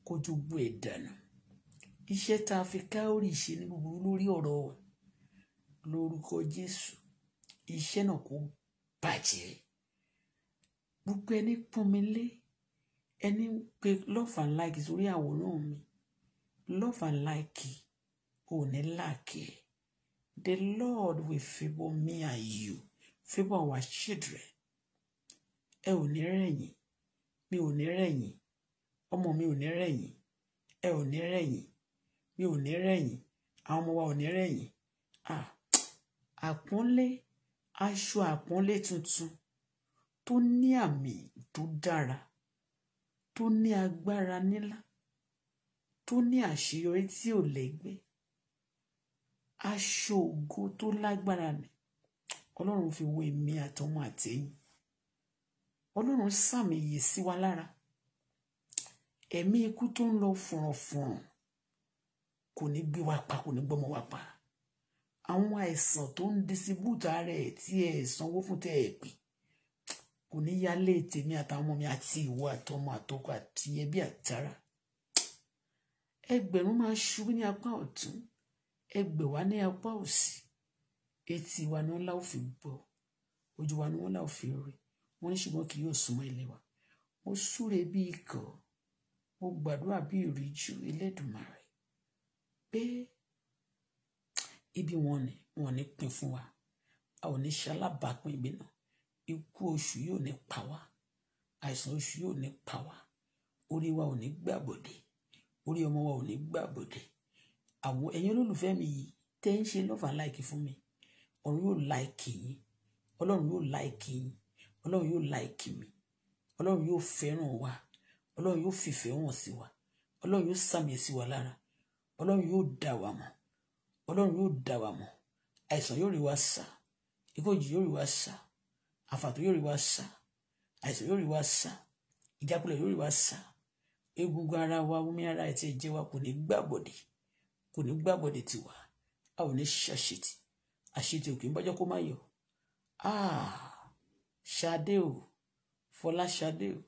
kó tó gbé ẹ̀ dànù iṣẹ́ tá a fi káórì ṣe ní búburú lórí ọ̀rọ̀ wa lórúkọ Jésù iṣẹ́ náà kó bàjẹ́ gbogbo ẹni pọ́n mi lé ẹni pé love and like sórí àwòrán mi love and like ò ní láàkì the Lord will favour me and you favour our children ẹ ò ní rẹ̀yìn mi ò ní rẹ̀yìn ọmọ mi ò ní rẹ̀yìn ẹ ò ní rẹ̀yìn mi ò ní rẹ̀yìn àwọn ọmọ wa ò ní rẹ̀yìn àpọ́nlé aṣọ àpọ́nlé tuntun tó ní àmì tó dára tó ní agbára nílá tó ní àṣeyọrí tí ò lẹ́gbẹ́ aṣọ ògo tó lágbára ni ọlọ́run fi wo èmi àtọmọ àtẹ̀yìn ọlọ́run sàmì ìyè sí wa lára ẹ̀mí ikú tó ń lọ fọ̀rọ̀fọ̀rọ̀ kò ní gbé wa pa kò ní gbọ́mọ wa pa àwọn àìsàn tó ń disibútà rẹ̀ tí ẹ̀ sanwó fún tẹ́ ẹ̀ pè kò ní yálé tèmi àtàwọn ọmọ mi àti ìwọ àtọmọ àtọkọ àti ẹbí àtàrà ẹgbẹ̀rún máa ṣubú ní apá ọ̀tún ẹgbẹ̀wá ní apá òsì etí wa ni wọn láò fi gbọ́ ojú wa ni wọn láò fi rí wọn ní ṣùgbọ́n kì yóò súnmọ́ ilé wa mo súre bí ikọ̀ mo gbàdúrà bí ìríjú Elédùmarè pé ibi wọn ni wọn ní pín fún wa a ò ní ṣe alábàápín ibi náà ikú oṣù yóò ní pa wá àìsàn oṣù yóò ní pa wá orí wa ò ní gbàbọ̀dé orí ọmọ wa ò ní gbàbọ̀dé àwọn ẹ̀yin olólùfẹ́ mi yìí tẹ́ ń ṣe lọ́fà láìkì fún mi ọ̀run yóò láìkì yín ọlọ́run yóò láìkì yín ọlọ́run yóò láìkì mi ọlọ́run yóò fẹ́ràn wa ọlọ́run yóò fìfẹ́ hàn sí wa ọlọ́run yóò sàmì sí wa lára ọlọ́run yóò dà wá mọ̀ ọlọ́run yóò dà wá mọ̀ àìsàn yóò rí wa sà ikú òjì yóò rí wa sà àfàtò yóò rí wa sà àìsàn yóò rí wa sà ìjákulẹ̀ yóò rí wa sà egungun ara wa omi ara àti ẹ̀jẹ̀ wa kò ní gbàbọ̀dè kò ní gbàbọ̀dè tiwa a ò ní ṣàṣetì àṣetì òkè ń bọ́jọ́ kó má yọ ah, ṣadé o fọláṣadé o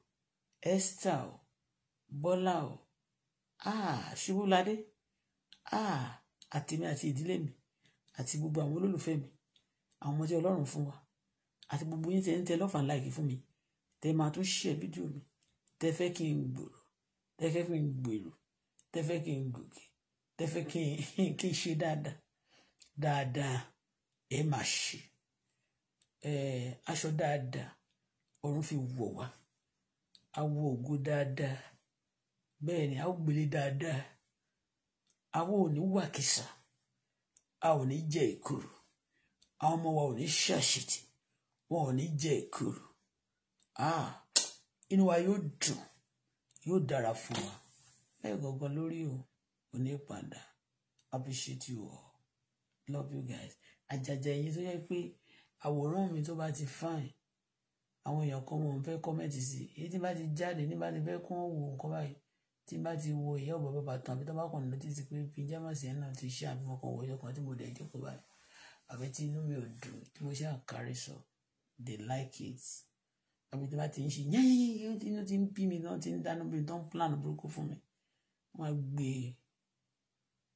esther o bọ́lá o ah, ṣubúladé ah, àtèmi àti ìdílé mi àti gbogbo àwọn olólùfẹ́ mi àwọn ọmọ ọlọ́run fún wa àti gbogbo yín tẹ ń tẹ lọ́fà láìkí fún mi tẹ máa tún ṣe fídíò mi tẹ fẹ́ kí n gbòòrò tẹ fẹ́ kí n gbèrò tẹ fẹ́ kí n gòkè tẹ fẹ́ kí n <laughs> kí n ṣe dáadáa dáadáa ẹ máa ṣe aṣọ dáadáa ọ̀run fi wọ̀ wá awọ ògo dáadáa bẹ́ẹ̀ ni a gbélé dáadáa àwọn ò ní wàkísà a ò ní jẹ ìkorò àwọn ọmọ wa ò ní ṣàṣìtì wọn ò ní jẹ èkuru ah inú wa yóò dùn yóò dára fún wa bẹ́ẹ̀ gangan lórí o òní padà appreciate you all love you guys àjàjà ẹ̀yin tó yẹ pé àwòrán mi tó bá ti fine àwọn èèyàn kan wọn fẹ́ kọ́mẹ́ǹtì sí èyí tí bá ti jáde ní bá ti fẹ́ kún wò nǹkan báyìí tí bá ti wo ìyá ọ̀bọ̀ bàbá tán àbí tó bá kàn notice pé píjámàsì ẹ̀ náà ti ṣe àbí mo kàn wọ ọjọ́ kan tí mo dẹ̀ jókòó báyìí àbí tí inú mi ò dùn tí mo ṣe àkárí sọ they like it àbí tí wọ́n ti ń ṣe yẹ́yẹ́ tí wọ́n ti ń bí mi tí wọ́n ti ń dáná bí wọ́n plan burúkú fún mi wọ́n á gbé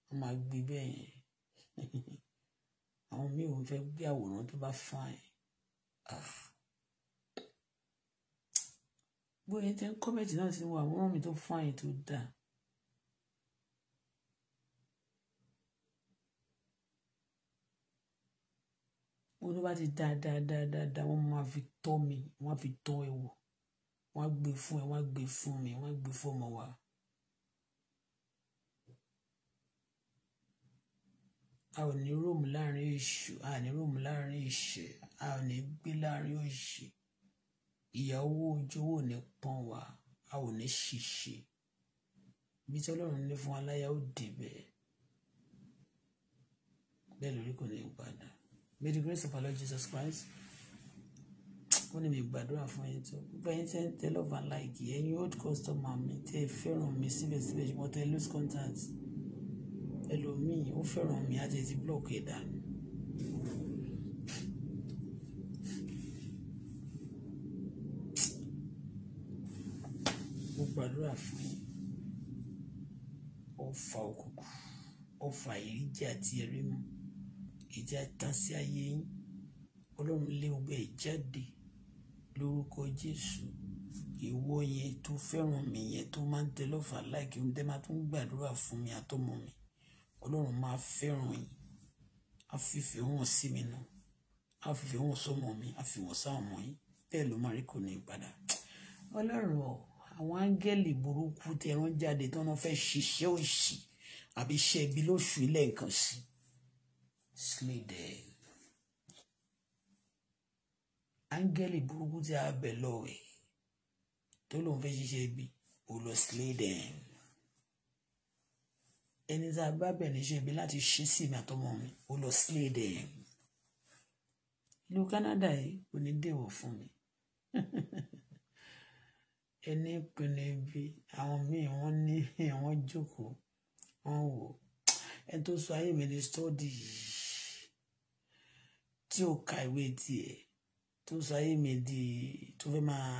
wọ́n máa gbé bẹ́ẹ̀ yẹn àwọn míì ò fẹ́ gbé àwòrán tó bá fine ah. bóyá tí ń kọ́mẹ̀tì náà ti wọ àwòrán mi tó fine tó dáa. wọn tó bá ti da da da da da wọn máa fi tọ́ mi wọn á fi tọ́ ẹ wò wọn á gbé fún ẹ wọn á gbé fún mi wọn á gbé fún ọmọ wa. a ò ní róòmù láàrin èṣù a ò ní róòmù láàrin ìṣẹ́ a ò ní gbé láàrin òṣì ìyàwó ojúwò ní pọ́n wa a ò ní ṣìṣe bí tí ọlọ́run ní fún aláya ó débẹ̀ bẹ́ẹ̀ lórí kò ní padà. May the grace of our Lord Jesus Christ. wọ́n ní mi gbàdúrà fún yín tó gbogbo ẹ̀yin tẹ́ ń tẹ́ lọ́ọ̀bà láìkì ẹ̀yin old customer mi tẹ́ ẹ fẹ́ràn mi síbẹ̀síbẹ̀ ṣùgbọ́n tẹ́ lose contact ẹlòmíì ó fẹ́ràn mi á ti ti block ẹ̀ dànù. mo gbàdúrà fún yín ọfà òkùnkùn ọfà ìríjì àti ẹ̀rí mu ètí àtàn sí ayé yín ọlọ́run lé ogbẹ́ ìjáde lórúkọ jésù ìwọ yẹn tó fẹ́ràn mi yẹn tó máa ń tẹ lọ́fà láìkí ohun tẹ́ máa tún gbàdúrà fún mi àtọmọ mi ọlọ́run máa fẹ́ràn yín á fìfẹ́ hàn sí mi nù á fìfẹ́ hàn sọmọ mi á fi wọ́n sáwọn ọmọ yín bẹ́ẹ̀ ló máa rí kò ní ìpadà ọlọ́run ọ̀ àwọn áńgẹ́lì burúkú tẹ̀rán jáde tí wọ́n fẹ́ ṣiṣẹ́ òṣì àbí iṣẹ́ lóṣù ilé nǹkan sí i slay Angeli, áńgẹ́lì burúkú tí Tolo bẹ̀ lọ́wẹ̀ tó lóun fẹ́ ṣiṣẹ́ bí ó lọ slay them. ẹni tá a bá bẹ̀ níṣẹ́ ibi láti ṣe sí mi àtọmọ mi Canada yìí kò ní dèwọ̀ fún mi <laughs> ẹni pinnu ibi àwọn míì wọ́n ní àwọn jókòó wọ́n wò ẹ tó sọ ayé mi tí ò ka ìwé tiẹ̀ tó sáyé mi di tó fẹ́ máa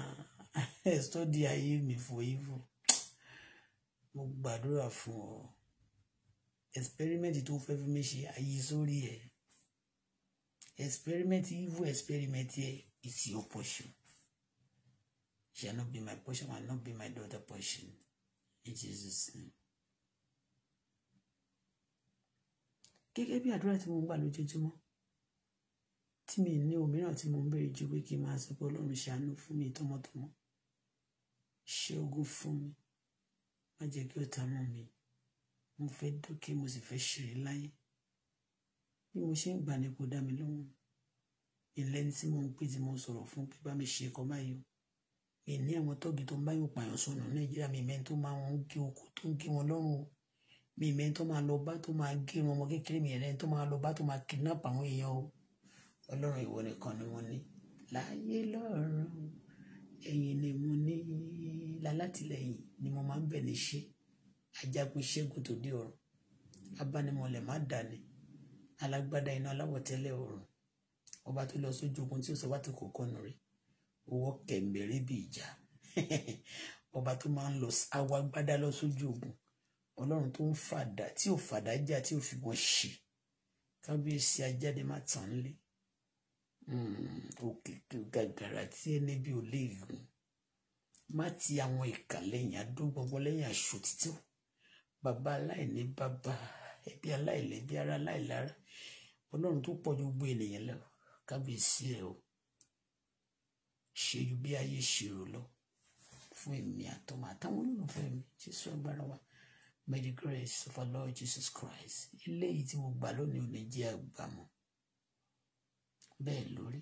ẹ̀sítọ́dì <laughs> ayé mi fò ìfò mo gbàdúrà fún ọ experiment tó fẹ́ fi mí ṣe ayé sórí ẹ̀ experiment evil experiment ẹ̀ is your portion shall not be my portion will not be my daughter portion in Jesus name. gẹ́gẹ́ bí àdúrà tí mo ń gbà lójoojúmọ́ tí mi ní òmíràn tí mo ń béèrè ju pé kí n máa sọ pé ọlọ́run ṣàánú fún mi tọmọtọmọ ṣe ogun fún mi má jẹ́ kí ó ta mọ́ mi mo fẹ́ dókè mo sì fẹ́ ṣeré láyé bí mo ṣe ń gbà ní kò dá mi lóhùn ìlẹ́ni tí mo ń pè tí mo sọ̀rọ̀ fún pé bá mi ṣe ẹ̀kọ́ báyìí o ìní àwọn tóògì tó ń báyìí pààyàn sọnù nàìjíríà mi mẹ́ni tó máa ń gé oko tó ń gé wọn lọ́rùn o mi mẹ́ni tó máa lọ bá tó máa gé irun ọmọ kékeré mi ẹ̀rẹ́ni tó máa lọ bá tó máa kidnap àwọn èèyàn o ọlọ́run ìwọ nìkan ni mo ní láyé lọ́run ẹ̀yin ni mo ní lálátìlẹ́yìn ni mo máa ń bẹ̀ ní ṣe ajagun ṣẹ́gun tó dé ọ̀run abánimọ̀lẹ̀ má dání alágbádá iná aláwọ̀ tẹ́lẹ̀ ọ̀run ọba tó lọ sójú ogun tí ó sọ wá tó kọ̀ọ̀kan nù rí owó kẹ̀mẹ́rẹ́ bí ìjà <laughs> ọba tó máa ń lọ awọ lọ sójú ogun ọlọ́run tó ń fàdá tí ò fàdá jà tí ò fi wọn ṣe kábíyèsí ajáde má tàn lé òkìkí mm, gàgàrà tí ẹni bí ò lè gùn má ti àwọn ìkà lẹ́yìn adógbọgbọ lẹ́yìn àṣòtítọ bàbá aláìní bàbá ẹbí aláìlẹ́bí ara aláìlára Ọlọ́run tó pọ̀ ju gbogbo ènìyàn lọ kábíyèsí ẹ o ṣe ju bí ayé ṣèrò lọ fún èmi àtọmọ àtàwọn olólùfẹ́ mi Jésù agbára wa may the grace of our Lord Jesus Christ eléyìí tí mo gbà lónìí ò ní jẹ́ àgbà mọ́ bẹ́ẹ̀ lórí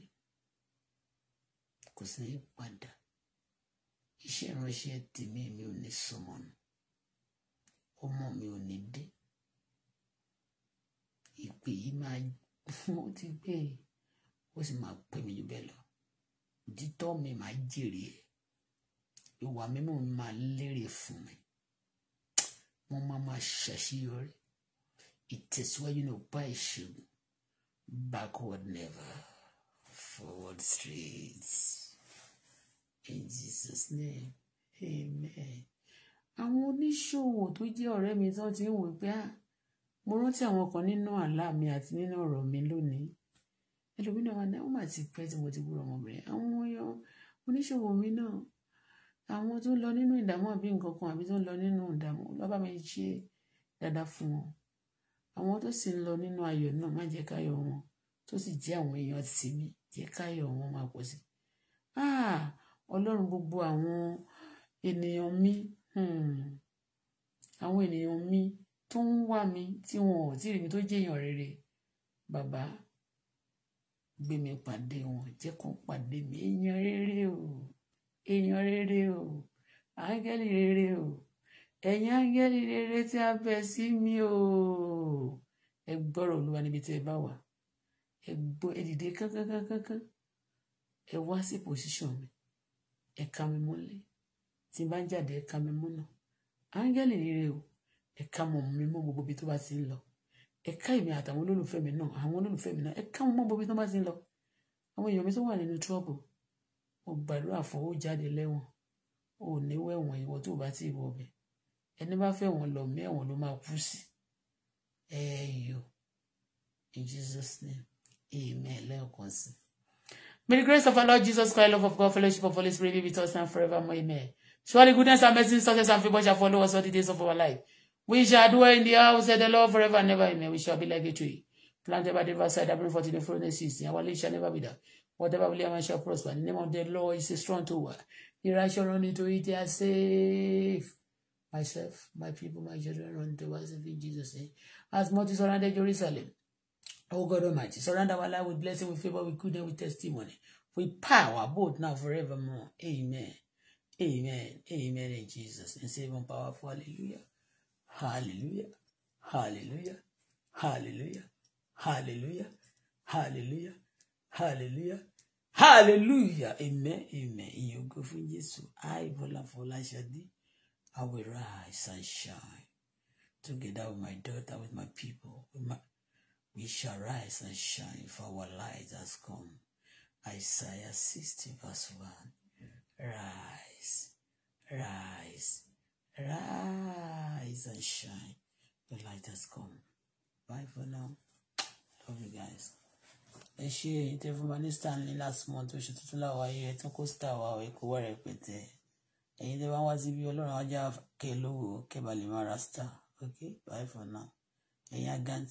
kò sí ní padà iṣẹ́ ìránṣẹ́ tèmi mi ò ní sọmọnù ọmọ mi ò ní dé ìpè yìí máa fún <laughs> ó ti gbé e ó sì máa pè mí jù bẹ́ẹ̀ lọ òtítọ́ mi máa jèrè ẹ̀ ìwà mímọ́ mi máa lérè fún mi wọ́n máa máa ṣàṣeyọrí ìtẹ̀síwájú ní ọ̀pá ìṣègùn backward never forward streets. In Jesus' name, amen. Àwọn oníṣòwò tó jẹ́ ọ̀rẹ́ mi tó ti ń wò pé ah mo rántí àwọn kan nínú àlá mi àti nínú ọ̀rọ̀ mi lónìí. Ẹlòmínà wa náà ó mà ti pẹ́ tí mo ti gbúrọ̀ ọmọbìnrin. Àwọn oníṣòwò mi náà àwọn tó ń lọ nínú ìdààmú àbí nǹkan kan àbí tó ń lọ nínú ìdààmú lọ́ba mi ṣe dáadáa fún wọn àwọn tó sì ń lọ nínú ayọ̀ náà má jẹ́ káyọ̀ wọn tó sì jẹ́ àwọn èèyàn tì mí jẹ́ káyọ̀ wọn máa pọ̀ sí ah, ọlọ́run gbogbo àwọn ènìyàn mi hmm, àwọn ènìyàn mi tó ń wá mi tí wọn ò tí ì rí mi tó jẹ́ èèyàn rere bàbá gbé mi pàdé wọn jẹ́ kó pàdé mi èèyàn rere o èèyàn rere o áńgẹ́lì rere o ẹ̀yin áńgẹ́lì rere tí a bẹ̀ sí mi o ẹ gbọ́rọ̀ olúwa níbi tí ẹ bá wà ẹ dìde kánkánkánkán ẹ wá sí pòsíṣàn mi ẹ ká mi mọ́lé tí n bá ń jáde ẹ ká mi múnà áńgẹ́lì rere o ẹ ká mọ̀ mi mọ́ gbogbo ibi tó bá ti ń lọ ẹ ká èmi àtàwọn olólùfẹ́ mi náà àwọn olólùfẹ́ mi náà ẹ ká wọn mọ́ gbogbo ibi tó bá ti ń lọ àwọn èèyàn mi tó wà nínú trọ́bù mo gbàdúrà fún ó jáde lẹ́wọ̀n ò ní wẹ̀wọ̀n ìwọ tó bá ti wọ̀ bẹ̀ ẹni bá fẹ́ wọn lọ mẹ́wọ̀n ló máa kú sí ẹ̀ẹ́yọ̀ in Jesus name. Amen. Let us sí. May the grace of our Lord Jesus Christ, love of God, fellowship of Holy Spirit be with us now forevermore. Amen. Surely goodness and mercy, success and favor shall follow us all the days of our life. We shall dwell in the house of the Lord forever and ever. Amen. We shall be like a tree planted by the riverside that bring forth in the fruitless season. Our leaf shall never be dark. Whatever we live shall prosper. In the name of the Lord is a strong tower. The shall run into it, they are safe. Myself, my people, my children run towards it in Jesus' name. As much as surrounded Jerusalem, Oh God Almighty, surround our life with blessing, with favor, with goodness, with testimony, with power, both now forevermore. Amen. Amen. Amen in Jesus. And save and powerful. Hallelujah. Hallelujah. Hallelujah. Hallelujah. Hallelujah. Hallelujah. Hallelujah. Hallelujah. Amen. Amen. In your go fún Jesus, I Bola Folashade. I will rise and shine. Together with my daughter, with my people, with my We shall rise and shine, for our light has come. Isaiah 60, verse 1. Rise, rise, rise and shine. The light has come. Bye for now. Love you guys. ẹ ṣe èyí tẹ fún last month oṣù tuntun làwọn ayé ẹ tún kó síta wa ẹ kó wà rẹpẹtẹ ẹ̀yin tẹ bá wá síbi Ọlọ́run ajá kẹ lówó kẹ balẹ máa ra ok bye for now ẹ̀yin aganti.